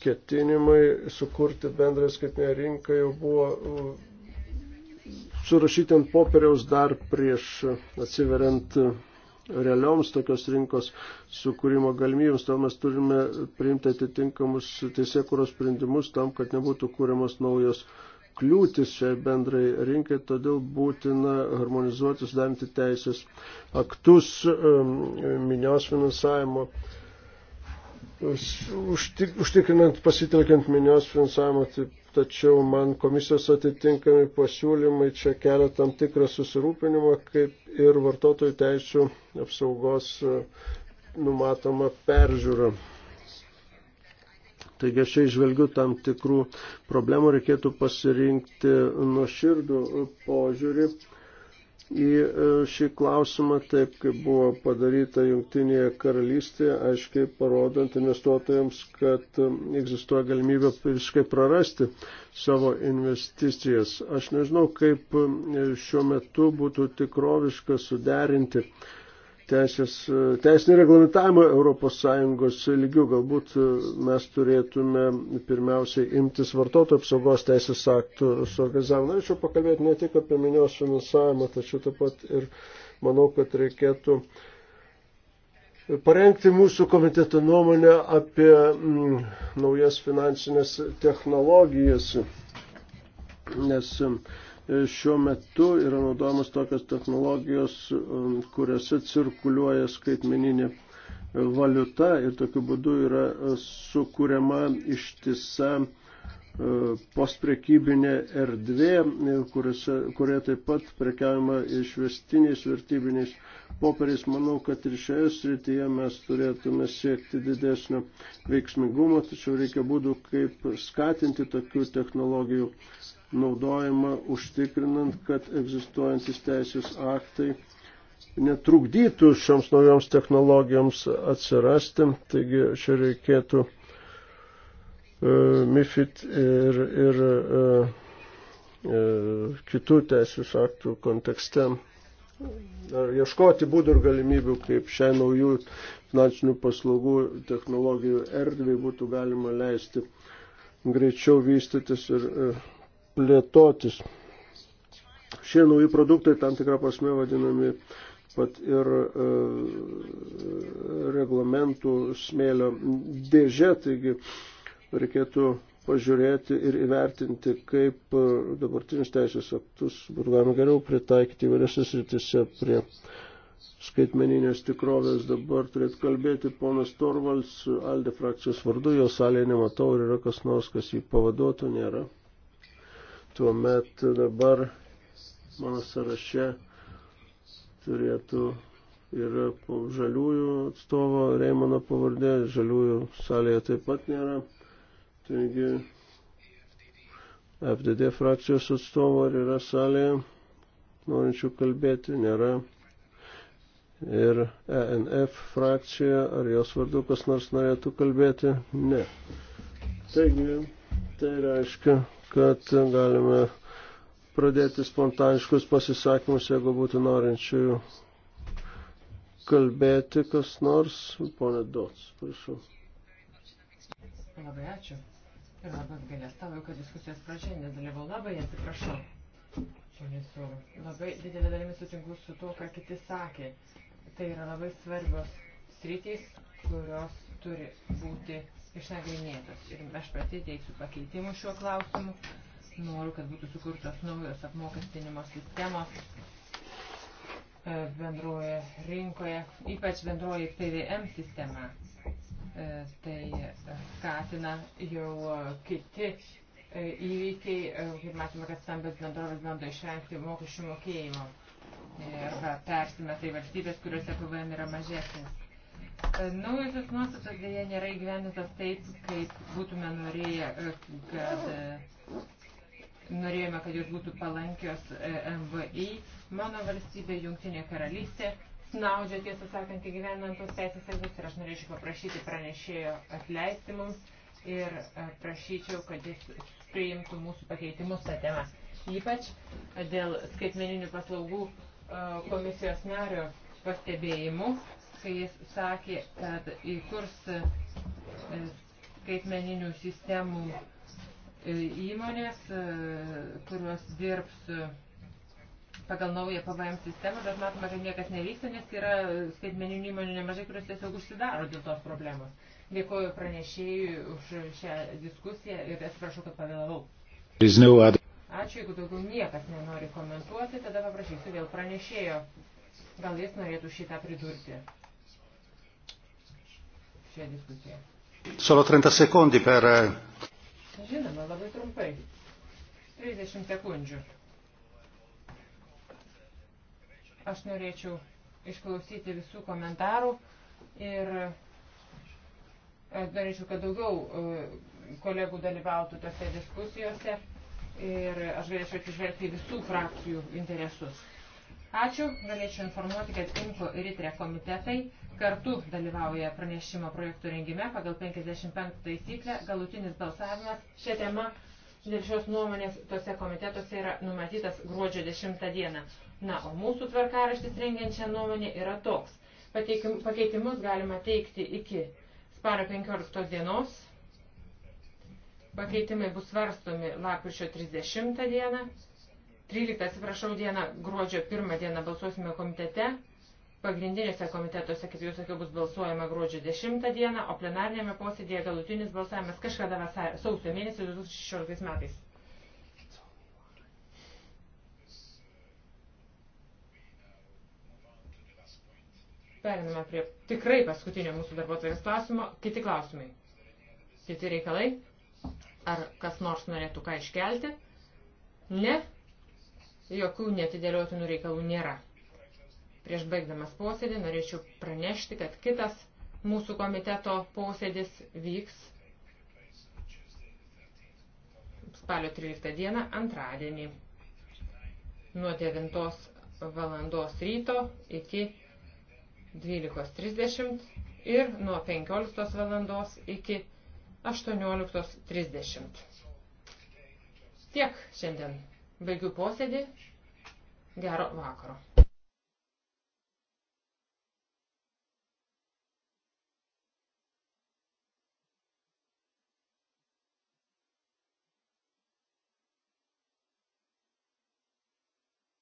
ketinimai sukurti bendrą skaitinę rinką jau buvo mm, surašyti ant popieriaus dar prieš atsiveriant realioms tokios rinkos sukūrimo galimybėms, tam mes turime priimti atitinkamus teisėkuros sprendimus tam, kad nebūtų kūriamos naujos uh, kliūtis šiai bendrai rinkai, todėl būtina harmonizuoti, sudarinti teisės aktus, um, minios finansavimo, užtikrinant, pasitelkiant minios finansavimo, taip, tačiau man komisijos atitinkami pasiūlymai čia kelia tam tikrą susirūpinimą, kaip ir vartotojų teisų apsaugos uh, numatoma peržiūra. Taigi aš čia išvelgiu tam tikrų problemų, reikėtų pasirinkti nuoširdų požiūrį į e, šį klausimą, taip kaip buvo padaryta Junktinėje karalystėje, aiškiai parodant investuotojams, kad e, egzistuoja galimybė visiškai prarasti savo investicijas. Aš nežinau, kaip e, šiuo metu būtų tikroviška suderinti uh, teisės, e, teisinį reglamentavimą ES lygių. Galbūt e, mes turėtume pirmiausiai imtis vartotojų apsaugos teisės aktų suorganizavimą. Norėčiau pakalbėti ne tik apie minios finansavimą, tačiau taip pat ir manau, kad reikėtų parengti mūsų komiteto nuomonę apie mm, naujas finansinės technologijas. Nes mm, E, šiuo metu yra naudojamos tokios technologijos, um, kuriuose cirkuliuoja skaitmeninė e, valiuta ir tokiu būdu yra e, sukūriama ištisa postprekybinė erdvė, kuriuose, kurioje taip pat prekiavima išvestiniais vertybiniais popieriais. Manau, kad ir šioje srityje mes turėtume siekti didesnio veiksmingumo, tačiau reikia būdų, kaip skatinti tokių technologijų naudojama užtikrinant, kad egzistuojantis teisės aktai netrukdytų šioms naujoms technologijoms atsirasti. Taigi čia reikėtų uh, MIFID ir, ir uh, uh, kitų teisės aktų kontekste ar ieškoti būdų ir galimybių, kaip šią naujų finansinių paslaugų technologijų erdvį būtų galima leisti greičiau vystytis ir uh, plėtotis. Šie nauji produktai tam tikrą prasme vadinami pat ir e, reglamentų smėlio dėžė, taigi reikėtų pažiūrėti ir įvertinti, kaip e, dabartinius teisės aktus būtų galima geriau pritaikyti įvairiose sritise prie skaitmeninės tikrovės. Dabar turėtų kalbėti ponas Torvalds, Alde frakcijos vardu, jo salėje nematau, ar yra kas nors, kas jį pavaduotų, nėra tuomet dabar mano sąraše turėtų yra žaliųjų atstovo Reimano pavardė, žaliųjų salėje taip pat nėra. Taigi FDD frakcijos atstovo ar yra salėje, norinčių kalbėti, nėra. Ir ENF frakcija, ar jos vardu kas nors norėtų kalbėti, ne. Taigi, tai reiškia, kad galime pradėti spontaniškus pasisakymus, jeigu būtų norinčių kalbėti kas nors. Pone Dots, prašau. Labai ačiū. Ir labai galėstauju, kad diskusijos pradžioje nedalyvau. Labai atsiprašau. Visur. Labai didelė dalimi sutinku su tuo, ką kiti sakė. Tai yra labai svarbios sritys, kurios turi būti išnagrinėtos. Ir aš pati teiksiu pakeitimų šiuo klausimu. Noriu, kad būtų sukurtos naujos apmokestinimo sistemos e, bendroje rinkoje, ypač bendroji PVM sistema. E, tai e, skatina jau kiti įvykiai, kaip matome, kad stambės bendrovės bando išvengti mokesčių mokėjimo arba persimeta į valstybės, kuriuose PVM yra mažesnis E, naujasis nuostatas dėja nėra įgyvendintas taip, kaip būtume norėję, e, kad e, norėjome, kad jos būtų palankios MVI. Mano valstybė, Jungtinė karalystė, snaudžia, tiesą sakant, įgyvendinant tos teisės aktus ir aš norėčiau paprašyti pranešėjo atleisti mums ir prašyčiau, kad jis priimtų mūsų pakeitimus tą temą. Ypač dėl skaitmeninių paslaugų komisijos nario pastebėjimų kai jis sakė, kad įkurs e, skaitmeninių sistemų e, įmonės, e, kurios dirbs pagal naują PVM sistemą, bet matome, kad niekas nevyksta, nes yra skaitmeninių įmonių nemažai, kurios tiesiog užsidaro dėl tos problemos. Dėkuoju pranešėjui už šią diskusiją ir atsiprašau, kad pavėlavau. Ačiū, jeigu daugiau niekas nenori komentuoti, tada paprašysiu vėl pranešėjo. Gal jis norėtų šitą pridurti šią diskusiją. Solo 30 sekundį per. Eh, Žinoma, labai trumpai. 30 sekundžių. Aš norėčiau išklausyti visų komentarų ir aš eh, norėčiau, kad daugiau eh, kolegų dalyvautų tose diskusijose ir aš galėčiau atsižvelgti visų frakcijų interesus. Ačiū, galėčiau informuoti, kad Inko ir Itre komitetai kartu dalyvauja pranešimo projektų rengime pagal 55 taisyklę. Galutinis balsavimas šią temą dėl šios nuomonės tose komitetuose yra numatytas gruodžio 10 dieną. Na, o mūsų tvarkaraštis rengiant šią nuomonę yra toks. Pateikim, pakeitimus galima teikti iki spalio 15 dienos. Pakeitimai bus svarstomi lapkričio 30 dieną. 13, atsiprašau, dieną, gruodžio 1 dieną balsuosime komitete Pagrindinėse komitetuose, kaip jau sakiau, bus balsuojama gruodžio 10 dieną, o plenarnėme posėdėje galutinis balsavimas kažkada vasar, sausio mėnesį 2016 metais. Periname prie tikrai paskutinio mūsų darbuotojas klausimo. Kiti klausimai. Kiti reikalai. Ar kas nors norėtų ką iškelti? Ne. Jokių netidėliotinų reikalų nėra. Prieš baigdamas posėdį norėčiau pranešti, kad kitas mūsų komiteto posėdis vyks spalio 13 dieną antradienį nuo 9 valandos ryto iki 12.30 ir nuo 15 valandos iki 18.30. Tiek šiandien. Baigiu posėdį. Gero vakaro.